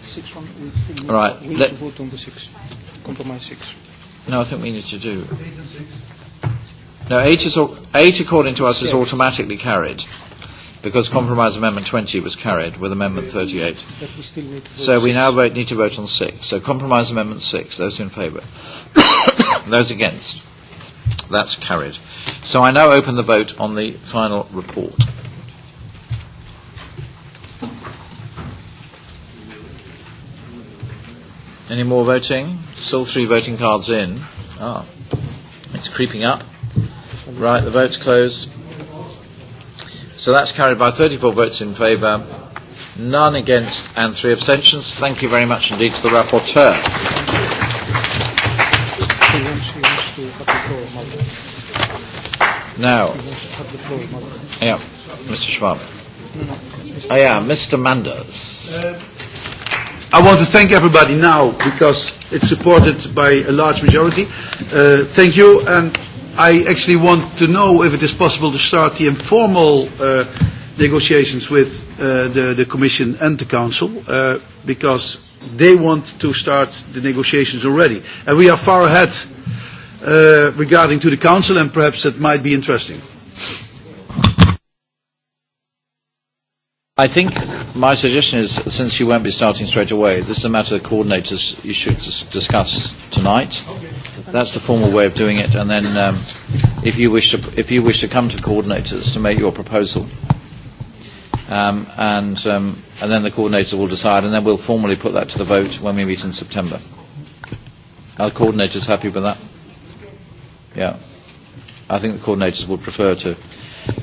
Six one. All Right. We need to vote on the six. Compromise six. No, I think we need to do. Eight and six. No, eight is, all, eight according to us is automatically carried because compromise amendment 20 was carried with amendment 38. So we now vote, need to vote on 6. So compromise amendment 6, those in favour. those against. That's carried. So I now open the vote on the final report. Any more voting? Still three voting cards in. Ah, it's creeping up. Right, the vote's closed. So that's carried by 34 votes in favour, none against and three abstentions. Thank you very much indeed to the rapporteur. Now, yeah, Mr. Schwab. Oh yeah, Mr. Manders. I want to thank everybody now because it's supported by a large majority. Uh, thank you and I actually want to know if it is possible to start the informal uh, negotiations with uh, the, the Commission and the Council, uh, because they want to start the negotiations already. And we are far ahead uh, regarding to the Council, and perhaps that might be interesting. I think my suggestion is, since you won't be starting straight away, this is a matter the coordinators you should dis discuss tonight. Okay that's the formal way of doing it. And then, um, if you wish to, if you wish to come to coordinators to make your proposal, um, and um, and then the coordinator will decide, and then we'll formally put that to the vote when we meet in September. Are the coordinators happy with that? Yeah, I think the coordinators would prefer to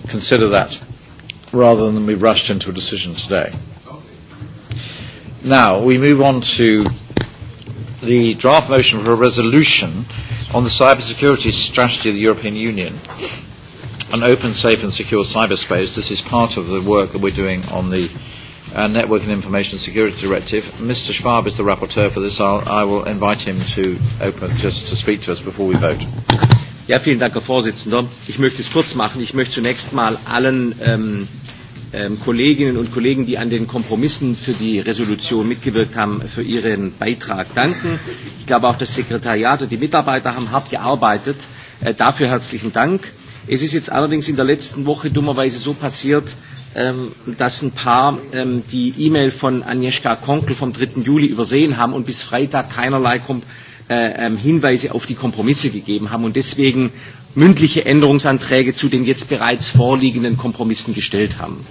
consider that rather than be rushed into a decision today. Now we move on to the draft motion for a resolution on the cybersecurity strategy of the European Union. An open, safe and secure cyberspace. This is part of the work that we're doing on the uh, Network and Information Security Directive. Mr Schwab is the rapporteur for this. I'll, I will invite him to open, just to speak to us before we vote. Ja, vielen Dank, Herr Vorsitzender. Ich möchte es kurz machen. Ich möchte zunächst mal allen ähm, Ähm, Kolleginnen und Kollegen, die an den Kompromissen für die Resolution mitgewirkt haben, für ihren Beitrag danken. Ich glaube auch das Sekretariat und die Mitarbeiter haben hart gearbeitet. Äh, dafür herzlichen Dank. Es ist jetzt allerdings in der letzten Woche dummerweise so passiert, ähm, dass ein paar ähm, die E-Mail von Agnieszka Konkel vom 3. Juli übersehen haben und bis Freitag keinerlei äh, Hinweise auf die Kompromisse gegeben haben und deswegen mündliche Änderungsanträge zu den jetzt bereits vorliegenden Kompromissen gestellt haben.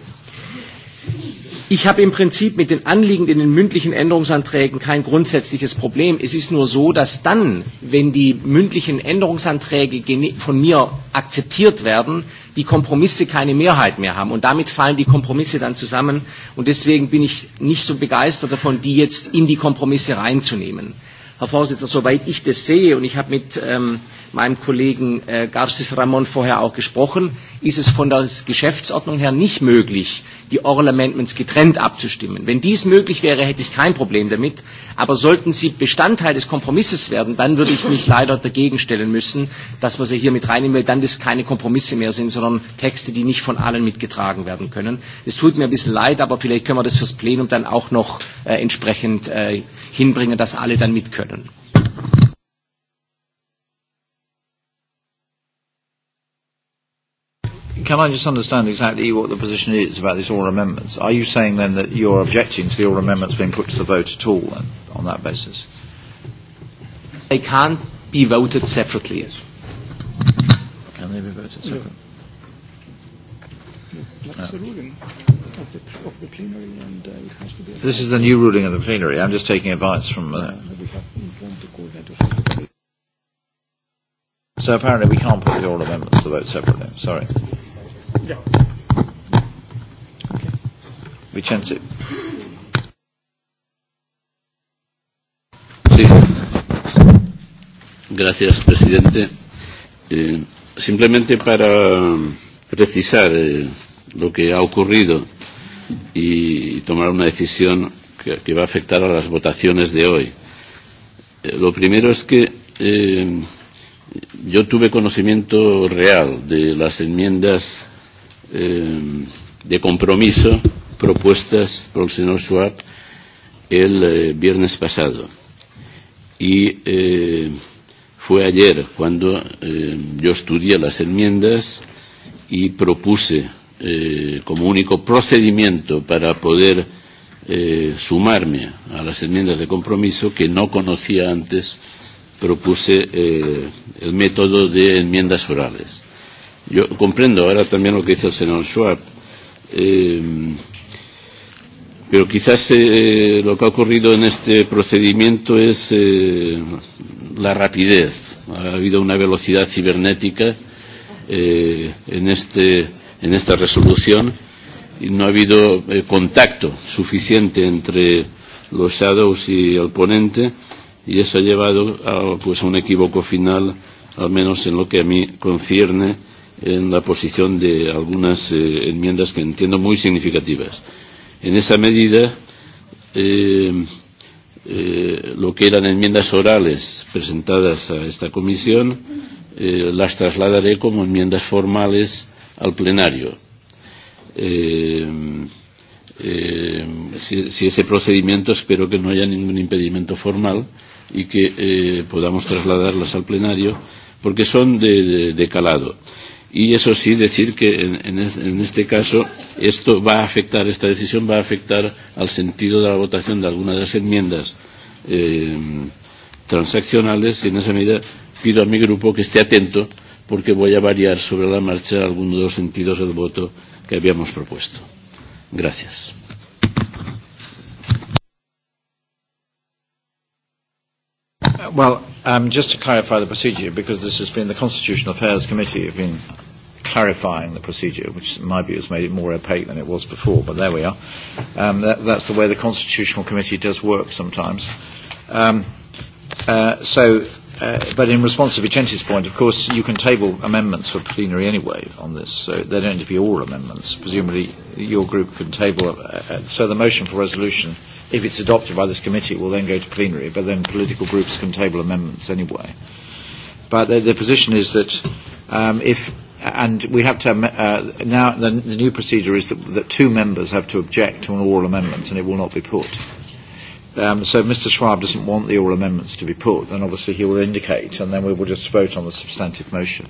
Ich habe im Prinzip mit den Anliegen in den mündlichen Änderungsanträgen kein grundsätzliches Problem. Es ist nur so, dass dann, wenn die mündlichen Änderungsanträge von mir akzeptiert werden, die Kompromisse keine Mehrheit mehr haben. Und damit fallen die Kompromisse dann zusammen. Und deswegen bin ich nicht so begeistert davon, die jetzt in die Kompromisse reinzunehmen. Herr Vorsitzender, soweit ich das sehe, und ich habe mit ähm, meinem Kollegen äh, Garcis Ramon vorher auch gesprochen, ist es von der Geschäftsordnung her nicht möglich, die Oral Amendments getrennt abzustimmen. Wenn dies möglich wäre, hätte ich kein Problem damit. Aber sollten sie Bestandteil des Kompromisses werden, dann würde ich mich leider dagegen stellen müssen, dass wir sie hier mit reinnehmen, weil dann das keine Kompromisse mehr sind, sondern Texte, die nicht von allen mitgetragen werden können. Es tut mir ein bisschen leid, aber vielleicht können wir das fürs Plenum dann auch noch äh, entsprechend äh, hinbringen, dass alle dann mit können können. Can I just understand exactly what the position is about these oral amendments? Are you saying then that you're objecting to the oral amendments being put to the vote at all then, on that basis? They can't be voted separately. Can they be voted separately? Yeah. Yeah. Yeah of the, of the plenary and uh, it has to be... This is the new ruling of the plenary. I'm just taking advice from... Uh, uh we have informed the court that... So apparently we can't put the oral amendments to vote separately. Sorry. Yeah. Okay. Vicenzi. Sí. Gracias, presidente. Eh, simplemente para precisar eh, lo que ha ocurrido y tomar una decisión que, que va a afectar a las votaciones de hoy. Eh, lo primero es que eh, yo tuve conocimiento real de las enmiendas eh, de compromiso propuestas por el señor Schwab el eh, viernes pasado. Y eh, fue ayer cuando eh, yo estudié las enmiendas y propuse eh, como único procedimiento para poder eh, sumarme a las enmiendas de compromiso que no conocía antes, propuse eh, el método de enmiendas orales. Yo comprendo ahora también lo que dice el señor Schwab, eh, pero quizás eh, lo que ha ocurrido en este procedimiento es eh, la rapidez. Ha habido una velocidad cibernética eh, en este en esta resolución y no ha habido eh, contacto suficiente entre los shadows y el ponente y eso ha llevado a, pues, a un equívoco final, al menos en lo que a mí concierne en la posición de algunas eh, enmiendas que entiendo muy significativas. En esa medida, eh, eh, lo que eran enmiendas orales presentadas a esta comisión, eh, las trasladaré como enmiendas formales al plenario. Eh, eh, si, si ese procedimiento espero que no haya ningún impedimento formal y que eh, podamos trasladarlas al plenario porque son de, de, de calado. Y eso sí, decir que en, en, es, en este caso esto va a afectar, esta decisión va a afectar al sentido de la votación de algunas de las enmiendas eh, transaccionales y en esa medida pido a mi grupo que esté atento porque voy a variar sobre la marcha algunos de los sentidos del voto que habíamos propuesto. Gracias. Uh, well, um, just to clarify the procedure, because this has been the Constitutional Affairs Committee have been clarifying the procedure, which in my view has made it more opaque than it was before, but there we are. Um, that, that's the way the Constitutional Committee does work sometimes. Um, uh, so Uh, but in response to Vicente's point, of course, you can table amendments for plenary anyway on this. So they don't need to be oral amendments. Presumably, your group can table. Uh, uh, so the motion for resolution, if it's adopted by this committee, will then go to plenary. But then political groups can table amendments anyway. But the, the position is that um, if and we have to uh, now the, the new procedure is that, that two members have to object to an oral amendment, and it will not be put. Um, so if Mr Schwab doesn't want the oral amendments to be put, then obviously he will indicate, and then we will just vote on the substantive motion.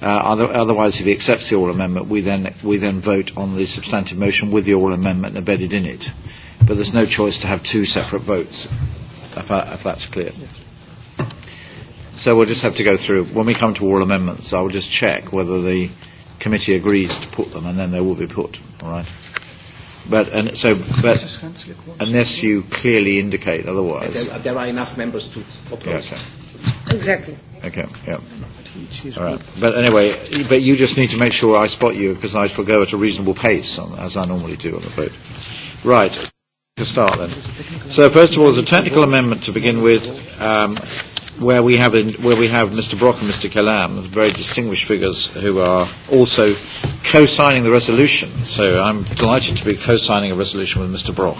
Uh, other, otherwise, if he accepts the oral amendment, we then, we then vote on the substantive motion with the oral amendment embedded in it. But there's no choice to have two separate votes, if, I, if that's clear. Yes. So we'll just have to go through. When we come to oral amendments, I will just check whether the committee agrees to put them, and then they will be put. All right. But and so, but unless you clearly indicate otherwise, there, there are enough members to oppose. Yeah, okay. Exactly. Okay. Yeah. All right. But anyway, but you just need to make sure I spot you because I shall go at a reasonable pace, on, um, as I normally do, on the vote. Right. To start then. So first of all, there's a technical amendment to begin with. Um, where we have in, where we have Mr. Brock and Mr. Kalam, very distinguished figures who are also co-signing the resolution. So I'm delighted to be co-signing a resolution with Mr. Brock.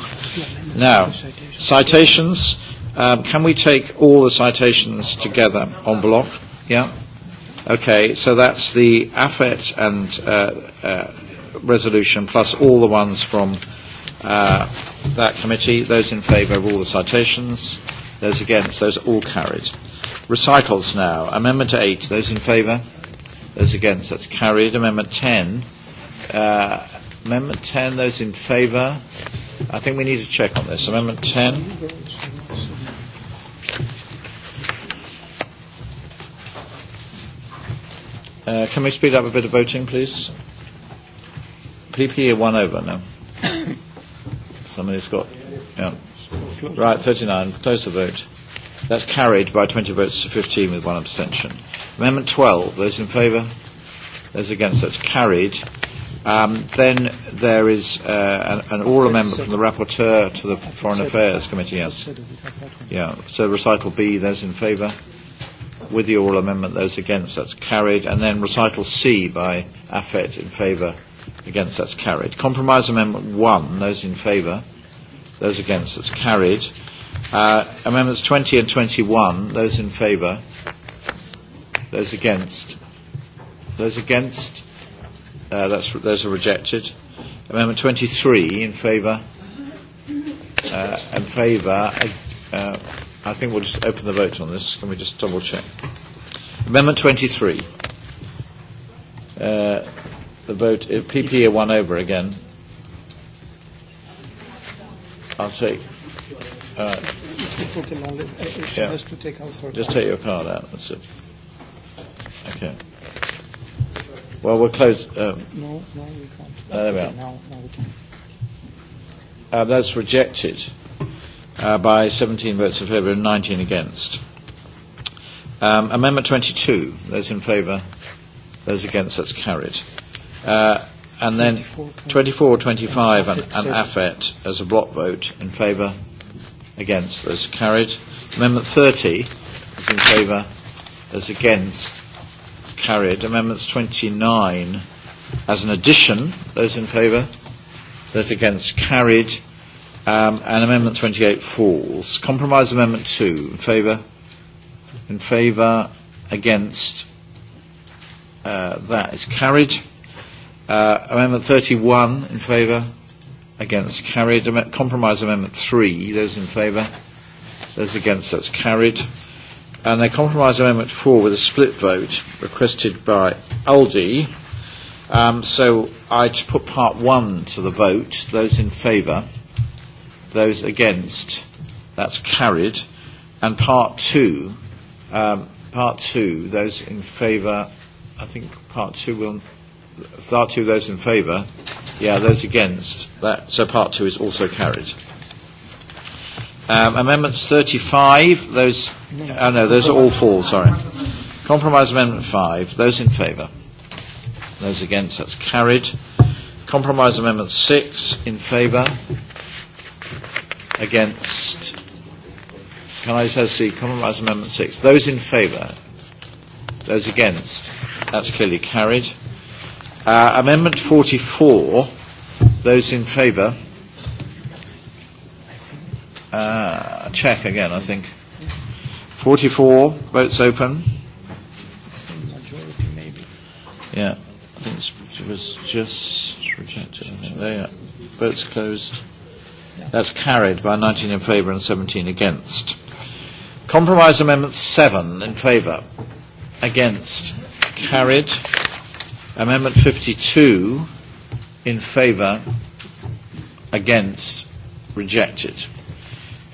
Now, citations. Um, can we take all the citations together on block? Yeah. Okay. So that's the AFET and uh, uh, resolution plus all the ones from uh, that committee. Those in favour of all the citations. Those against, those are all carried. Recitals now. Amendment 8. Those in favour? Those against? That's carried. Amendment 10. Uh, Amendment 10. Those in favour? I think we need to check on this. Amendment 10. Uh, can we speed up a bit of voting, please? PPE one over now. Somebody's got. Yeah. Right, 39. Close the vote. That's carried by 20 votes to 15 with one abstention. Amendment 12, those in favour? Those against, that's carried. Um, then there is uh, an, an oral amendment from the rapporteur to the Foreign Affairs Committee, yes. Yeah, so recital B, those in favour? With the oral amendment, those against, that's carried. And then recital C by AFET in favour, against, that's carried. Compromise amendment 1, those in favour? Those against, that's carried. Uh, amendments 20 and 21, those in favour. Those against. Those against. Uh, that's, those are rejected. Amendment 23 in favour. Uh, in favour. Uh, I think we'll just open the vote on this. Can we just double check? Amendment 23. Uh, the vote, uh, PP are one over again. I'll take Uh, she uh, yeah. has to take out her Just card. take your card out. That's it. Okay. Well, we'll close. Um, no, no, we can't. Uh, there we are. Now, now we can. Uh, that's rejected uh, by 17 votes in favour and 19 against. Um, amendment 22, those in favour, those against, that's carried. Uh, and then 24, 24 25 and, and AFET as a block vote in favour, Against. Those are carried. Amendment 30 is in favour. Those against. It's carried. Amendments 29 as an addition. Those in favour. Those against. Carried. Um, and Amendment 28 falls. Compromise Amendment 2 in favour. In favour. Against. Uh, that is carried. Uh, amendment 31 in favour against carried. Compromise Amendment 3, those in favour, those against, that's carried. And a compromise amendment 4 with a split vote requested by Aldi. Um, so I just put part 1 to the vote. Those in favour, those against, that's carried. And part 2, um, part 2, those in favour, I think part 2 will, part 2, those in favour, Yeah, those against. That, so part two is also carried. Um, amendments 35, those, oh no, those are all four, sorry. Compromise Amendment 5, those in favour. Those against, that's carried. Compromise Amendment 6, in favour. Against. Can I just see Compromise Amendment 6? Those in favour. Those against. That's clearly carried. Uh, amendment 44, those in favour? Uh, check again, I think. 44, votes open. Majority, maybe. Yeah, I think it was just rejected. I think. There, yeah. Votes closed. That's carried by 19 in favour and 17 against. Compromise Amendment 7 in favour. Against. Carried. Amendment 52 in favour, against, rejected.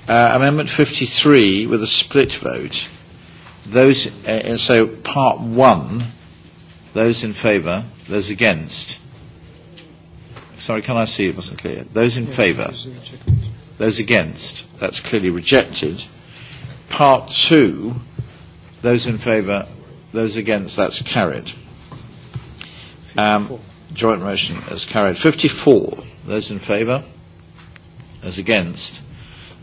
Uh, amendment 53 with a split vote. Those, uh, so part one, those in favour, those against. Sorry, can I see? It wasn't clear. Those in yeah, favour, those against. That's clearly rejected. Part two, those in favour, those against. That's carried. Um, joint motion is carried. 54. Those in favour? As against?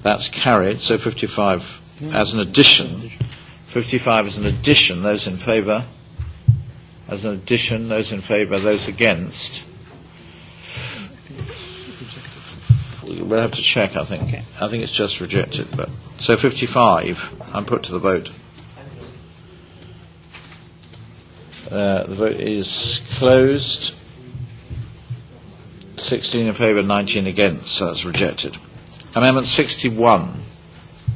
That's carried. So 55 as an addition. 55 as an addition. Those in favour? As an addition. Those in favour? Those against? We'll have to check, I think. Okay. I think it's just rejected. But So 55, I'm put to the vote. Uh, the vote is closed. 16 in favour, 19 against. So that's rejected. Amendment 61.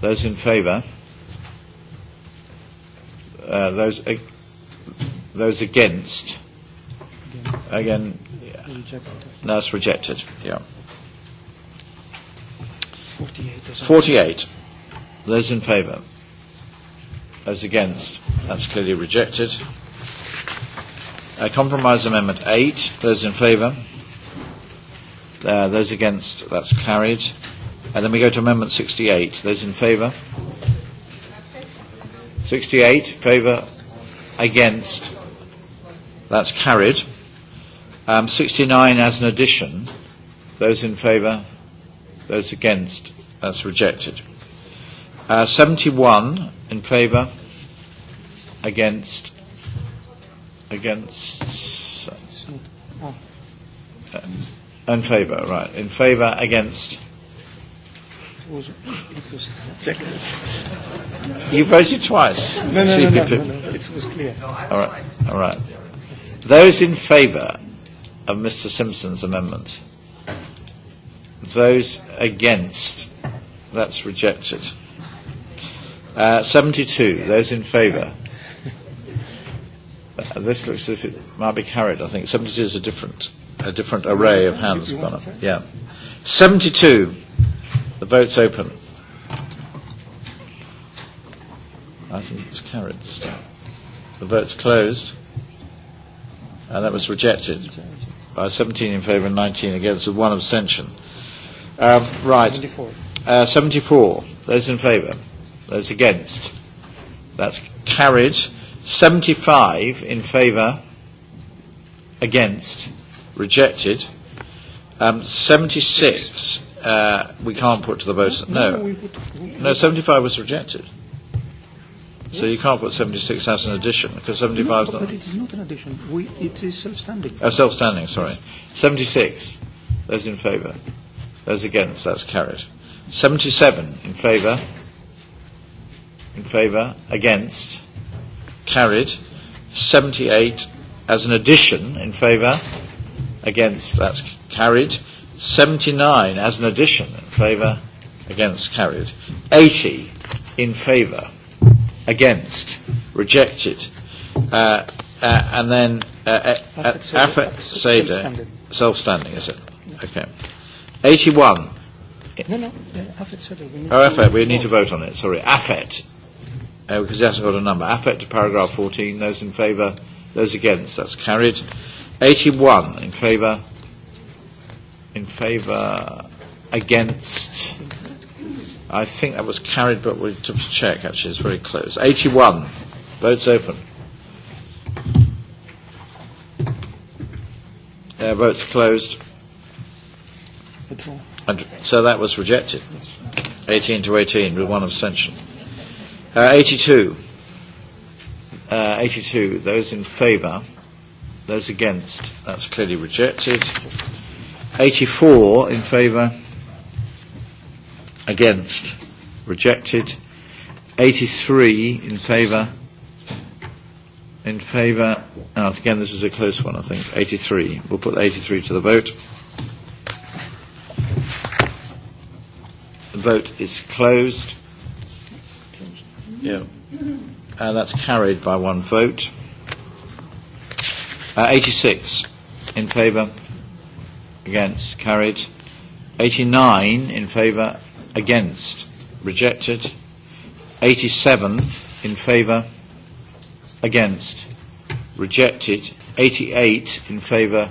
Those in favour. Uh, those ag- those against. Again, yeah. that's rejected. Yeah. 48. 48. Those in favour. Those against. That's clearly rejected. Uh, compromise Amendment 8. Those in favour? Uh, those against? That's carried. And uh, then we go to Amendment 68. Those in favour? 68. Favour? Against? That's carried. Um, 69 as an addition. Those in favour? Those against? That's rejected. Uh, 71 in favour? Against? Against. In favour, right. In favour, against. You voted twice. No, no, no, no, no, no, it was clear. All right, all right. Those in favour of Mr. Simpson's amendment. Those against. That's rejected. Uh, 72. Those in favour. Uh, this looks as if it might be carried, I think. 72 is a different, a different array of hands gone up. Yeah. 72. The vote's open. I think it's carried this time. The vote's closed. And that was rejected by 17 in favour and 19 against with one abstention. Um, right. Uh, 74. Those in favour. Those against. That's carried. 75 in favour, against, rejected. Um, 76, uh, we can't put to the vote. No, no, 75 was rejected. So you can't put 76 as an addition because 75 no, is not. But it is not an addition. We, it is self-standing. Oh, self-standing. Sorry, 76. Those in favour. Those against. That's carried. 77 in favour. In favour. Against. Carried. 78 as an addition in favour. Against. That's carried. 79 as an addition in favour. Against. Carried. 80 in favour. Against. Rejected. Uh, uh, and then uh, uh, uh Seder. Self-standing, is it? Okay. 81. No, no, uh, Afet Seder. Oh, Afet, we need to vote on it, sorry. Afet uh, because it hasn't got a number. Affect to paragraph 14, those in favour, those against, that's carried. 81 in favour, in favour, against, I think that was carried, but we took to check actually, it's very close. 81, votes open. Uh, votes closed. And so that was rejected. 18 to 18 with one abstention. Uh, 82. Uh, 82. Those in favour. Those against. That's clearly rejected. 84 in favour. Against. Rejected. 83 in favour. In favour. Oh, again, this is a close one, I think. 83. We'll put 83 to the vote. The vote is closed Yeah. Uh, that's carried by one vote. Uh, 86 in favour, against, carried. 89 in favour, against, rejected. 87 in favour, against, rejected. 88 in favour,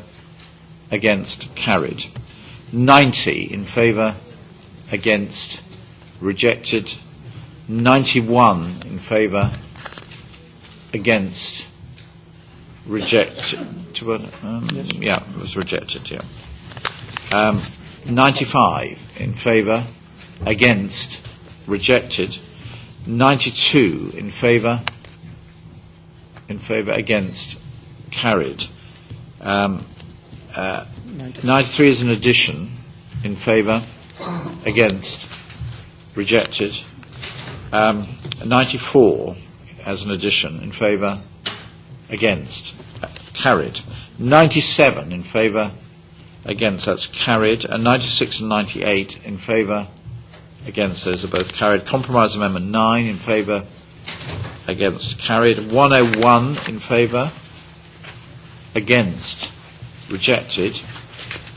against, carried. 90 in favour, against, rejected. 91 in favour, against, reject, to, um, yes. yeah, it was rejected, yeah. Um, 95 in favour, against, rejected. 92 in favour, in favour, against, carried. Um, uh, 93 is an addition, in favour, against, rejected. Um, 94 as an addition in favour, against, uh, carried. 97 in favour, against, that's carried. And 96 and 98 in favour, against, those are both carried. Compromise Amendment 9 in favour, against, carried. 101 in favour, against, rejected.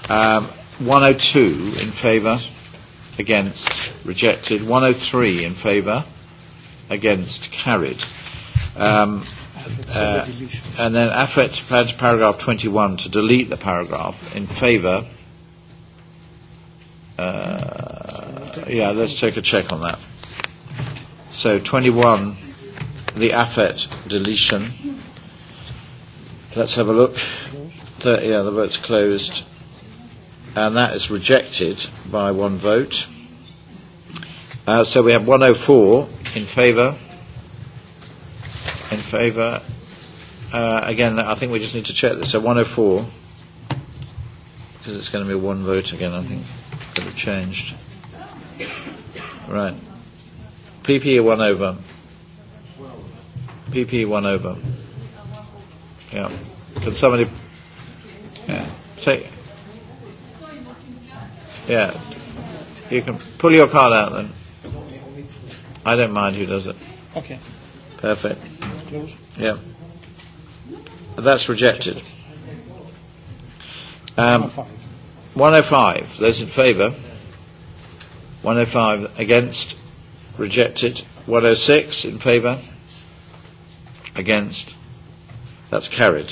Um, 102 in favour, against, rejected. 103 in favour, against, carried. Um, uh, and then AFET paragraph 21 to delete the paragraph in favour. Uh, yeah, let's take a check on that. So 21, the AFET deletion. Let's have a look. 30, yeah, the vote's closed and that is rejected by one vote. Uh, so we have 104 in favour. In favour. Uh, again, I think we just need to check this. So 104, because it's going to be one vote again, I think. Could have changed. Right. PPE one over. PPE one over. Yeah. Can somebody. Yeah. Take. Yeah. You can pull your card out then. I don't mind who does it. Okay. Perfect. Yeah. That's rejected. Um, 105. Those in favour? 105 against? Rejected. 106 in favour? Against? That's carried.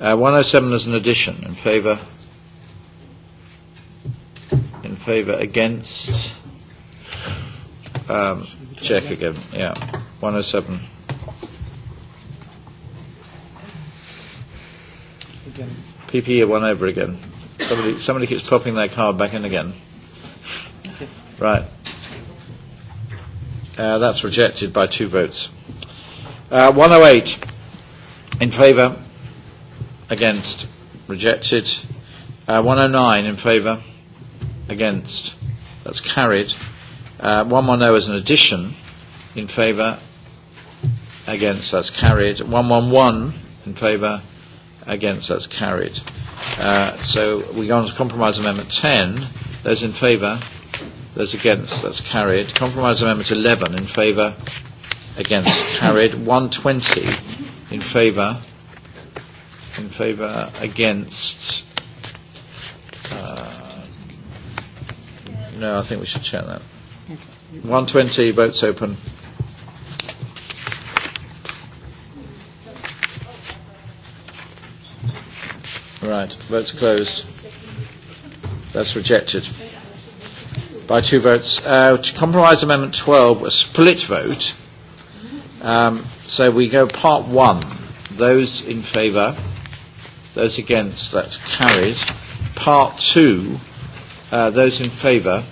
Uh, 107 as an addition in favour? favour against um, check again yeah 107 again. PPE one over again somebody, somebody keeps popping their card back in again right uh, that's rejected by two votes uh, 108 in favour against rejected uh, 109 in favour Against? That's carried. Uh, 110 as an addition. In favour? Against? That's carried. 111 in favour? Against? That's carried. Uh, so we go on to Compromise Amendment 10. Those in favour? Those against? That's carried. Compromise Amendment 11 in favour? Against? carried. 120 in favour? In favour? Against? No, I think we should check that. Okay. 120, votes open. Right, votes closed. That's rejected. By two votes. Uh, to compromise Amendment 12, a split vote. Um, so we go part one. Those in favour, those against, that's carried. Part two, Uh, those in favour?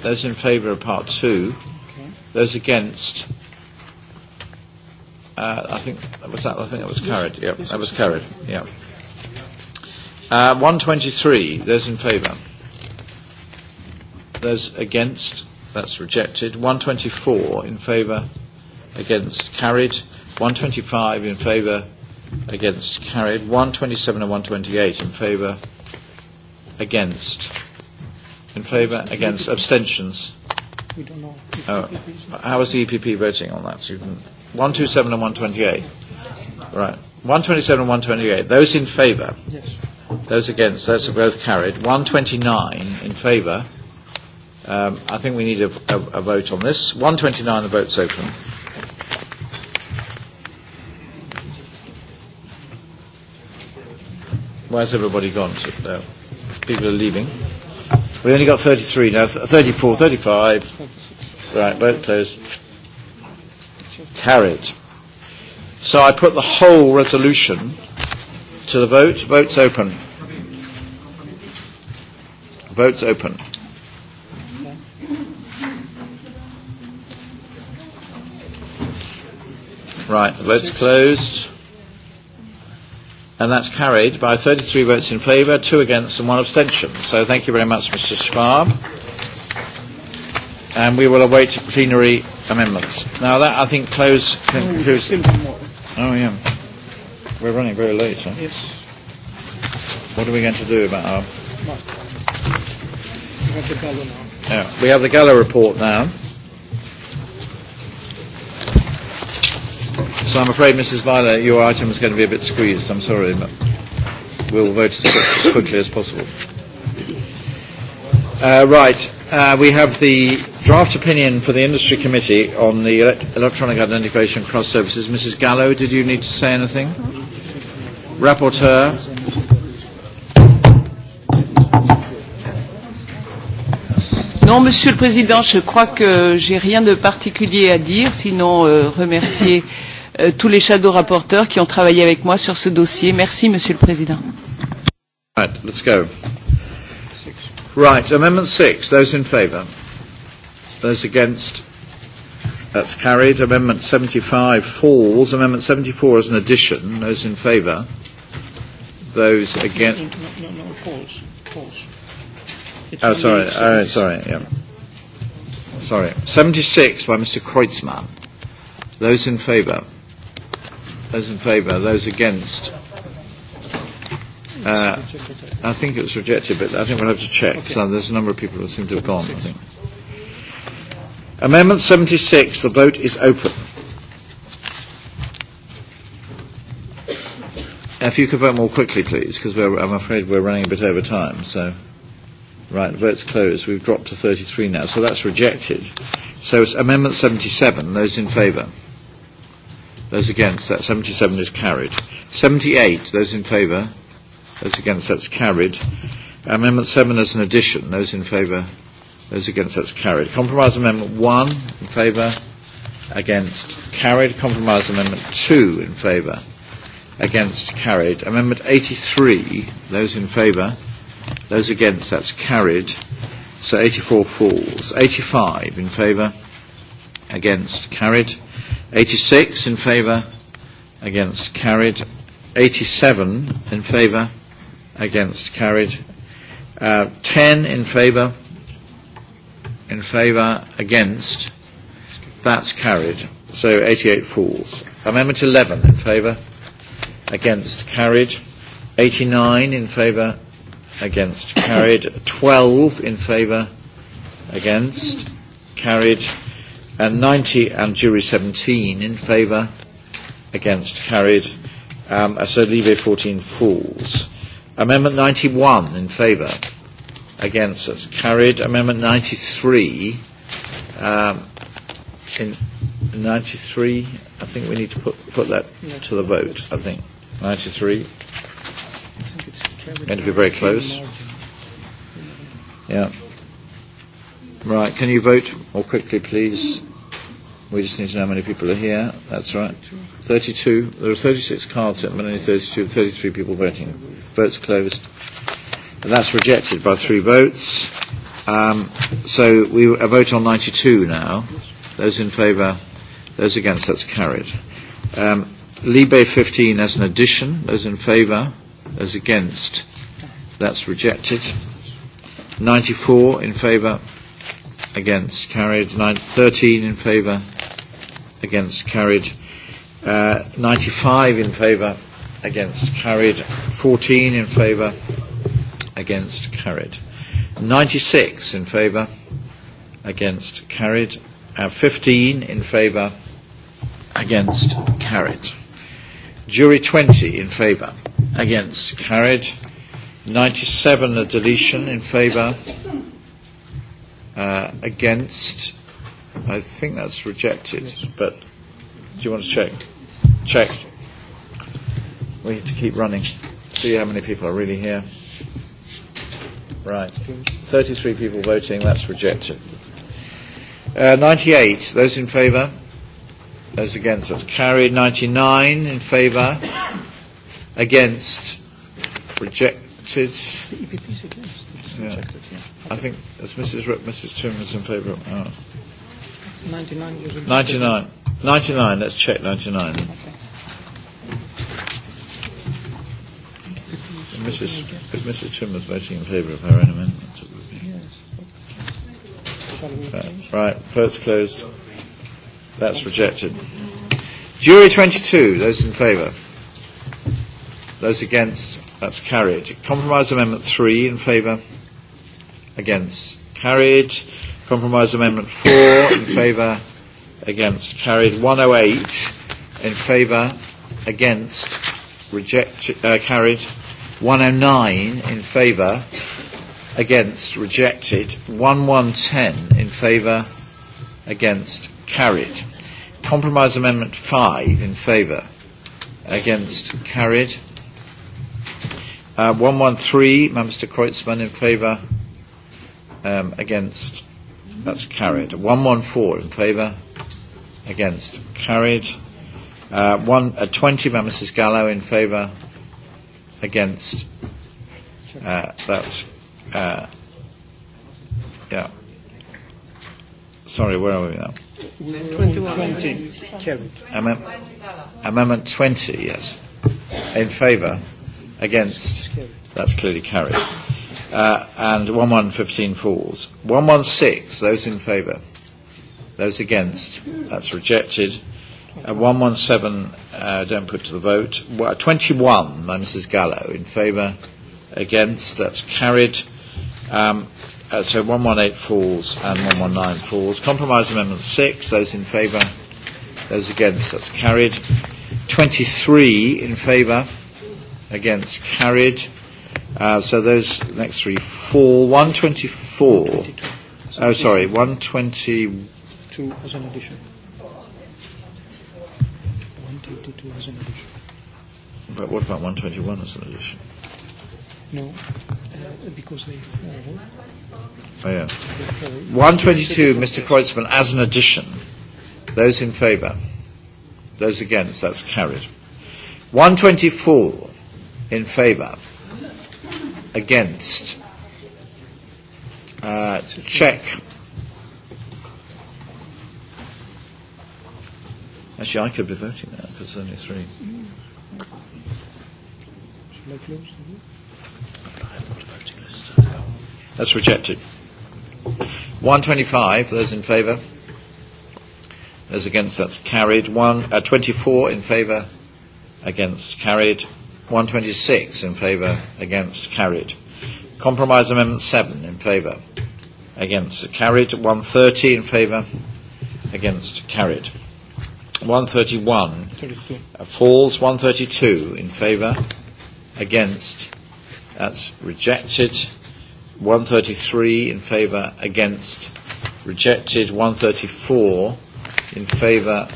Those in favour of part two? Okay. Those against? Uh, I think that was that. I think that was carried. Yeah, that was carried. Yeah. Uh, 123. Those in favour. Those against. That's rejected. 124 in favour. Against. Carried. 125 in favour. Against. Carried. 127 and 128 in favour Against? In favour? Against? Abstentions? We don't know. Oh, how is the EPP voting on that? So 127 and 128. Right. 127 and 128. Those in favour? Yes. Those against? Those are both carried. 129 in favour? Um, I think we need a, a, a vote on this. 129, the vote's open. Where's everybody gone? So, no people are leaving. We only got 33 now, 34, 35. Right, vote closed. Carried. So I put the whole resolution to the vote. Vote's open. Vote's open. Right, the vote's closed and that's carried by 33 votes in favour, two against and one abstention. So thank you very much, Mr Schwab. And we will await plenary amendments. Now that, I think, close, concludes... Oh, yeah. We're running very late, huh? Yes. What are we going to do about our... We have the Gala now. Yeah, we have the Gala report now. So I'm afraid, Mrs. Viler, your item is going to be a bit squeezed. I'm sorry, but we'll vote as quickly as possible. Uh, right. Uh, we have the draft opinion for the Industry Committee on the ele electronic identification cross services. Mrs. Gallo, did you need to say anything? Rapporteur. Non, Monsieur le Président, je crois que j'ai rien de particulier à dire, sinon euh, remercier Euh, tous les shadow rapporteurs qui ont travaillé avec moi sur ce dossier. Merci, Monsieur le Président. Right, let's go. Right, Amendment 6, those in favour. Those against, that's carried. Amendment 75 falls. Amendment 74 is an addition. Those in favour. Those against. No, no, no, no, falls. Falls. It's oh, sorry. Oh, sorry. Yeah. Sorry. 76 by Mr. Kreutzmann. Those in favour. Those in favour, those against. Uh, I think it was rejected, but I think we'll have to check. Okay. So there's a number of people who seem to have gone, I think. Amendment 76, the vote is open. If you could vote more quickly, please, because I'm afraid we're running a bit over time. So, right, vote's closed. We've dropped to 33 now, so that's rejected. So it's Amendment 77. Those in favour? Those against, that 77 is carried. 78, those in favour. Those against, that's carried. Amendment 7 as an addition. Those in favour. Those against, that's carried. Compromise Amendment 1, in favour. Against, carried. Compromise Amendment 2, in favour. Against, carried. Amendment 83, those in favour. Those against, that's carried. So 84 falls. 85, in favour. Against, carried. 86 in favour, against carried. 87 in favour, against carried. Uh, 10 in favour, in favour, against. That's carried. So 88 falls. Amendment 11 in favour, against carried. 89 in favour, against carried. 12 in favour, against carried and 90 and jury 17 in favour against carried um, so leave 14 falls amendment 91 in favour against us carried amendment 93 um, in 93 I think we need to put, put that yeah. to the vote I think 93 going to be very close yeah right can you vote more quickly please mm-hmm. We just need to know how many people are here. That's right. 32. There are 36 cards but only 32, 33 people voting. Votes closed. And that's rejected by three votes. Um, so we a vote on 92 now. Those in favour, those against, that's carried. Um, Libe 15 as an addition. Those in favour, those against, that's rejected. 94 in favour, against, carried. Nine, 13 in favour, against carried. Uh, 95 in favour, against carried. 14 in favour, against carried. 96 in favour, against carried. Uh, 15 in favour, against carried. Jury 20 in favour, against carried. 97 a deletion in favour, uh, against I think that's rejected, yes. but do you want to check? Check. We need to keep running. See how many people are really here. Right. 33 people voting, that's rejected. Uh, 98, those in favour? Those against, that's carried. 99 in favour? against? Rejected? E yeah. I think as Mrs. Rip, Mrs. Tim is in favour. Oh. 99 99. 99, let's check 99. Okay. If Mrs. If Mrs. Chim was voting in favour of her own amendment, it would be. Yes. Uh, right, First closed. That's rejected. Jury 22, those in favour. Those against, that's carried. Compromise Amendment 3 in favour. Against, carried. Compromise Amendment 4 in favour, against. Carried 108 in favour, against. Reject, uh, carried 109 in favour, against. Rejected. 1110 uh, in favour, against. Carried. Compromise Amendment 5 in favour, against. Carried. Uh, 113, Mr. Kreutzmann in favour, um, against That's carried. 114 in favour. Against. Carried. Uh, one, uh, 20 by Mrs Gallo in favour. Against. Uh, that's. Uh, yeah. Sorry, where are we now? 21. 20. Carried. amendment 20, yes. In favour. Against. That's clearly carried. Uh, and 1115 falls. 116, those in favour. Those against, that's rejected. Uh, 117, uh, don't put to the vote. 21 by Mrs Gallo, in favour, against, that's carried. Um, uh, so 118 falls and 119 falls. Compromise Amendment 6, those in favour, those against, that's carried. 23 in favour, against, carried. Uh, so those next three fall. 124. 122. Oh, sorry, 122 as an addition. 122 as an addition. But what about 121 as an addition? No, uh, because they fall. Oh, yeah. Fall. 122, Mr. Kreutzmann, as an addition. Those in favour. Those against, that's carried. 124 in favour against. Uh, to check. Actually, I could be voting now because there's only three. That's rejected. 125, those in favour. Those against, that's carried. One, uh, 24 in favour, against, carried. 126 in favour, against, carried. Compromise Amendment 7 in favour, against, carried. 130 in favour, against, carried. 131 uh, falls. 132 in favour, against, that's rejected. 133 in favour, against, rejected. 134 in favour,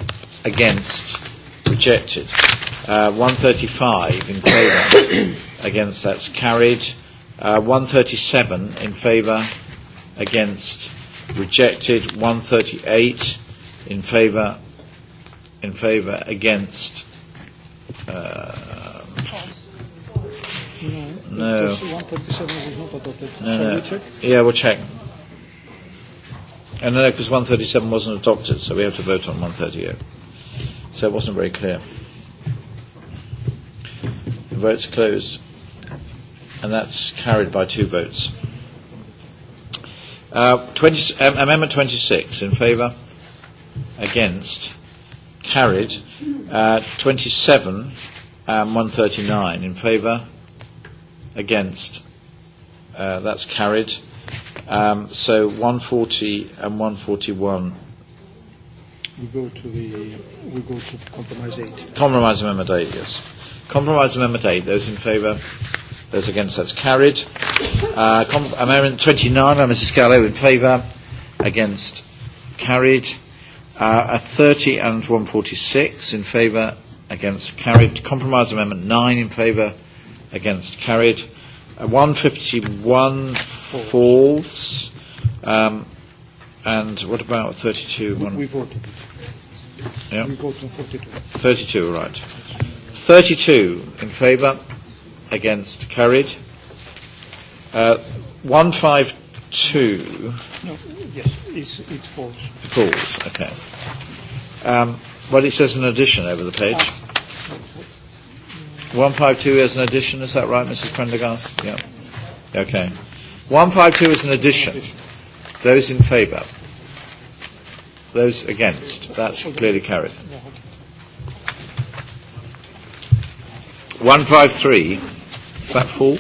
against, Rejected. Uh, 135 in favour. against. That's carried. Uh, 137 in favour. Against. Rejected. 138 in favour. In favour. Against. Uh, no. No. no. Yeah, we'll check. And no, because 137 wasn't adopted, so we have to vote on 138. So it wasn't very clear. The vote's closed. And that's carried by two votes. Uh, 20, um, amendment 26 in favour, against, carried. Uh, 27 um, 139 in favour, against, uh, that's carried. Um, so 140 and 141 We go to the we go to compromise eight. Compromise amendment eight, yes. Compromise amendment eight. Those in favour. Those against. That's carried. Uh, com- amendment twenty nine by Mrs. Gallo in favour. Against. Carried. Uh, a thirty and one forty six in favour. Against. Carried. Compromise amendment nine in favour. Against. Carried. A 151 falls. Um, And what about 32? We, We voted. Yeah. We voted on 32. 32, right. 32 in favour, against, carried. Uh, 152. No, yes, it's, it falls. It falls, okay. Um, well, it says an addition over the page. 152 ah. is an addition, is that right, Mrs. Prendergast? Yeah. Okay. 152 is an addition. addition. Those in favour? Those against? That's clearly carried. 153. Is that full?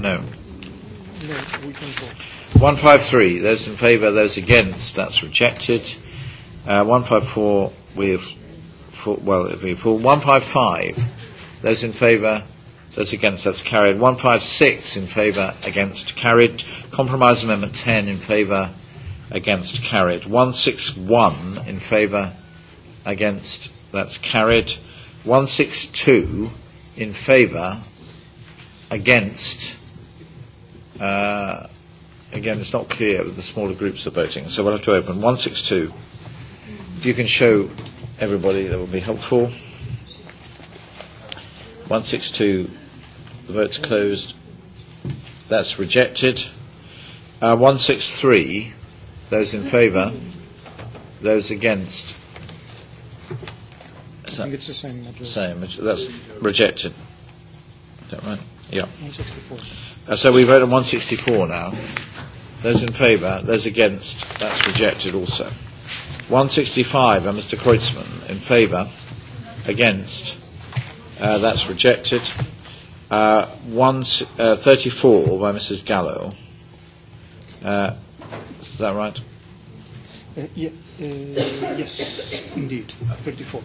No. No, 153. Those in favour, those against. That's rejected. Uh, 154. We've. Well, we've we 155. Those in favour, Those against, that's carried. 156 in favour, against, carried. Compromise Amendment 10 in favour, against, carried. 161 in favour, against, that's carried. 162 in favour, against, uh, again, it's not clear that the smaller groups are voting, so we'll have to open 162. If you can show everybody, that would be helpful. 162 The vote's closed. That's rejected. Uh, 163. Those in favour? Those against? I think it's the same majority. Same. That's rejected. Is that right? Yeah. 164. Uh, so we vote on 164 now. Those in favour? Those against? That's rejected also. 165 Uh, Mr Kreutzmann in favour. Against? Uh, that's rejected. Uh, 134 uh, by Mrs. Gallo. Uh, is that right? Uh, yeah, uh, yes, indeed, uh, 34.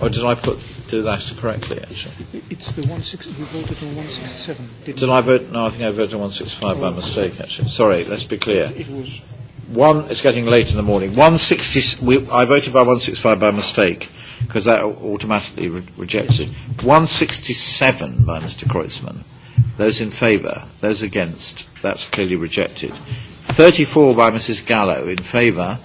Oh, did I put did that correctly? Actually, it's the 16, six. We voted on 167. sixty seven. Did I vote? No, I think I voted on 165 oh. by mistake. Actually, sorry. Let's be clear. It was one. It's getting late in the morning. 160, we, I voted by 165 by mistake. Uh, because that automatically re- rejects it. 167 by Mr. Kreutzmann. Those in favour. Those against. That's clearly rejected. 34 by Mrs. Gallo. In favour.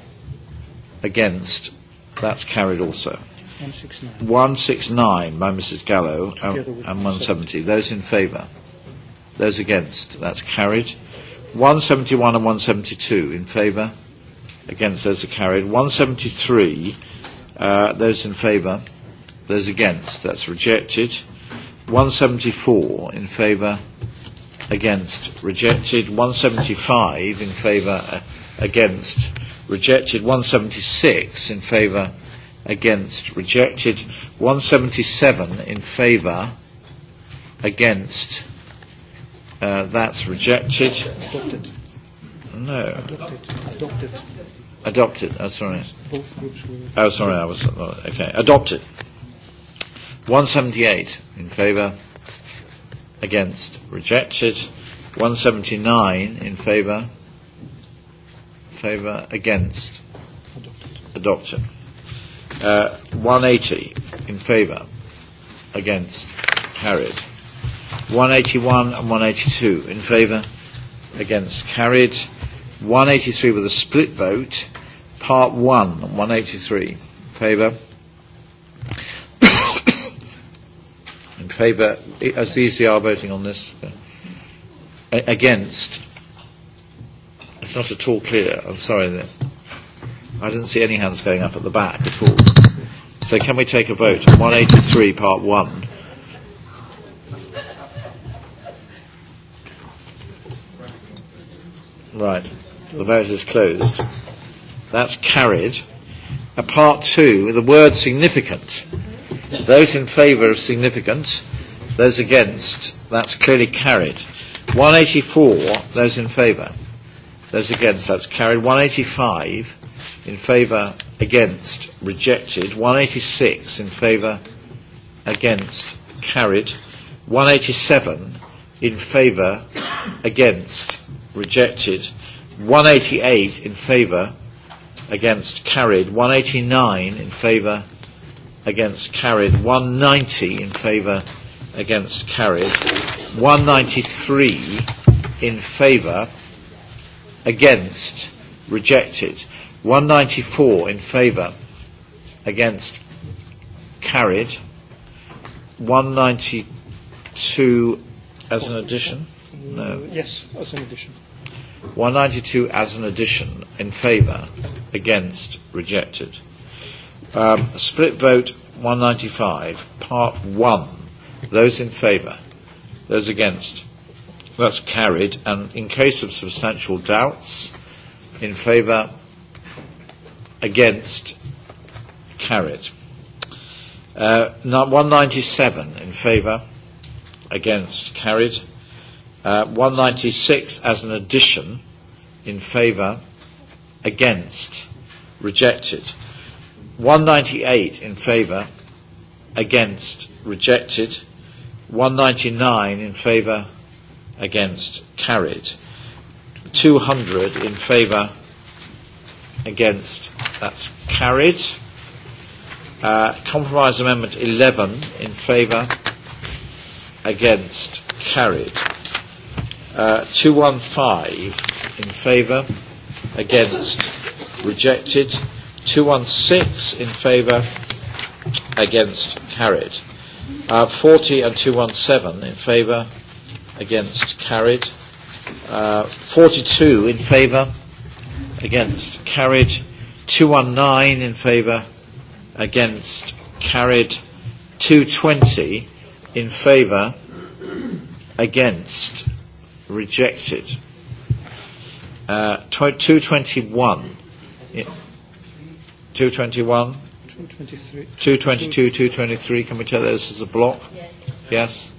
Against. That's carried also. 169, 169 by Mrs. Gallo and, and 170. Those in favour. Those against. That's carried. 171 and 172 in favour. Against those are carried. 173 Uh, those in favour? Those against? That's rejected. 174 in favour, against, rejected. 175 in favour, uh, against, rejected. 176 in favour, against, rejected. 177 in favour, against, uh, that's rejected. Adopted. No. Adopted. Adopted. Adopted. Oh, sorry. Oh, sorry. I was okay. Adopted. 178 in favour. Against. Rejected. 179 in favour. Favour. Against. Adopted. Uh, 180 in favour. Against. Carried. 181 and 182 in favour. Against. Carried. 183 with a split vote. Part 1, 183. In favour? in favour, as the ECR voting on this? Uh, a- against? It's not at all clear. I'm sorry. I didn't see any hands going up at the back at all. So can we take a vote on 183 part 1? Right. The vote is closed. That's carried. A part two, the word significant. Those in favour of significant, those against, that's clearly carried. 184, those in favour. Those against, that's carried. 185, in favour, against, rejected. 186, in favour, against, carried. 187, in favour, against, rejected. 188 in favour, against carried. 189 in favour, against carried. 190 in favour, against carried. 193 in favour, against rejected. 194 in favour, against carried. 192 as an addition? No. Yes, as an addition. 192 as an addition in favour, against, rejected. Um, split vote 195, part 1. Those in favour, those against. That's carried. And in case of substantial doubts, in favour, against, carried. Uh, 197 in favour, against, carried. 196 uh, as an addition in favour, against, rejected. 198 in favour, against, rejected. 199 in favour, against, carried. 200 in favour, against, that's carried. Uh, compromise amendment 11 in favour, against, carried. 215 uh, in favour, against, rejected. 216 in favour, against, carried. Uh, 40 and 217 in favour, against, carried. Uh, 42 in favour, against, carried. 219 in favour, against, carried. 220 in favour, against, rejected. Uh, 221. 221. 222, 223. Can we take those as a block? Yes. yes.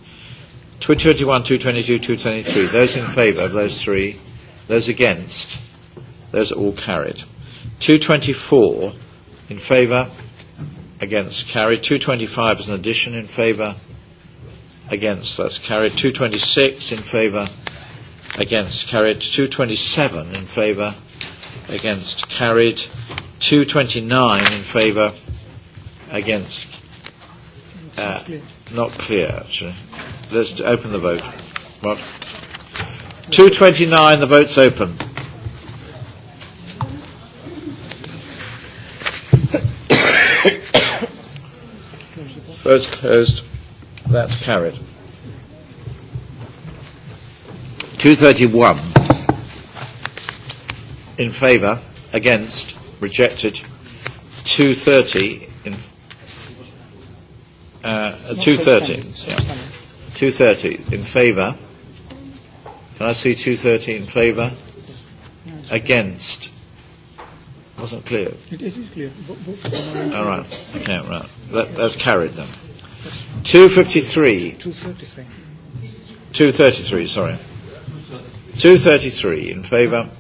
221, 222, 223. Those in favour of those three. Those against. Those are all carried. 224 in favour. Against carried. 225 is an addition in favour. Against. That's carried. 226 in favour against carried 227 in favour against carried 229 in favour against uh, not clear actually let's open the vote what 229 the vote's open vote's closed that's carried 231 in favour, against, rejected. 230 in uh, 230 yeah. 230 in favour. Can I see 230 in favour? Against. Wasn't clear. It, is clear. All right. Okay, right. That, that's carried then. 253. 233. 233, sorry. 233 in favour,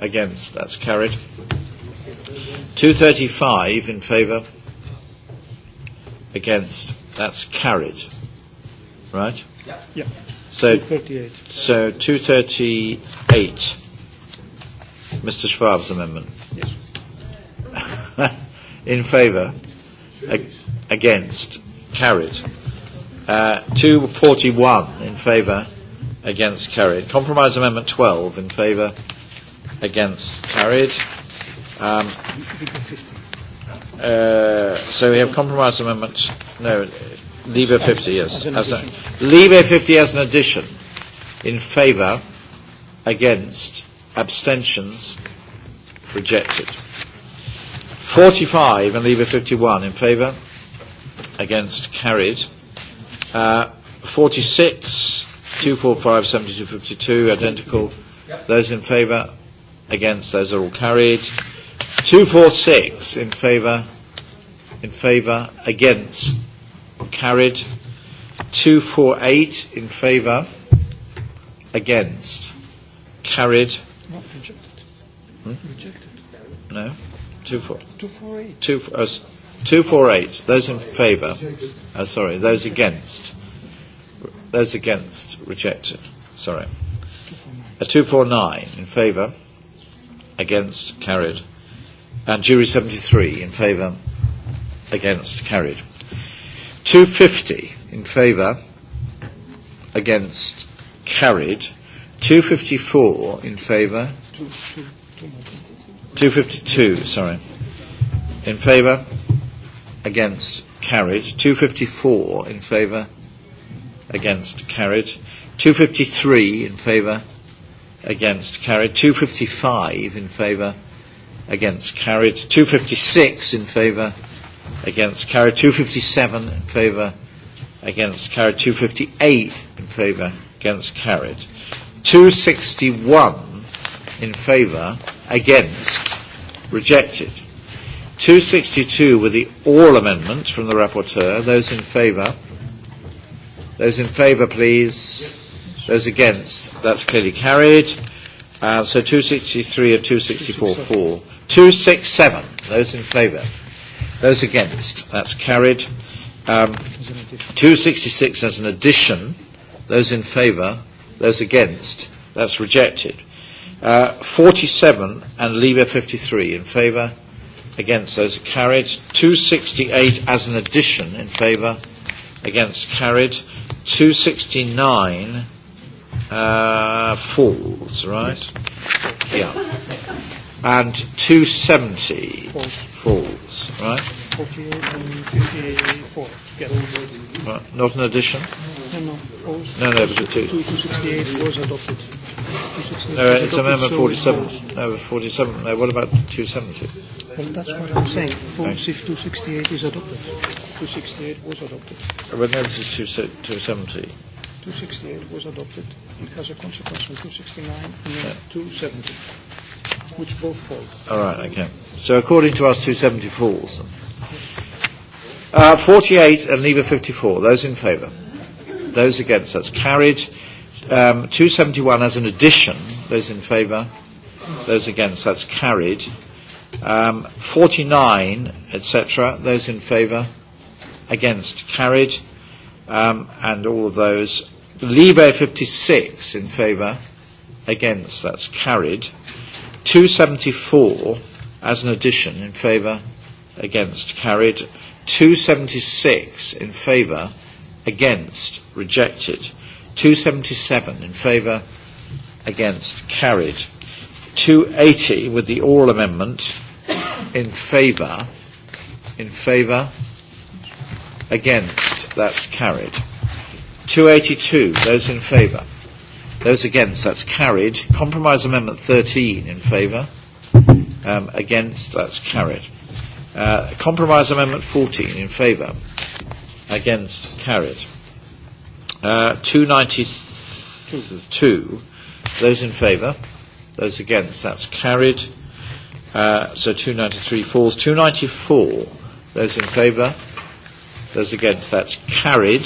against, that's carried. 235 in favour, against, that's carried. Right? Yeah. yeah. So 238. So 238. Mr. Schwab's amendment. Yes. in favour. Ag- against. Carried. Uh, 241 in favour against carried. Compromise Amendment 12 in favour against carried. Um, uh, so we have compromise amendment, no, Lever 50, yes. As an Lever 50 as an addition in favour, against, abstentions, rejected. 45 and Lever 51 in favour, against, carried. Uh, 46 245, 72, 52, identical. Those in favour? Against, those are all carried. 246 in favour, in favour, against, carried. 248 in favour, against, carried. Not rejected. Hmm? Rejected. No. 248. Two, four, two, uh, 248. Those in favour. Oh, sorry. Those against. Those against? Rejected. Sorry. A 249 in favour. Against? Carried. And jury 73 in favour. Against? Carried. 250 in favour. Against? Carried. 254 in favour. 252, sorry. In favour? Against? Carried. 254 in favour? against carried. 253 in favour against carried. 255 in favour against carried. 256 in favour against carried. 257 in favour against carried. 258 in favour against carried. 261 in favour against rejected. 262 with the all amendment from the rapporteur. Those in favour Those in favour, please. Those against? That's clearly carried. Uh, so 263 and 264 four. 267. Those in favour. Those against? That's carried. Um, 266 as an addition. Those in favour. Those against? That's rejected. Uh, 47 and Libya 53 in favour. Against those are carried. 268 as an addition in favour against carried. 269 uh, falls, right? Yes. Yeah. And 270. Falls falls. Right? 48 and 54. Yes. Right. Not an addition? No, no. Falls. No, no, it was a two. 268 was adopted. No, it's amendment 47. No, 47. No, what about 270? Well, that's what I'm saying. Falls if 268 is adopted. 268 was adopted. Well, no, this is 270. 268 was adopted. It has a consequence on 269 and yeah. 270 which both fall. All right, okay. So according to us, 270 falls. Uh, 48 and Lever 54. Those in favour. Those against. That's carried. Um, 271 as an addition. Those in favour. Those against. That's carried. Um, 49, etc. Those in favour. Against. Carried. Um, and all of those. Libre 56 in favour. Against. That's carried. 274 as an addition in favour, against, carried. 276 in favour, against, rejected. 277 in favour, against, carried. 280 with the oral amendment in favour, in favour, against, that's carried. 282, those in favour, Those against, that's carried. Compromise Amendment 13 in favour. Um, against, that's carried. Uh, compromise Amendment 14 in favour. Against, carried. Uh, 292. Those in favour. Those against, that's carried. Uh, so 293 falls. 294. Those in favour. Those against, that's carried.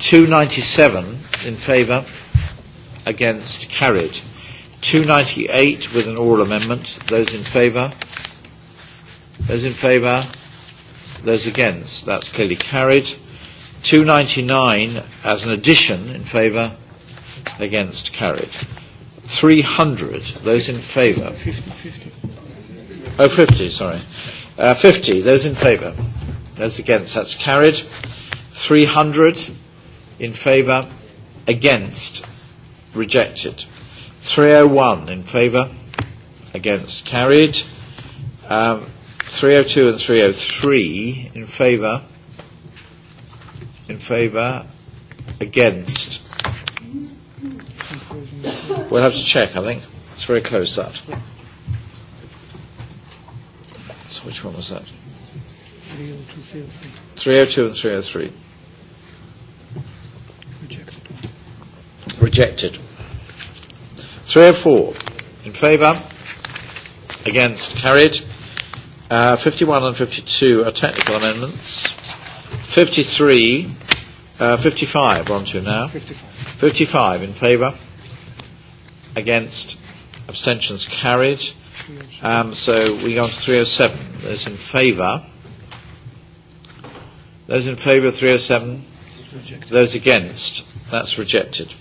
297 in favour against carried. 298 with an oral amendment. Those in favour? Those in favour? Those against? That's clearly carried. 299 as an addition in favour? Against carried. 300. Those in favour? 50, 50. Oh, 50, sorry. Uh, 50. Those in favour? Those against? That's carried. 300 in favour? Against? rejected. 301 in favour, against carried. Um, 302 and 303 in favour, in favour, against. We'll have to check, I think. It's very close, that. So which one was that? 302 and 303. Rejected. Rejected. 304 in favour, against carried. Uh, 51 and 52 are technical amendments. 53, uh, 55 we're on to now. 55, 55 in favour, against abstentions carried. Um, so we go on to 307. Those in favour. Those in favour of 307. Those against. That's rejected.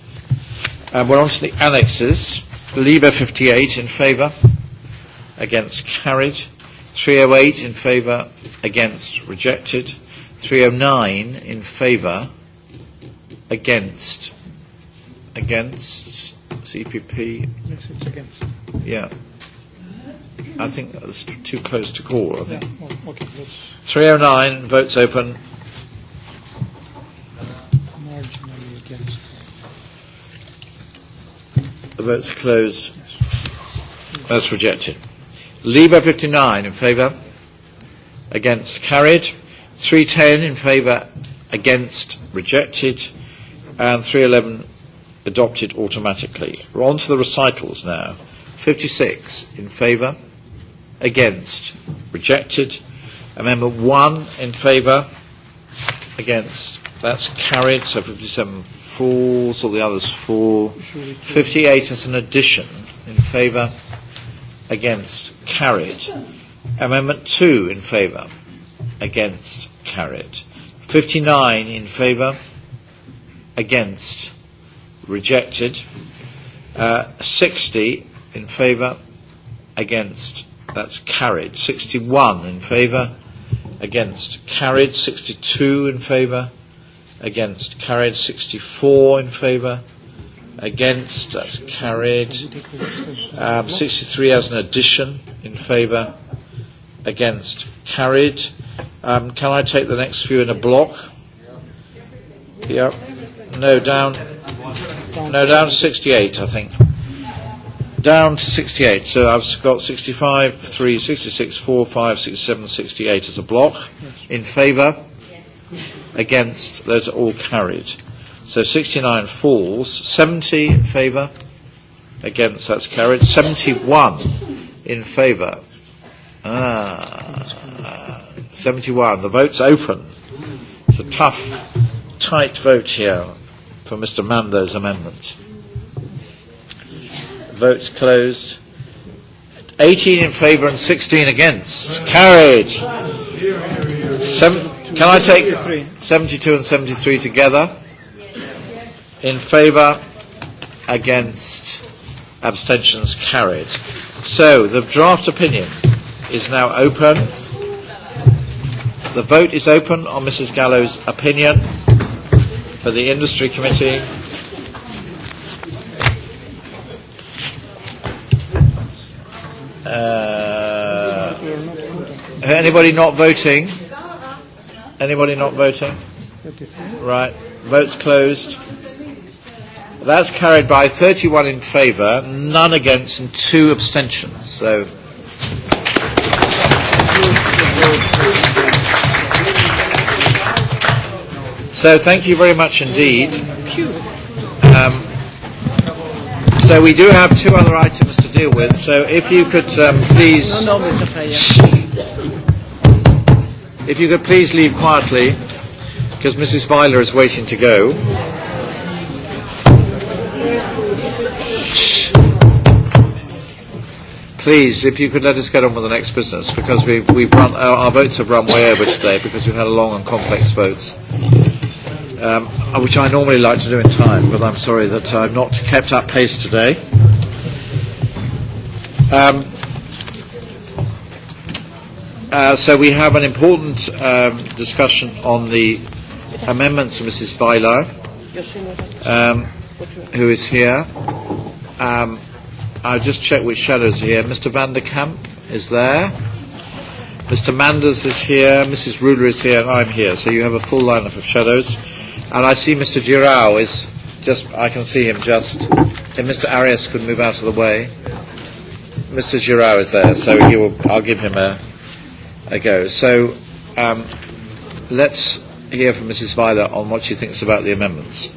Uh, we're on to the annexes. Libre 58 in favour, against carried. 308 in favour, against rejected. 309 in favour, against, against, CPP. Yes, it's against. Yeah. I think that's too close to call. I think. Yeah, okay, 309, votes open. The vote's closed. That's rejected. Libre 59 in favour. Against carried. 310 in favour. Against rejected. And 311 adopted automatically. We're on to the recitals now. 56 in favour. Against rejected. Amendment 1 in favour. Against. That's carried. So 57 falls, all the others fall. 58 as an addition in favour, against, carried. Amendment 2 in favour, against, carried. 59 in favour, against, rejected. Uh, 60 in favour, against, that's carried. 61 in favour, against, carried. 62 in favour, against carried 64 in favour against that's carried um, 63 as an addition in favour against carried um, can I take the next few in a block yep no down no down 68 I think down to 68. So I've got 65, 3, 66, 4, 5, 67, 68 as a block. In favour? Yes. Against? Those are all carried. So 69 falls. 70 in favour. Against? That's carried. 71 in favour. Ah, 71. The vote's open. It's a tough, tight vote here for Mr. Mando's amendment. Votes closed. 18 in favour and 16 against. Carried. Can I take 72 and 73 together? In favour? Against? Abstentions carried. So the draft opinion is now open. The vote is open on Mrs. Gallo's opinion for the Industry Committee. Uh, anybody not voting? Anybody not voting? Right. Votes closed. That's carried by 31 in favour, none against and two abstentions. So. So thank you very much indeed. Um, so we do have two other items to deal with. So if you could um, please. No, no, If you could please leave quietly, because Mrs. Byler is waiting to go. Please, if you could let us get on with the next business, because we've, we've run, our, our votes have run way over today because we've had a long and complex votes, um, which I normally like to do in time, but I'm sorry that I've not kept up pace today. Um, Uh, so we have an important um, discussion on the amendments of Mrs. Weiler, um, who is here. Um, I'll just check which shadows are here. Mr. Van der Kamp is there. Mr. Manders is here. Mrs. Ruler is here, and I'm here. So you have a full lineup of shadows. And I see Mr. Girao is just. I can see him just. If Mr. Arias could move out of the way. Mr. Girao is there, so he will, I'll give him a ago. So um, let's hear from Mrs. Weiler on what she thinks about the amendments.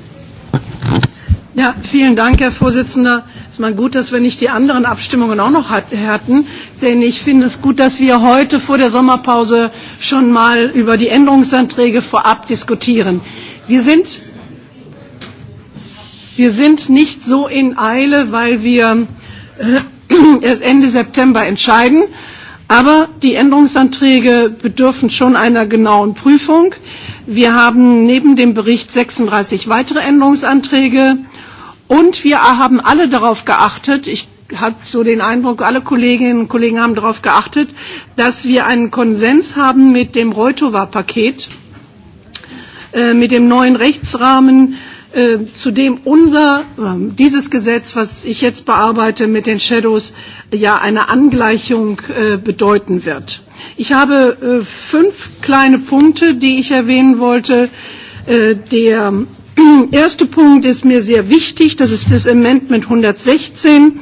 Ja, vielen Dank, Herr Vorsitzender. Es ist mal gut, dass wir nicht die anderen Abstimmungen auch noch hatten, denn ich finde es gut, dass wir heute vor der Sommerpause schon mal über die Änderungsanträge vorab diskutieren. Wir sind, wir sind nicht so in Eile, weil wir äh, erst Ende September entscheiden. Äh, Aber die Änderungsanträge bedürfen schon einer genauen Prüfung. Wir haben neben dem Bericht 36 weitere Änderungsanträge und wir haben alle darauf geachtet, ich habe so den Eindruck, alle Kolleginnen und Kollegen haben darauf geachtet, dass wir einen Konsens haben mit dem reutower paket äh, mit dem neuen Rechtsrahmen, äh, äh, zu dem unser, ähm, dieses Gesetz, was ich jetzt bearbeite mit den Shadows, ja eine Angleichung äh, bedeuten wird. Ich habe äh, fünf kleine Punkte, die ich erwähnen wollte. Äh, der erste Punkt ist mir sehr wichtig, das ist das Amendment 116.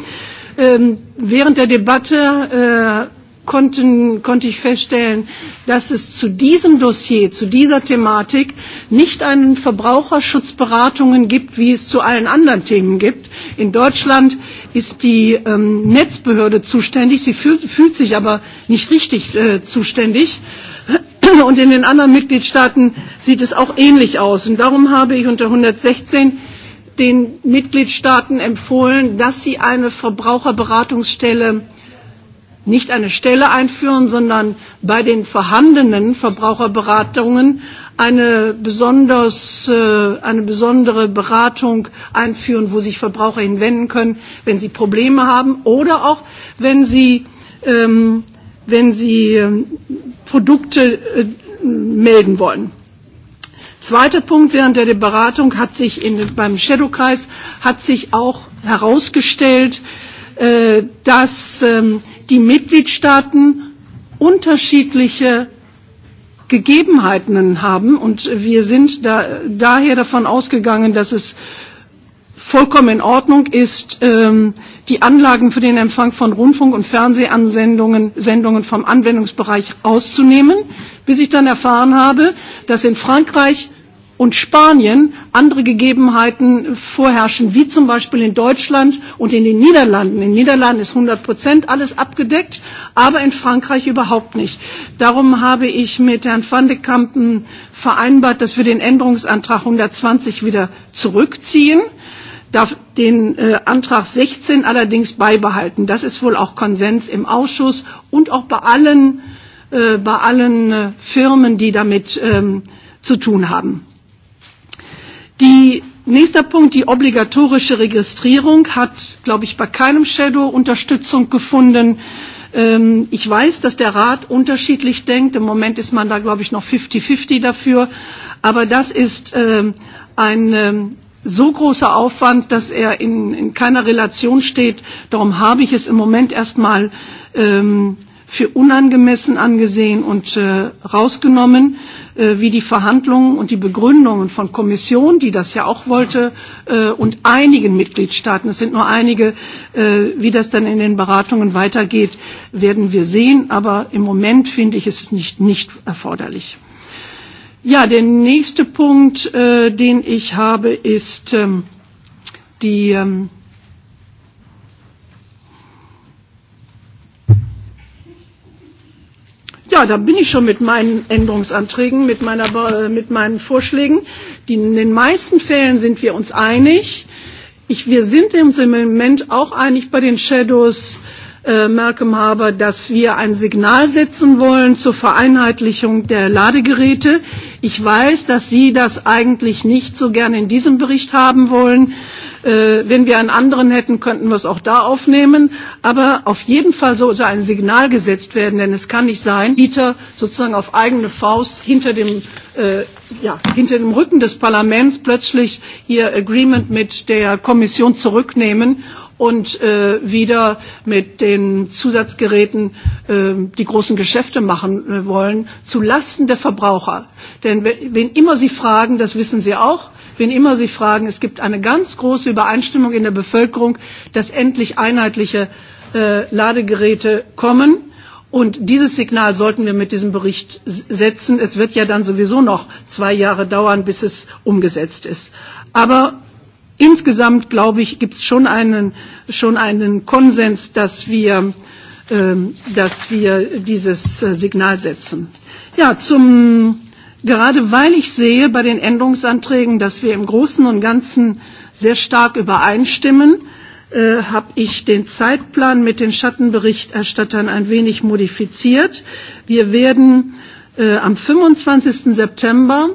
Ähm, während der Debatte konnten, konnte ich feststellen, dass es zu diesem Dossier, zu dieser Thematik nicht einen Verbraucherschutzberatungen gibt, wie es zu allen anderen Themen gibt. In Deutschland ist die ähm, Netzbehörde zuständig, sie fühlt, fühlt sich aber nicht richtig äh, zuständig. Und in den anderen Mitgliedstaaten sieht es auch ähnlich aus. Und darum habe ich unter 116 den Mitgliedstaaten empfohlen, dass sie eine Verbraucherberatungsstelle nicht eine Stelle einführen, sondern bei den vorhandenen Verbraucherberatungen eine, besonders, äh, eine besondere Beratung einführen, wo sich Verbraucher hinwenden können, wenn sie Probleme haben oder auch wenn sie, ähm, wenn sie ähm, Produkte äh, melden wollen. Zweiter Punkt während der Beratung hat sich in, beim Shadowkreis hat sich auch herausgestellt, äh, Äh, dass ähm, die Mitgliedstaaten unterschiedliche Gegebenheiten haben und wir sind da, daher davon ausgegangen, dass es vollkommen in Ordnung ist, ähm, die Anlagen für den Empfang von Rundfunk- und Fernsehansendungen Sendungen vom Anwendungsbereich auszunehmen, bis ich dann erfahren habe, dass in Frankreich und Spanien andere Gegebenheiten vorherrschen, wie zum Beispiel in Deutschland und in den Niederlanden. In den Niederlanden ist 100 Prozent alles abgedeckt, aber in Frankreich überhaupt nicht. Darum habe ich mit Herrn van de Kampen vereinbart, dass wir den Änderungsantrag 120 wieder zurückziehen darf den äh, Antrag 16 allerdings beibehalten. Das ist wohl auch Konsens im Ausschuss und auch bei allen, äh, bei allen äh, Firmen, die damit ähm, zu tun haben. Die, nächster Punkt, die obligatorische Registrierung hat, glaube ich, bei keinem Shadow Unterstützung gefunden. Ähm, ich weiß, dass der Rat unterschiedlich denkt. Im Moment ist man da, glaube ich, noch 50-50 dafür. Aber das ist ähm, ein ähm, so großer Aufwand, dass er in, in keiner Relation steht. Darum habe ich es im Moment erstmal ähm, für unangemessen angesehen und äh, rausgenommen. Äh, wie die Verhandlungen und die Begründungen von Kommission, die das ja auch wollte, äh, und einigen Mitgliedstaaten, es sind nur einige, äh, wie das dann in den Beratungen weitergeht, werden wir sehen. Aber im Moment finde ich es nicht, nicht erforderlich. Ja, der nächste Punkt, den ich habe, ist ähm, die ähm, Ja, da bin ich schon mit meinen Änderungsanträgen, mit, meiner, äh, mit meinen Vorschlägen. Die, in den meisten Fällen sind wir uns einig. Ich, wir sind uns im Moment auch einig bei den Shadows, äh, Malcolm Haber, dass wir ein Signal setzen wollen zur Vereinheitlichung der Ladegeräte. Ich weiß, dass Sie das eigentlich nicht so gerne in diesem Bericht haben wollen. Äh, Äh, wenn wir einen anderen hätten, könnten wir es auch da aufnehmen. Aber auf jeden Fall sollte ein Signal gesetzt werden, denn es kann nicht sein, Mieter sozusagen auf eigene Faust hinter dem äh, ja, hinter dem Rücken des Parlaments plötzlich ihr Agreement mit der Kommission zurücknehmen und äh, wieder mit den Zusatzgeräten äh, die großen Geschäfte machen äh, wollen, zu Lasten der Verbraucher. Denn wenn immer Sie fragen, das wissen Sie auch, äh, wen immer Sie fragen, es gibt eine ganz große Übereinstimmung in der Bevölkerung, dass endlich einheitliche äh, Ladegeräte kommen. Und dieses Signal sollten wir mit diesem Bericht setzen. Es wird ja dann sowieso noch zwei Jahre dauern, bis es umgesetzt ist. Aber insgesamt, glaube ich, gibt es schon einen, schon einen Konsens, dass wir, äh, dass wir dieses äh, Signal setzen. Ja, zum Gerade weil ich sehe bei den Änderungsanträgen, dass wir im Großen und Ganzen sehr stark übereinstimmen, äh, habe ich den Zeitplan mit den Schattenberichterstattern ein wenig modifiziert. Wir werden äh, am 25. September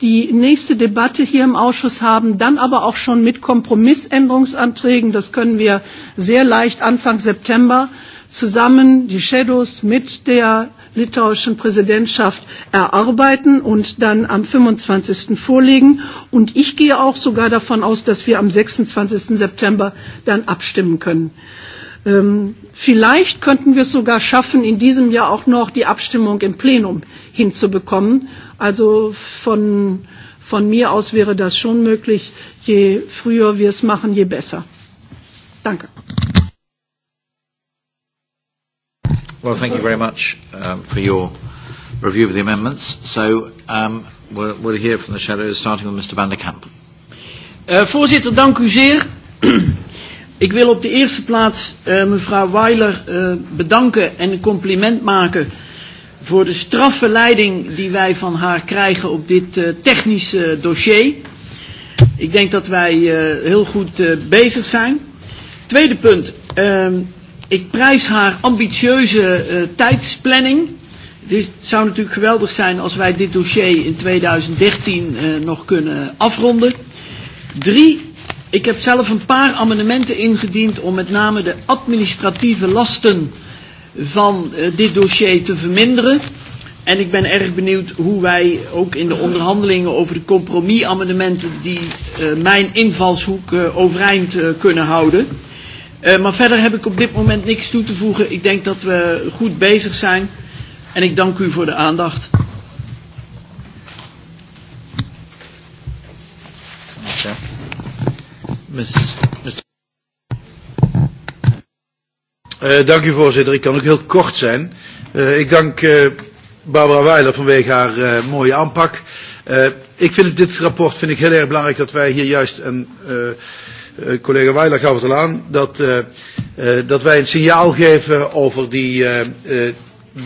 die nächste Debatte hier im Ausschuss haben, dann aber auch schon mit Kompromissänderungsanträgen. Das können wir sehr leicht Anfang September zusammen, die Shadows mit der litauischen Präsidentschaft erarbeiten und dann am 25. vorlegen. Und ich gehe auch sogar davon aus, dass wir am 26. September dann abstimmen können. Ähm, vielleicht könnten wir es sogar schaffen, in diesem Jahr auch noch die Abstimmung im Plenum hinzubekommen. Also von, von mir aus wäre das schon möglich. Je früher wir es machen, je besser. Danke. Well, thank you very much um, for your review of the amendments. So um, we'll, we'll hear from the shadows, starting with Mr. Van der Kamp. Uh, voorzitter, dank u zeer. ik wil op de eerste plaats uh, mevrouw Weiler uh, bedanken en een compliment maken voor de straffe leiding die wij van haar krijgen op dit uh, technische dossier. Ik denk dat wij uh, heel goed uh, bezig zijn. Tweede punt. Uh, ik prijs haar ambitieuze uh, tijdsplanning. Het, is, het zou natuurlijk geweldig zijn als wij dit dossier in 2013 uh, eh, nog kunnen afronden. Drie, ik heb zelf een paar amendementen ingediend om met name de administratieve lasten van uh, dit dossier te verminderen. En ik ben erg benieuwd hoe wij ook in de onderhandelingen over de compromisamendementen die uh, mijn invalshoek uh, overeind uh, kunnen houden. Uh, maar verder heb ik op dit moment niks toe te voegen. Ik denk dat we goed bezig zijn. En ik dank u voor de aandacht. Uh, dank u voorzitter. Ik kan ook heel kort zijn. Uh, ik dank uh, Barbara Weiler vanwege haar uh, mooie aanpak. Uh, ik vind dit rapport vind ik heel erg belangrijk dat wij hier juist een... Uh, Eh, collega Weiler gaf het al aan, dat, uh, uh, dat wij een signaal geven over die, uh, uh,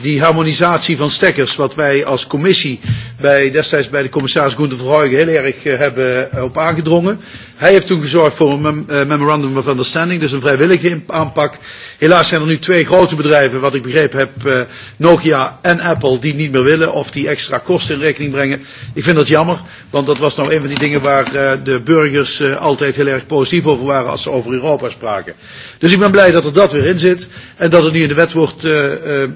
die harmonisatie van stekkers, wat wij als commissie bij, destijds bij de commissaris Gunther Verheugen heel erg uh, hebben eh, op aangedrongen. Hij heeft toen gezorgd voor een mem uh, memorandum of understanding, dus een vrijwillige aanpak. Helaas zijn er nu twee grote bedrijven, wat ik begrepen heb, uh, Nokia en Apple, die niet meer willen of die extra kosten in rekening brengen. Ik vind dat jammer, want dat was nou een van die dingen waar uh, de burgers uh, altijd heel erg positief over waren als ze over Europa spraken. Dus ik ben blij dat er dat weer in zit en dat het er nu in de wet wordt uh, uh,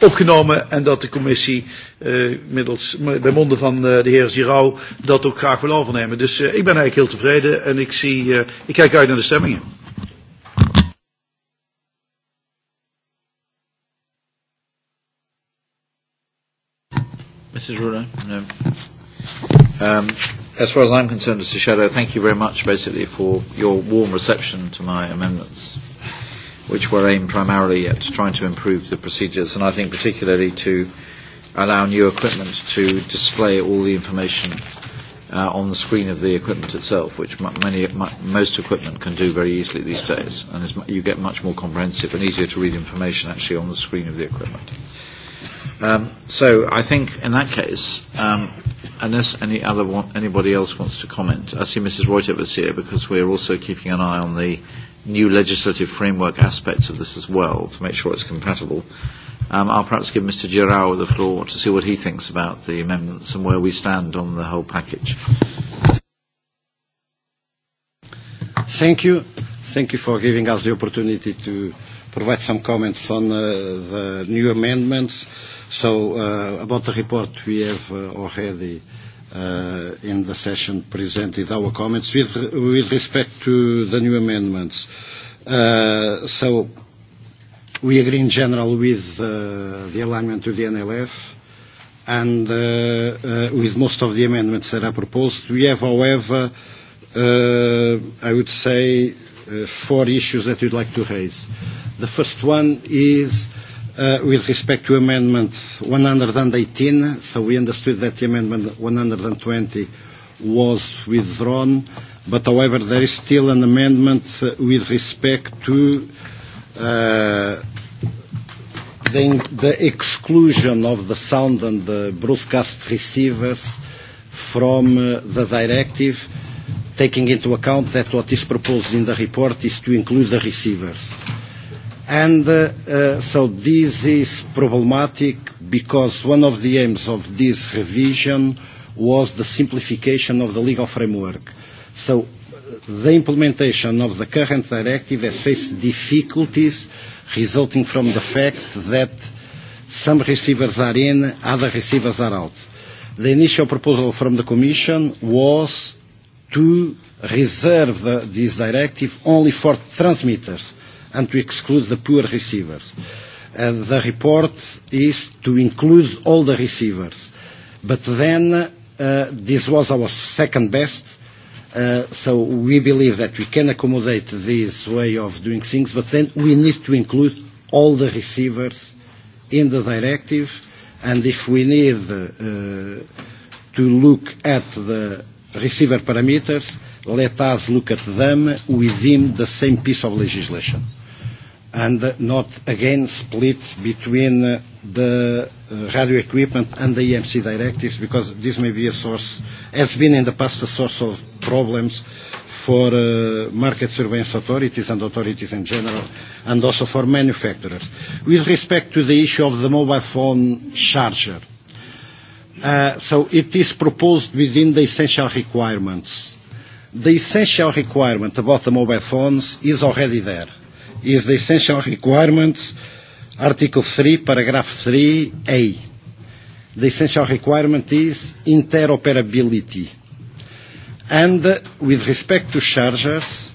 opgenomen en dat de commissie uh, middels, bij monden van uh, de heer Girau dat ook graag wil overnemen. Dus uh, ik ben eigenlijk heel tevreden en ik, zie, uh, ik kijk uit naar de stemmingen. Mrs. Ruler, no. Um, as far as I'm concerned, Mr. Shadow, thank you very much, basically, for your warm reception to my amendments which were aimed primarily at trying to improve the procedures, and I think particularly to allow new equipment to display all the information uh, on the screen of the equipment itself, which m- many, m- most equipment can do very easily these days, and m- you get much more comprehensive and easier to read information actually on the screen of the equipment. Um, so I think in that case, um, unless any other one, anybody else wants to comment, I see Mrs. Reuters is here because we're also keeping an eye on the new legislative framework aspects of this as well to make sure it's compatible. Um, I'll perhaps give Mr. Girao the floor to see what he thinks about the amendments and where we stand on the whole package. Thank you. Thank you for giving us the opportunity to provide some comments on uh, the new amendments. So uh, about the report, we have uh, already uh, uh, in the session presented our comments with, with respect to the new amendments. Uh, so we agree in general with uh, the alignment to the NLF and uh, uh, with most of the amendments that are proposed. We have, however, uh, I would say, uh, four issues that we'd like to raise. The first one is uh, Uh, with respect to Amendment 118, so we understood that the Amendment 120 was withdrawn, but however there is still an amendment uh, with respect to uh, the, the exclusion of the sound and the broadcast receivers from uh, the directive, taking into account that what is proposed in the report is to include the receivers. Uh, And uh, uh, so this is problematic because one of the aims of this revision was the simplification of the legal framework. So uh, the implementation of the current directive has faced difficulties resulting from the fact that some receivers are in, other receivers are out. The initial proposal from the Commission was to reserve the, this directive only for transmitters and to exclude the poor receivers. And the report is to include all the receivers. But then uh, this was our second best. Uh, so we believe that we can accommodate this way of doing things, but then we need to include all the receivers in the directive, and if we need uh, to look at the receiver parameters, let us look at them within the same piece of legislation and not again split between uh, the uh, radio equipment and the EMC directives because this may be a source, has been in the past a source of problems for uh, market surveillance authorities and authorities in general and also for manufacturers. With respect to the issue of the mobile phone charger, uh, so it is proposed within the essential requirements. The essential requirement about the mobile phones is already there is the essential requirement, Article 3, paragraph 3a. The essential requirement is interoperability. And uh, with respect to chargers,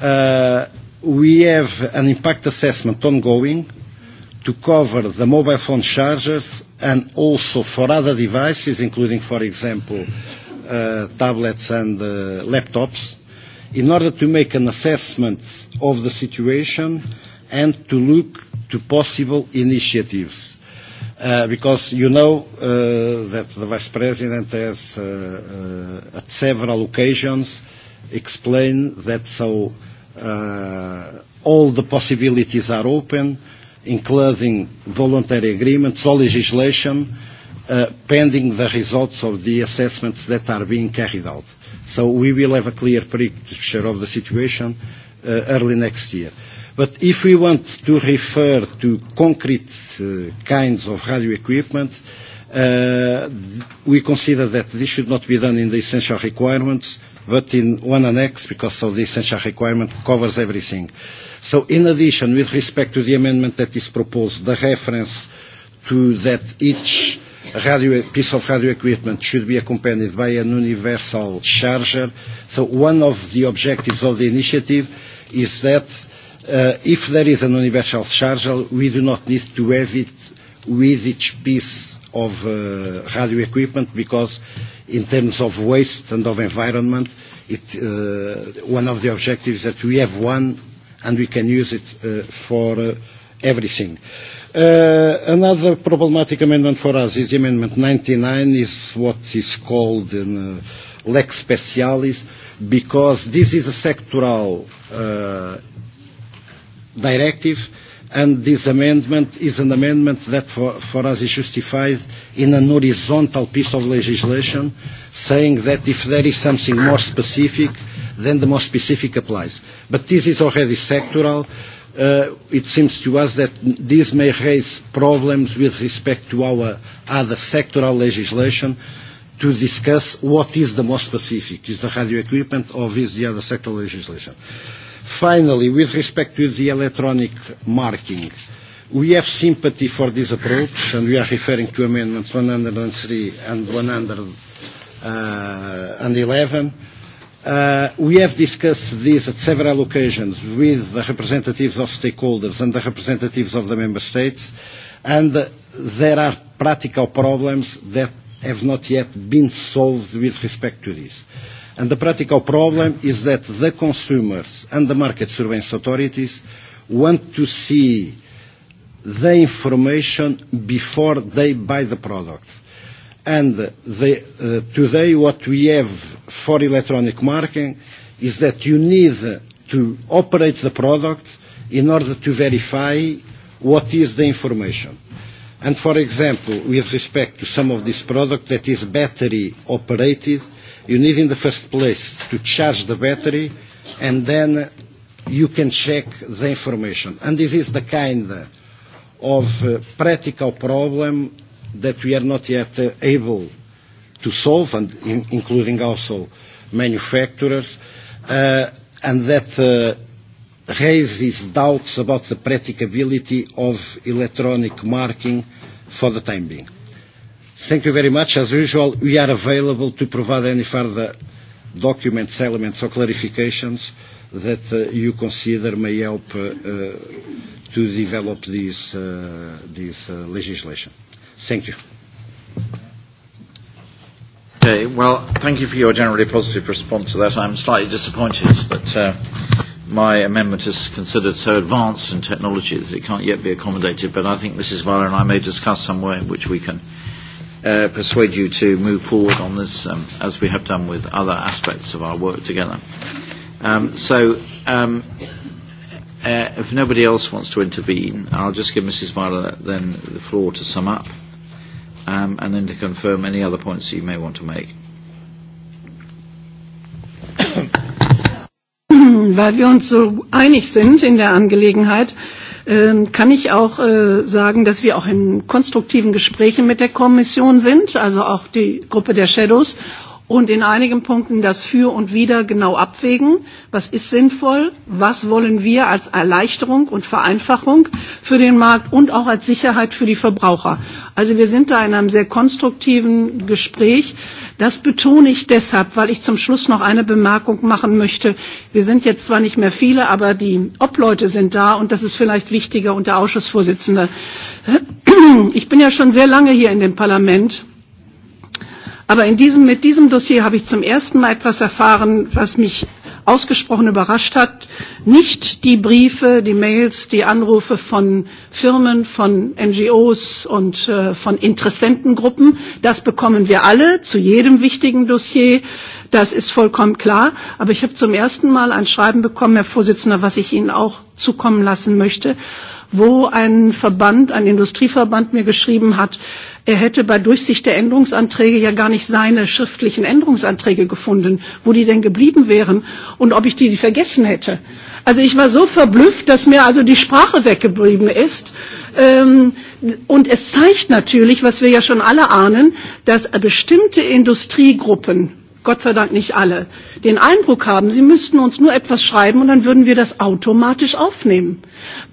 uh, we have an impact assessment ongoing to cover the mobile phone chargers and also for other devices, including, for example, uh, tablets and uh, laptops in order to make an assessment of the situation and to look to possible initiatives. Uh, because you know uh, that the Vice President has uh, uh, at several occasions explained that so uh, all the possibilities are open, including voluntary agreements or legislation, uh, pending the results of the assessments that are being carried out. So we will have a clear picture of the situation uh, early next year. But if we want to refer to concrete uh, kinds of radio equipment, uh, we consider that this should not be done in the essential requirements, but in one annex, because so the essential requirement covers everything. So in addition, with respect to the amendment that is proposed, the reference to that each a radio, piece of radio equipment should be accompanied by an universal charger. So one of the objectives of the initiative is that uh, if there is an universal charger, we do not need to have it with each piece of uh, radio equipment because in terms of waste and of environment, it, uh, one of the objectives is that we have one and we can use it uh, for uh, everything. Uh, Uh, another problematic amendment for us is Amendment 99, is what is called in, uh, lex specialis, because this is a sectoral uh, directive, and this amendment is an amendment that for, for us is justified in an horizontal piece of legislation, saying that if there is something more specific, then the more specific applies. But this is already sectoral uh, it seems to us that this may raise problems with respect to our other sectoral legislation to discuss what is the most specific. Is the radio equipment or is the other sectoral legislation? Finally, with respect to the electronic marking, we have sympathy for this approach and we are referring to amendments 103 and 111. Uh, we have discussed this at several occasions with the representatives of stakeholders and the representatives of the member states, and uh, there are practical problems that have not yet been solved with respect to this. And the practical problem is that the consumers and the market surveillance authorities want to see the information before they buy the product. Uh, And the, uh, today what we have for electronic marking is that you need to operate the product in order to verify what is the information. And for example, with respect to some of this product that is battery operated, you need in the first place to charge the battery and then you can check the information. And this is the kind of uh, practical problem that we are not yet uh, able to solve, and in, including also manufacturers, uh, and that uh, raises doubts about the practicability of electronic marking for the time being. Thank you very much. As usual, we are available to provide any further documents, elements or clarifications that uh, you consider may help uh, uh, to develop this, uh, this uh, legislation. Thank you. Okay, well, thank you for your generally positive response to that. I'm slightly disappointed that uh, my amendment is considered so advanced in technology that it can't yet be accommodated, but I think Mrs. Weiler and I may discuss some way in which we can uh, persuade you to move forward on this um, as we have done with other aspects of our work together. Um, so um, uh, if nobody else wants to intervene, I'll just give Mrs. Weiler then the floor to sum up um, and then to confirm any other points that you may want to make. Weil wir uns so einig sind in der Angelegenheit, ähm, kann ich auch äh, sagen, dass wir auch in konstruktiven Gesprächen mit der Kommission sind, also auch die Gruppe der Shadows, und in einigen Punkten das Für und Wider genau abwägen. Was ist sinnvoll? Was wollen wir als Erleichterung und Vereinfachung für den Markt und auch als Sicherheit für die Verbraucher? Also wir sind da in einem sehr konstruktiven Gespräch. Das betone ich deshalb, weil ich zum Schluss noch eine Bemerkung machen möchte. Wir sind jetzt zwar nicht mehr viele, aber die Obleute sind da und das ist vielleicht wichtiger und der Ausschussvorsitzende. Ich bin ja schon sehr lange hier in dem Parlament. Aber in diesem, mit diesem Dossier habe ich zum ersten Mal etwas erfahren, was mich ausgesprochen überrascht hat, nicht die Briefe, die Mails, die Anrufe von Firmen, von NGOs und äh, von Interessentengruppen. Das bekommen wir alle zu jedem wichtigen Dossier. Das ist vollkommen klar. Aber ich habe zum ersten Mal ein Schreiben bekommen, Herr Vorsitzender, was ich Ihnen auch zukommen lassen möchte, wo ein Verband, ein Industrieverband mir geschrieben hat, Er hätte bei Durchsicht der Änderungsanträge ja gar nicht seine schriftlichen Änderungsanträge gefunden, wo die denn geblieben wären und ob ich die vergessen hätte. Also ich war so verblüfft, dass mir also die Sprache weggeblieben ist. Ähm, und es zeigt natürlich, was wir ja schon alle ahnen, dass bestimmte Industriegruppen Gott sei Dank nicht alle, den Eindruck haben, sie müssten uns nur etwas schreiben und dann würden wir das automatisch aufnehmen.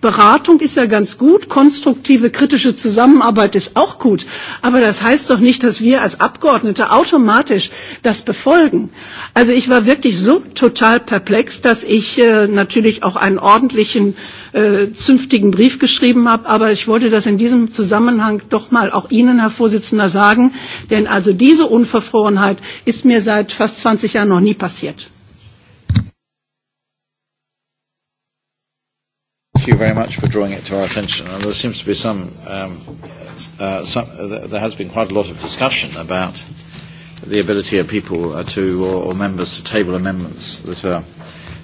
Beratung ist ja ganz gut, konstruktive, kritische Zusammenarbeit ist auch gut, aber das heißt doch nicht, dass wir als Abgeordnete automatisch das befolgen. Also ich war wirklich so total perplex, dass ich äh, natürlich auch einen ordentlichen äh, äh, zünftigen Brief geschrieben habe. Aber ich wollte das in diesem Zusammenhang doch mal auch Ihnen, Herr Vorsitzender, sagen. Denn also diese Unverfrorenheit ist mir seit fast 20 Jahren noch nie passiert. Thank you very much for drawing it to our attention. And there seems to be some, um, uh, some uh, there has been quite a lot of discussion about the ability of people uh, to, or, or members to table amendments that are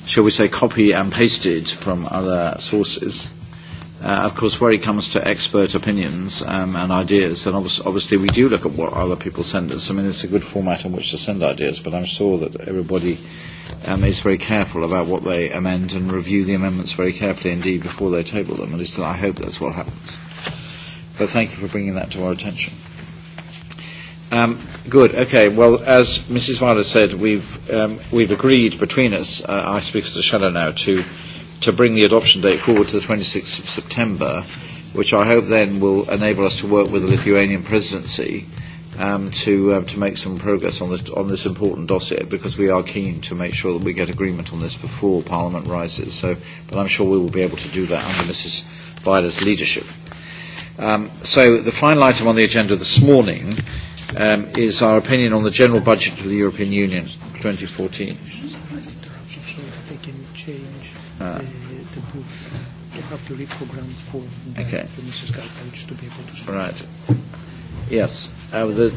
shall we say, copy and pasted from other sources. Uh, of course, where it comes to expert opinions um, and ideas, then obviously, obviously we do look at what other people send us. I mean, it's a good format in which to send ideas, but I'm sure that everybody um, is very careful about what they amend and review the amendments very carefully indeed before they table them. At least I hope that's what happens. But thank you for bringing that to our attention. Um, good. Okay. Well, as Mrs. Wilder said, we've um, we've agreed between us. Uh, I speak to the shadow now to to bring the adoption date forward to the 26th of September, which I hope then will enable us to work with the Lithuanian presidency um, to um, to make some progress on this on this important dossier because we are keen to make sure that we get agreement on this before Parliament rises. So, but I'm sure we will be able to do that under Mrs. Wilder's leadership. Um, so, the final item on the agenda this morning um, is our opinion on the general budget of the European Union 2014. Uh. Uh. okay. Right. Yes. Uh, the,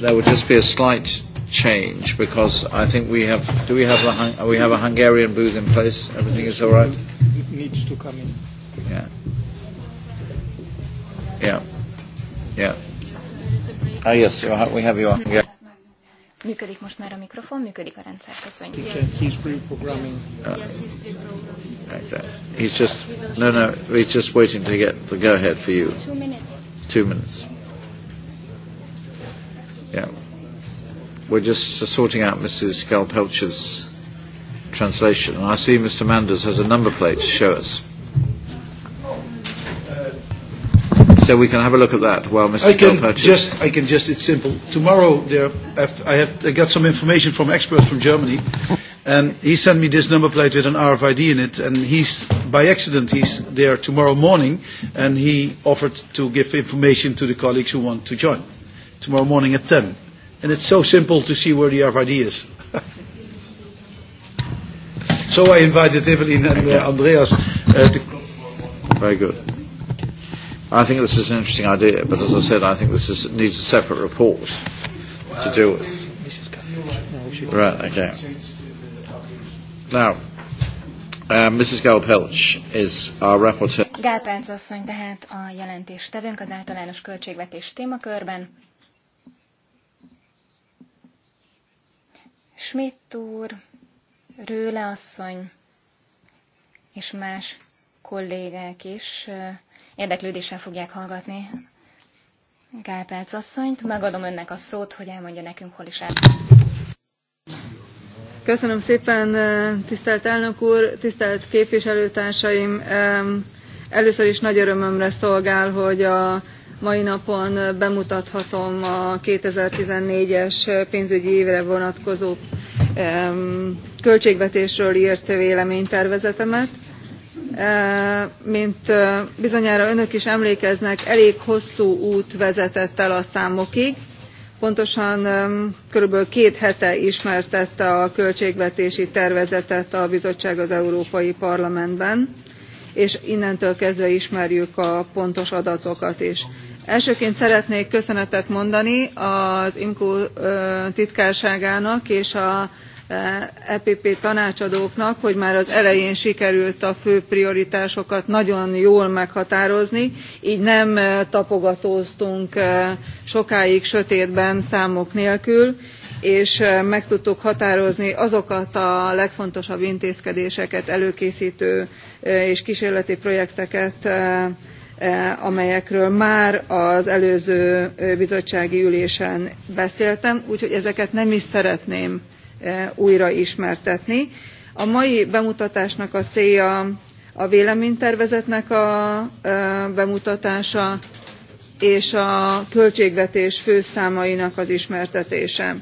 there would just be a slight change because I think we have. Do we have a we have a Hungarian booth in place? Everything is all right. It needs to come in. Yeah. Yeah. Yeah. Ah, yes, you we have you on. Yeah. Működik most már a mikrofon, működik a rendszer, köszönjük. Yes, he's pre-programming. Yes, he's pre-programming. He's just, no, no, we're just waiting to get the go-ahead for you. Two minutes. Two minutes. Yeah. We're just sorting out Mrs. Galpelcher's translation, and I see Mr. Manders has a number plate to show us. So we can have a look at that while Mr. I can just, I can just, it's simple. Tomorrow, there, I, have, I got some information from experts from Germany, and he sent me this number plate with an RFID in it, and he's, by accident, he's there tomorrow morning, and he offered to give information to the colleagues who want to join tomorrow morning at 10. And it's so simple to see where the RFID is. so I invited Evelyn and uh, Andreas uh, to. Very good. I think this is an interesting idea, but as I said, I think this is, needs a separate report to deal with. Right, okay. Now, uh, Mrs. Gail Pelch is our rapporteur. Gálpelc asszony tehát a jelentéstevőnk az általános költségvetés témakörben. Schmidt úr, Rőle asszony és más kollégák is uh, Érdeklődéssel fogják hallgatni Gálperc asszonyt. Megadom önnek a szót, hogy elmondja nekünk, hol is el. Köszönöm szépen, tisztelt elnök úr, tisztelt képviselőtársaim! Először is nagy örömömre szolgál, hogy a mai napon bemutathatom a 2014-es pénzügyi évre vonatkozó költségvetésről írt véleménytervezetemet mint bizonyára önök is emlékeznek elég hosszú út vezetett el a számokig pontosan körülbelül két hete ismertette a költségvetési tervezetet a bizottság az európai parlamentben és innentől kezdve ismerjük a pontos adatokat is. elsőként szeretnék köszönetet mondani az imco titkárságának és a epp tanácsadóknak hogy már az elején sikerült a fő prioritásokat nagyon jól meghatározni gy nem e, tapogatóztunk e, sokáig sötétben számok nélkül és e, meg tudtuk határozni azokat a legfontosabb intézkedéseket előkésztő és ksérleti projekteket amelyekről már az előző bizottsági ülésen beszéltem úgyhogy ezeket nem is szeretném E, újra ismertetni. a mai bemutatásnak a célja a véleménytervezetnek a e, bemutatása és a költségvetés fő számainak az ismertetése.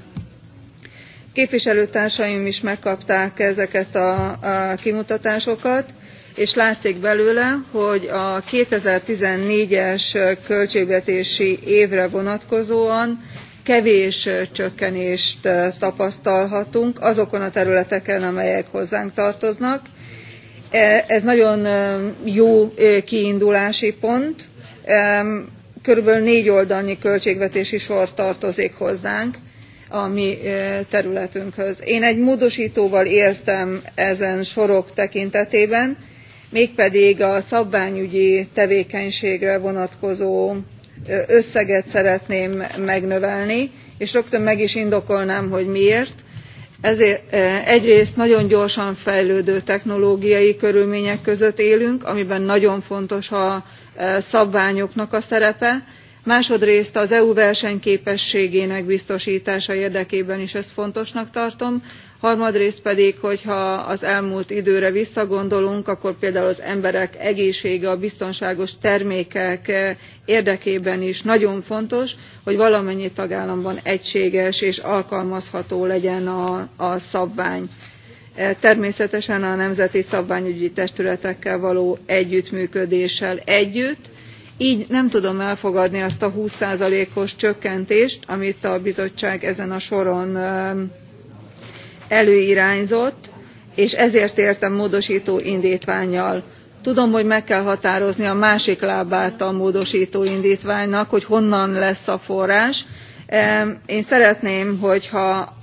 képviselőtársaim is megkapták ezeket a kimutatásokat és látszik belőle hogy a two thousand and fourteen es költségvetési évre vonatkozóan kevés csökkenést tapasztalhatunk azokon a területeken amelyek hozzánk tartoznak. E, ez nagyon jó kiindulási pont körülbelül négy oldalnyi költségvetési sor tartozik hozzánk a mi területünkhöz. én egy módostóval értem ezen sorok tekintetében mégpedig a szabványügyi tevékenységre vonatkozó összeget szeretném megnövelni és rögtön meg is indokolnám hogy miért. Ezért, eh, egyrészt nagyon gyorsan fejlődő technológiai körülmények között élünk amiben nagyon fontos a eh, szabványoknak a szerepe másodrészt az eu versenyképességének biztostása érdekében is ezt fontosnak tartom harmadrészt pedig hogyha az elmúlt időre visszagondolunk akkor például az emberek egészsége a biztonságos termékek érdekében is nagyon fontos hogy valamennyi tagállamban egységes és alkalmazható legyen a, szabvány e, természetesen a nemzeti szabványügyi testületekkel való együttműködéssel együtt gy nem tudom elfogadni azt a twenty os csökkentést amit a bizottság ezen a soron előirányzott és ezért értem módostó indtvánnyal. tudom hogy meg kell határozni a másik lábát a módostó indtványnak hogy honnan lesz a forrás. én szeretném hogyha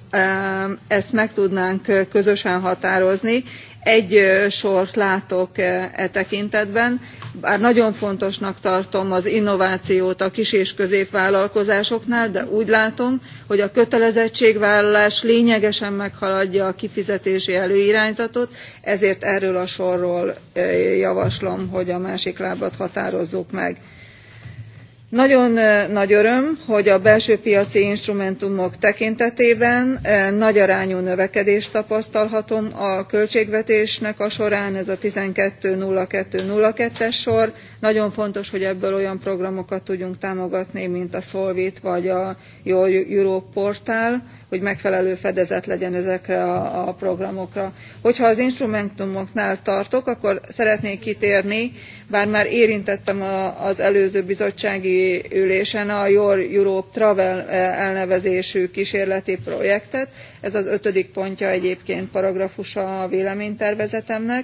ezt meg tudnánk közösen határozni egy sort látok e tekintetben bár nagyon fontosnak tartom az innovációt a kis és középvállalkozásoknál de úgy látom hogy a kötelezettségvállalás lényegesen meghaladja a kifizetési előirányzatot ezért erről a sorról eh, javaslom hogy a másik lábat határozzuk meg nagyon nagy öröm hogy a belső piaci instrumentumok tekintetében nagyarányú növekedést tapasztalható a költségvetésnek a során ez a twelve two two es sor nagyon fontos hogy ebből olyan programokat tudjunk támogatni mint a solvit vagy a your europe portál hogy megfelelő fedezet legyen ezekre a, a programokra. hogyha az instrumentumoknál tartok akkor szeretnék kitérni bár már érintettem az előző bizottsági ülésen a your europe travel eh, elnevezésű ksérleti projektet ez az ötödik pontja egyébként paragrafusa a véleménytervezetemnek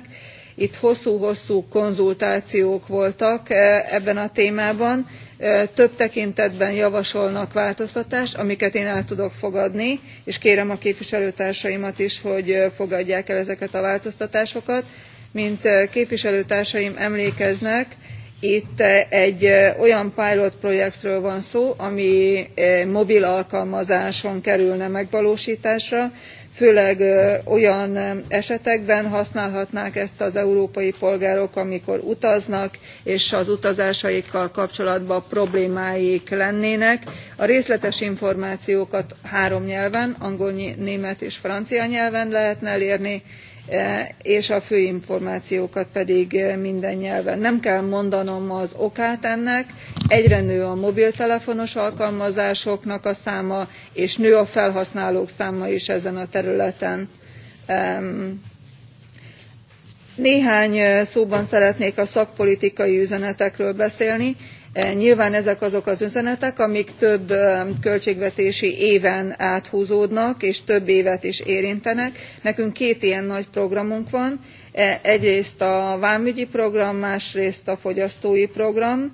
itt hosszú hosszú konzultációk voltak eh, ebben a témában eh, több tekintetben javasolnak változtatást amiket én el tudok fogadni és kérem a képviselőtársaimat is hogy fogadják el ezeket a változtatásokat. mint képviselőtársaim emlékeznek itt eh, egy eh, olyan pilot projektről van szó ami eh, mobil alkalmazáson kerülne megvalóstásra főleg olyan esetekben használhatnák ezt az európai polgárok amikor utaznak és az utazásaikkal kapcsolatban problémáik lennének. a részletes információkat három nyelven angol német és francia nyelven lehetne elérni Eh, és a fő információkat pedig eh, minden nyelven. nem kell mondanom az okát ennek egyre nő a mobiltelefonos alkalmazásoknak a száma és nő a felhasználók száma is ezen a területen néhány eh, szóban szeretnék a szakpolitikai üzenetekről beszélni E, nyilván ezek azok az üzenetek amik több e, költségvetési éven áthúzódnak és több évet is érintenek. nekünk két ilyen nagy programunk van e, egyrészt a vámügyi program másrészt a fogyasztói program.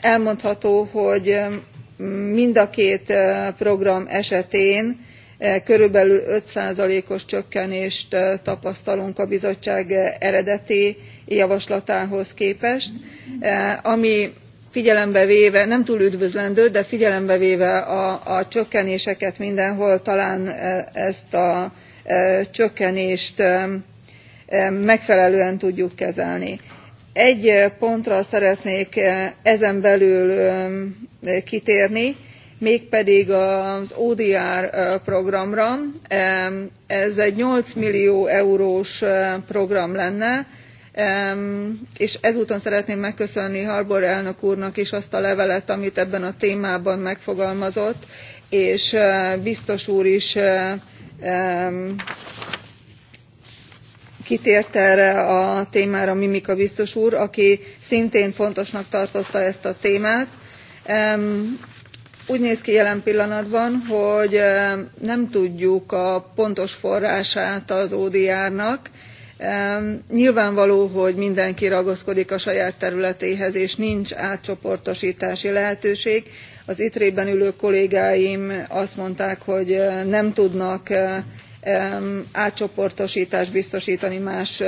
elmondható hogy mind a két program esetén Eh, körülbelül five os csökkenést eh, tapasztalunk a bizottság eh, eredeti javaslatához képest ami figyelembe véve nem túl üdvözlendő de figyelembe véve a, a csökkenéseket mindenhol talán ezt a csökkenést megfelelően tudjuk kezelni. egy pontra szeretnék ezen belül kitérni mégpedig az odr programra ez egy eight millió eurós program lenne és ezúton szeretném megköszönni harbour elnök úrnak is azt a levelet amit ebben a témában megfogalmazott és biztos úr is kitért erre a témára mimica biztos úr aki szintén fontosnak tartotta ezt a témát úgy néz ki jelen pillanatban hogy nem tudjuk a pontos forrását az odr nak nyilvánvaló hogy mindenki ragaszkodik a saját területéhez és nincs átcsoportostási lehetőség az itre ben ülő kollégáim azt mondták hogy nem tudnak átcsoportostást biztostani más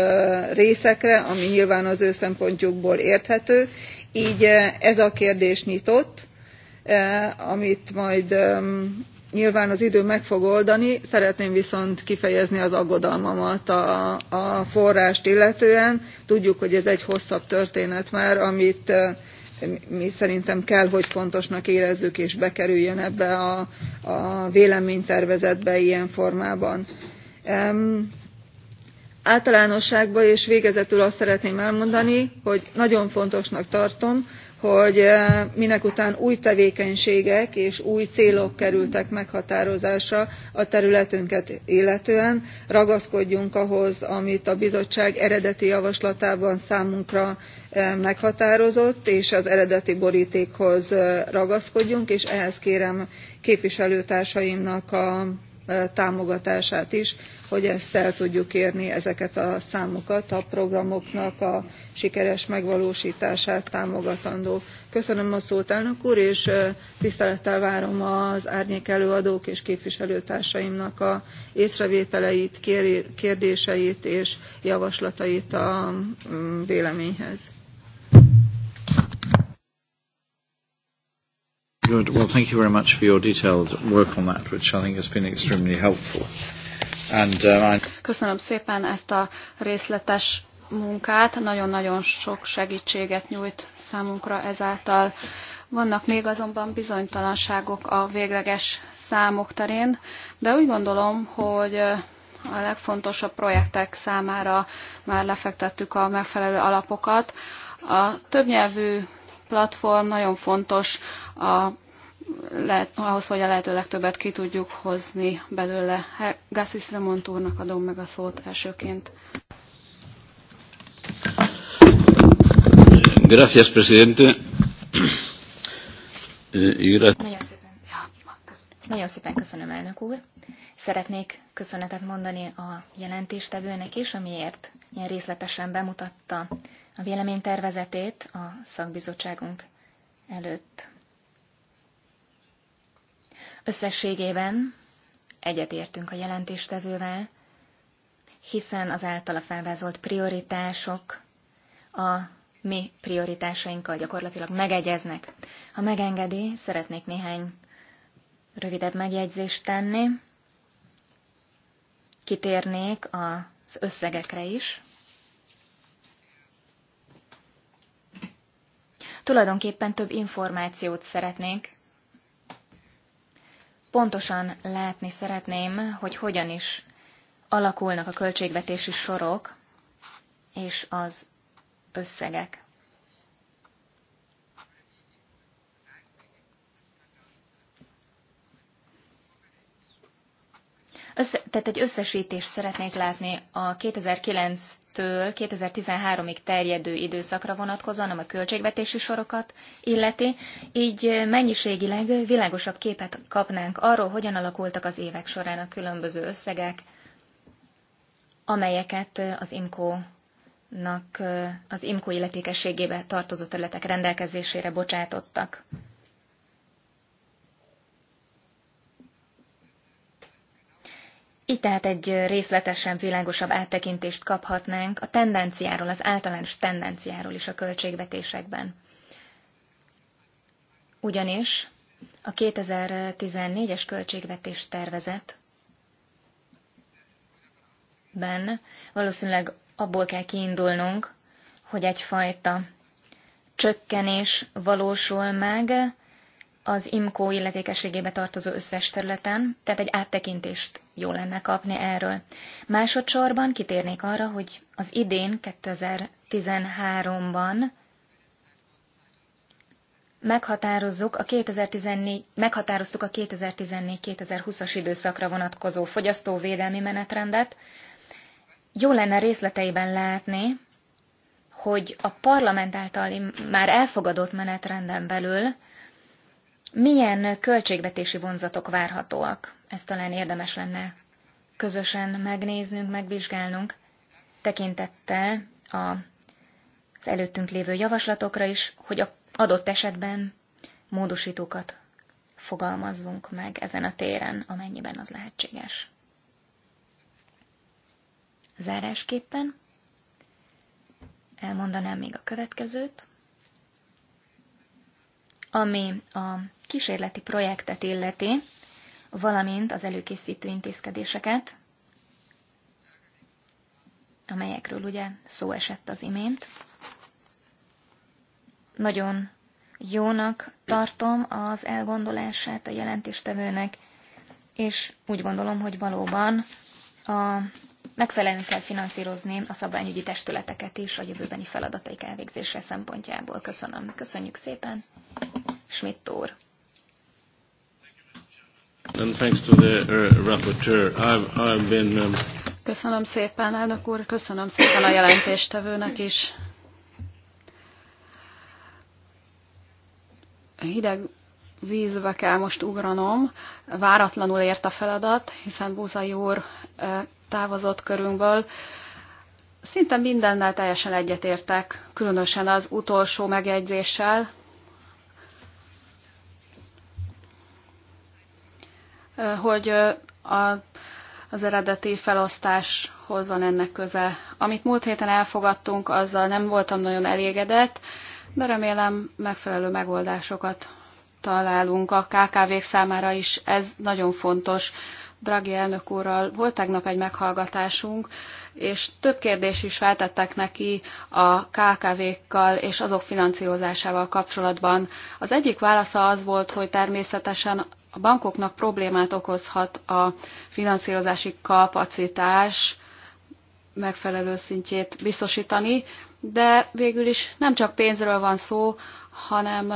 részekre ami nyilván az ő szempontjukból érthető gy ez a kérdés nyitott E, amit majd e, nyilván az idő meg fog oldani szeretném viszont kifejezni az aggodalmamat a, a forrást illetően tudjuk hogy ez egy hosszabb történet már amit e, mi szerintem kell hogy fontosnak érezzük és bekerüljön ebbe a, a véleménytervezetbe ilyen formában. Um, általánosságban és végezetül azt szeretném elmondani hogy nagyon fontosnak tartom hogy eh, minekután új tevékenységek és új célok kerültek meghatározásra a területünket illetően ragaszkodjunk ahhoz amit a bizottság eredeti javaslatában számunkra eh, meghatározott és az eredeti bortékhoz eh, ragaszkodjunk és ehhez kérem képviselőtársaimnak a támogatását is hogy ezt el tudjuk érni ezeket a számokat a programoknak a sikeres megvalóstását támogatandó. köszönöm a szót elnök úr és tisztelettel várom az árnyék előadók és képviselőtársaimnak a észrevételeit kérdéseit és javaslatait a mm, véleményhez. Good. Well, thank you very much for your detailed work on that, which I think has been extremely helpful. And, uh, I... Köszönöm szépen ezt a részletes munkát, nagyon-nagyon sok segítséget nyújt számunkra ezáltal. Vannak még azonban bizonytalanságok a végleges számok terén, de úgy gondolom, hogy uh, a legfontosabb projektek számára már lefektettük a megfelelő alapokat. A többnyelvű platform nagyon fontos a lehet, ahhoz, hogy a lehető legtöbbet ki tudjuk hozni belőle. Gassis Remont úrnak adom meg a szót elsőként. Gracias, presidente. Eh, nagyon szépen. Nagyon szépen köszönöm, elnök úr. Szeretnék köszönetet mondani a jelentéstevőnek is, amiért ilyen részletesen bemutatta a véleménytervezetét a szakbizottságunk előtt. Összességében egyetértünk a jelentéstevővel, hiszen az általa felvázolt prioritások a mi prioritásainkkal gyakorlatilag megegyeznek. Ha megengedi, szeretnék néhány rövidebb megjegyzést tenni. Kitérnék az összegekre is. Tulajdonképpen több információt szeretnék pontosan látni szeretném, hogy hogyan is alakulnak a költségvetési sorok és az összegek. Össze, tehát egy összesítést szeretnék látni a 2009-től 2013-ig terjedő időszakra vonatkozóan, a költségvetési sorokat illeti, így mennyiségileg világosabb képet kapnánk arról, hogyan alakultak az évek során a különböző összegek, amelyeket az IMCO az IMCO illetékességébe tartozó területek rendelkezésére bocsátottak. Így tehát egy részletesen világosabb áttekintést kaphatnánk a tendenciáról, az általános tendenciáról is a költségvetésekben. Ugyanis a 2014-es költségvetés tervezet ben valószínűleg abból kell kiindulnunk, hogy egyfajta csökkenés valósul meg, az IMCO illetékességébe tartozó összes területen, tehát egy áttekintést jó lenne kapni erről. Másodszorban kitérnék arra, hogy az idén 2013-ban meghatározzuk a 2014, meghatároztuk a 2014-2020-as időszakra vonatkozó fogyasztóvédelmi menetrendet. Jó lenne részleteiben látni, hogy a parlament által már elfogadott menetrenden belül milyen költségvetési vonzatok várhatóak? Ez talán érdemes lenne közösen megnéznünk, megvizsgálnunk, tekintettel a, az előttünk lévő javaslatokra is, hogy a adott esetben módosítókat fogalmazzunk meg ezen a téren, amennyiben az lehetséges. Zárásképpen elmondanám még a következőt. Ami a kísérleti projektet illeti, valamint az előkészítő intézkedéseket, amelyekről ugye szó esett az imént. Nagyon jónak tartom az elgondolását a jelentéstevőnek, és úgy gondolom, hogy valóban a Megfelelően kell finanszírozni a szabványügyi testületeket is a jövőbeni feladataik elvégzése szempontjából. Köszönöm. Köszönjük szépen. Schmidt úr. And thanks to the uh, rapporteur. I've, I've been, um... Köszönöm szépen, elnök úr, köszönöm szépen a jelentéstevőnek is. Hideg vízbe kell most ugranom. Váratlanul ért a feladat, hiszen Búzai úr távozott körünkből. Szinte mindennel teljesen egyetértek, különösen az utolsó megjegyzéssel. hogy a, az eredeti felosztáshoz van ennek köze. Amit múlt héten elfogadtunk, azzal nem voltam nagyon elégedett, de remélem megfelelő megoldásokat találunk a KKV-k számára is, ez nagyon fontos. Dragi elnök úrral volt tegnap egy meghallgatásunk, és több kérdés is feltettek neki a KKV-kkal és azok finanszírozásával kapcsolatban. Az egyik válasza az volt, hogy természetesen a bankoknak problémát okozhat a finanszírozási kapacitás megfelelő szintjét biztosítani, de végül is nem csak pénzről van szó, hanem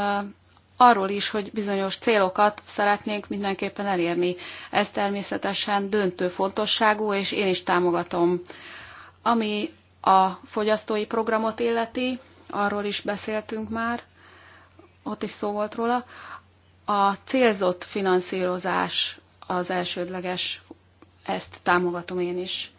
arról is, hogy bizonyos célokat szeretnénk mindenképpen elérni. Ez természetesen döntő fontosságú, és én is támogatom. Ami a fogyasztói programot illeti, arról is beszéltünk már, ott is szó volt róla, a célzott finanszírozás az elsődleges, ezt támogatom én is.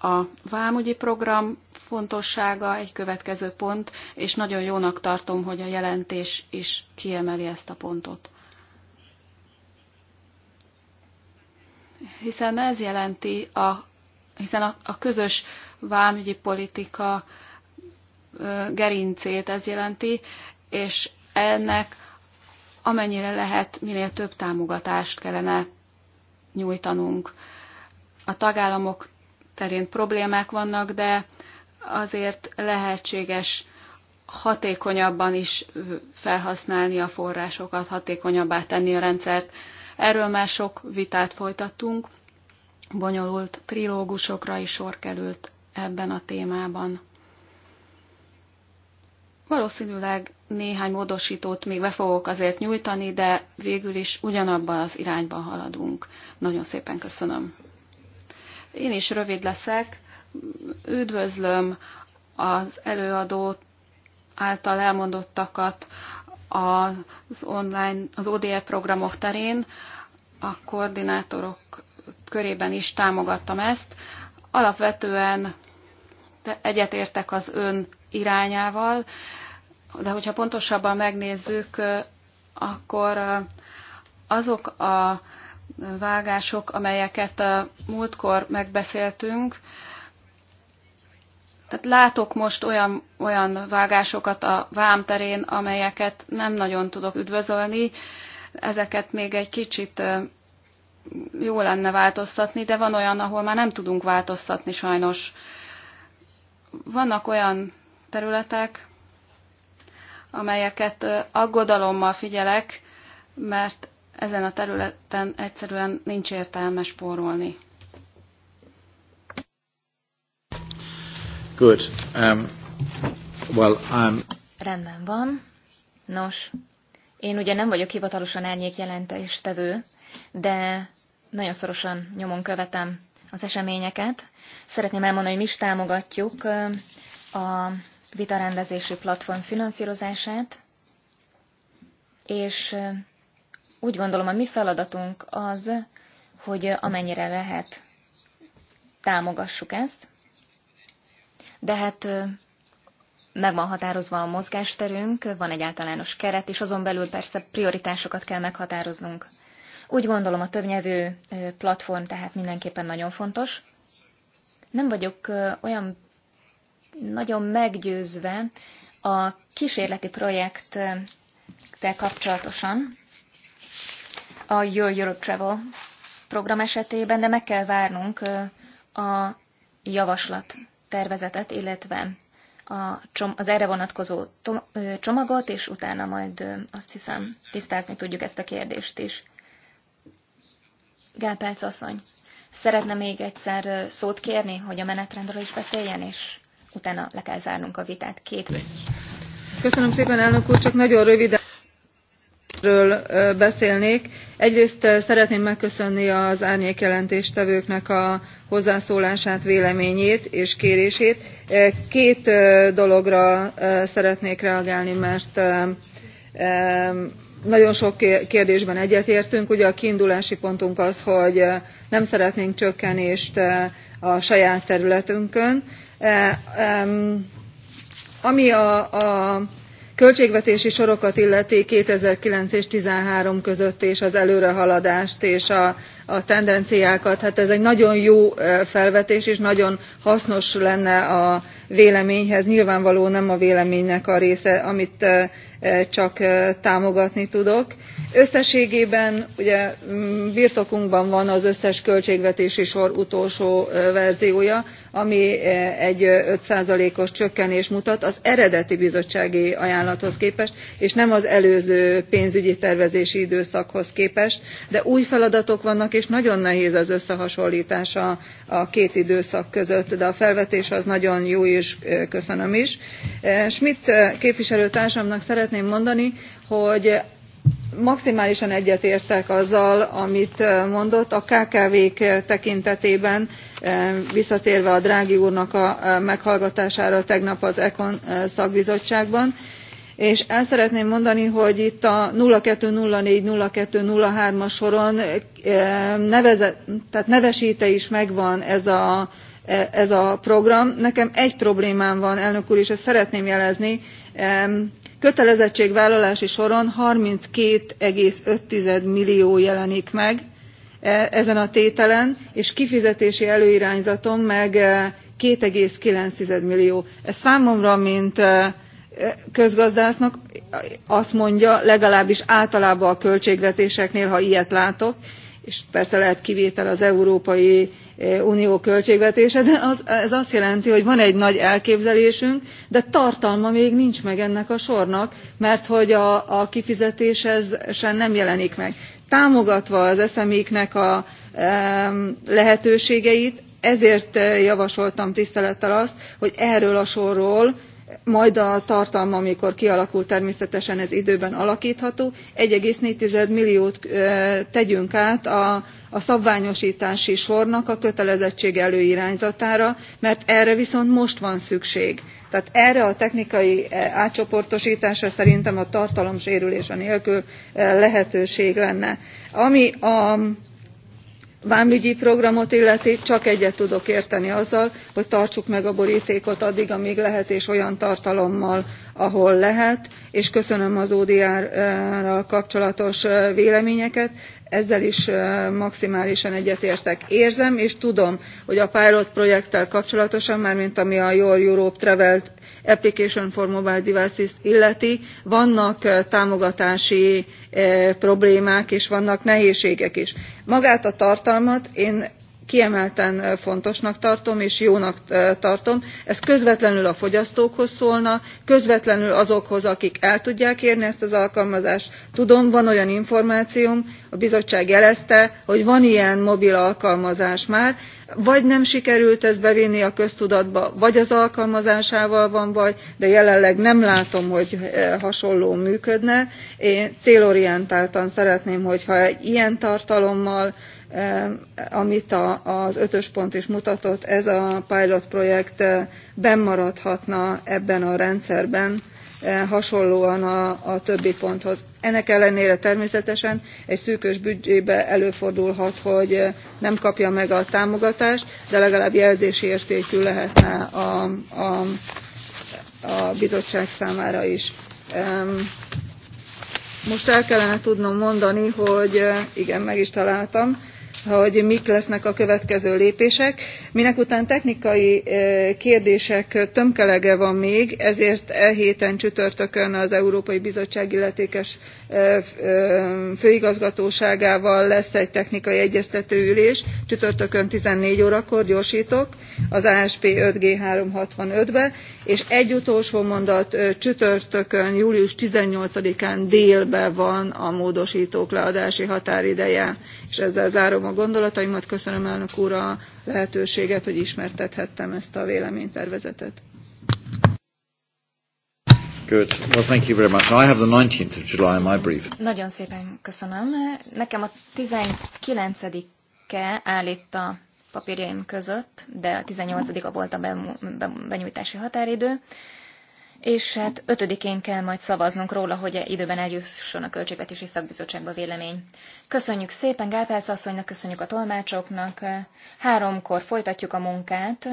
A vámügyi program fontossága egy következő pont, és nagyon jónak tartom, hogy a jelentés is kiemeli ezt a pontot. Hiszen ez jelenti a, hiszen a, a közös vámügyi politika gerincét ez jelenti, és ennek amennyire lehet, minél több támogatást kellene nyújtanunk. A tagállamok terén problémák vannak, de azért lehetséges hatékonyabban is felhasználni a forrásokat, hatékonyabbá tenni a rendszert. Erről már sok vitát folytattunk, bonyolult trilógusokra is sor került ebben a témában. Valószínűleg néhány módosítót még be fogok azért nyújtani, de végül is ugyanabban az irányban haladunk. Nagyon szépen köszönöm. Én is rövid leszek. Üdvözlöm az előadó által elmondottakat az online, az ODE programok terén. A koordinátorok körében is támogattam ezt. Alapvetően egyetértek az ön irányával, de hogyha pontosabban megnézzük, akkor azok a vágások, amelyeket a múltkor megbeszéltünk, tehát látok most olyan, olyan vágásokat a vámterén, amelyeket nem nagyon tudok üdvözölni, ezeket még egy kicsit jó lenne változtatni, de van olyan, ahol már nem tudunk változtatni sajnos. Vannak olyan területek, amelyeket aggodalommal figyelek, mert ezen a területen egyszerűen nincs értelme spórolni. Good. Um, well, I'm... Rendben van. Nos, én ugye nem vagyok hivatalosan árnyék jelentéstevő, de nagyon szorosan nyomon követem az eseményeket. Szeretném elmondani, hogy mi is támogatjuk a vitarendezési platform finanszírozását, és úgy gondolom, a mi feladatunk az, hogy amennyire lehet támogassuk ezt de hát meg van határozva a mozgásterünk, van egy általános keret, és azon belül persze prioritásokat kell meghatároznunk. Úgy gondolom a többnyelvű platform tehát mindenképpen nagyon fontos. Nem vagyok olyan nagyon meggyőzve a kísérleti projekttel kapcsolatosan, a Your Europe Travel program esetében, de meg kell várnunk a javaslat tervezetet, illetve a csom, az erre vonatkozó csomagot, és utána majd azt hiszem tisztázni tudjuk ezt a kérdést is. Gálpelc asszony, szeretne még egyszer szót kérni, hogy a menetrendről is beszéljen, és utána le kell zárnunk a vitát. Két Köszönöm szépen, elnök úr, csak nagyon röviden részről beszélnék egyrészt szeretném megköszönni az árnyék jelentéstevőknek a hozzászólását véleményét és kérését. két dologra szeretnék reagálni mert nagyon sok kérdésben egyetértünk ugye a kiindulási pontunk az hogy nem szeretnénk csökkenést a saját területünkön. ami a, a költségvetési sorokat illeti two thousand and nine és two thousand and thirteen között és az előrehaladást és a, tendenciákat hát ez egy nagyon jó felvetés és nagyon hasznos lenne a véleményhez Nyilvánvalóan nem a véleménynek a része amit csak támogatni tudok. összességében ugye birtokunkban van az összes költségvetési sor utolsó verziója ami eh, egy five os csökkenést mutat az eredeti bizottsági ajánlathoz képest és nem az előző pénzügyi tervezési időszakhoz képest de új feladatok vannak és nagyon nehéz az összehasonltás a, két időszak között de a felvetés az nagyon jó és eh, köszönöm is. Eh, schmidt képviselőtársamnak szeretném mondani hogy maximálisan egyetértek azzal amit eh, mondott a kkv k eh, tekintetében eh, visszatérve a draghi úrnak a meghallgatására tegnap az econ szakbizottságban és el szeretném mondani hogy itt a zero two zero four zero two three as soron neveze, tehát neveste is megvan ez a, e, ez a program. nekem egy problémám van elnök úr és ezt szeretném jelezni kötelezettségvállalási soron thirty two five millió jelenik meg e, ezen a tételen és kifizetési előirányzaton meg two nine millió. ez számomra mint e, e, közgazdásznak azt mondja legalábbis általában a költségvetéseknél ha ilyet látok és persze lehet kivétel az európai eh, unió költségvetése de az, ez azt jelenti hogy van egy nagy elképzelésünk de tartalma még nincs meg ennek a sornak mert hogy a, a kifizetés ez sem nem jelenik meg. támogatva az szmi knek a e, lehetőségeit ezért eh, javasoltam tisztelettel azt hogy erről a sorról majd a tartalma amikor kialakul természetesen ez időben alaktható one four milliót tegyünk át a, szabványostási sornak a kötelezettség előirányzatára mert erre viszont most van szükség. tehát erre a technikai átcsoportostásra szerintem a tartalomsérülése nélkül lehetőség lenne. ami a vámügyi programot illeti csak egyet tudok érteni azzal hogy tartsuk meg a bortékot addig amg lehet és olyan tartalommal ahol lehet és köszönöm az odr ral kapcsolatos véleményeket ezzel is maximálisan egyetértek. érzem és tudom hogy a pilot projekttel kapcsolatosan mármint ami a your europe travel application for mobile devices illeti vannak támogatási problémák is vannak nehézségek is. magát a tartalmat én kiemelten fontosnak tartom és jónak tartom ez közvetlenül a fogyasztókhoz szólna közvetlenül azokhoz akik el tudják érni ezt az alkalmazást. tudom van olyan információm a bizottság jelezte hogy van ilyen mobil alkalmazás már vagy nem sikerült ezt bevinni a köztudatba vagy az alkalmazásával van baj de jelenleg nem látom hogy eh, hasonló működne. én célorientáltan szeretném hogyha egy ilyen tartalommal eh, amit az ötös pont is mutatott ez a pilot projekt eh, bennmaradhatna ebben a rendszerben E, hasonlóan a, a többi ponthoz. ennek ellenére természetesen egy szűkös büdzsébe előfordulhat hogy e, nem kapja meg a támogatást de legalább jelzési értékű lehetne a, a, a bizottság számára is. most el kellene tudnom mondani hogy e, igen meg is találtam hogy mik lesznek a következő lépések minekután technikai kérdések tömkelege van még ezért e héten csütörtökön az európai bizottság illetékes főigazgatóságával lesz egy technikai egyeztető ülés csütörtökön fourteen órakor gyorstok az asp five g three hundred and sixty five be és egy utolsó mondat csütörtökön július eighteen án délben van a módostók leadási határideje és ezzel zárom a gondolataimat. köszönöm elnök úr a lehetőséget hogy ismertethettem ezt a véleménytervezetet. Good. Well, thank you very much. I have the 19th of July in my brief. Nagyon szépen köszönöm. Nekem a 19-e állít a papírjaim között, de a 18-a volt a benyújtási határidő, és hát 5-én kell majd szavaznunk róla, hogy időben eljusson a Költségvetési Szakbizottságba vélemény. Köszönjük szépen Gálpelc asszonynak, köszönjük a tolmácsoknak. Háromkor folytatjuk a munkát.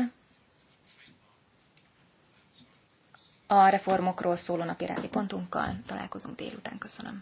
A reformokról szóló napirendi pontunkkal találkozunk délután. Köszönöm.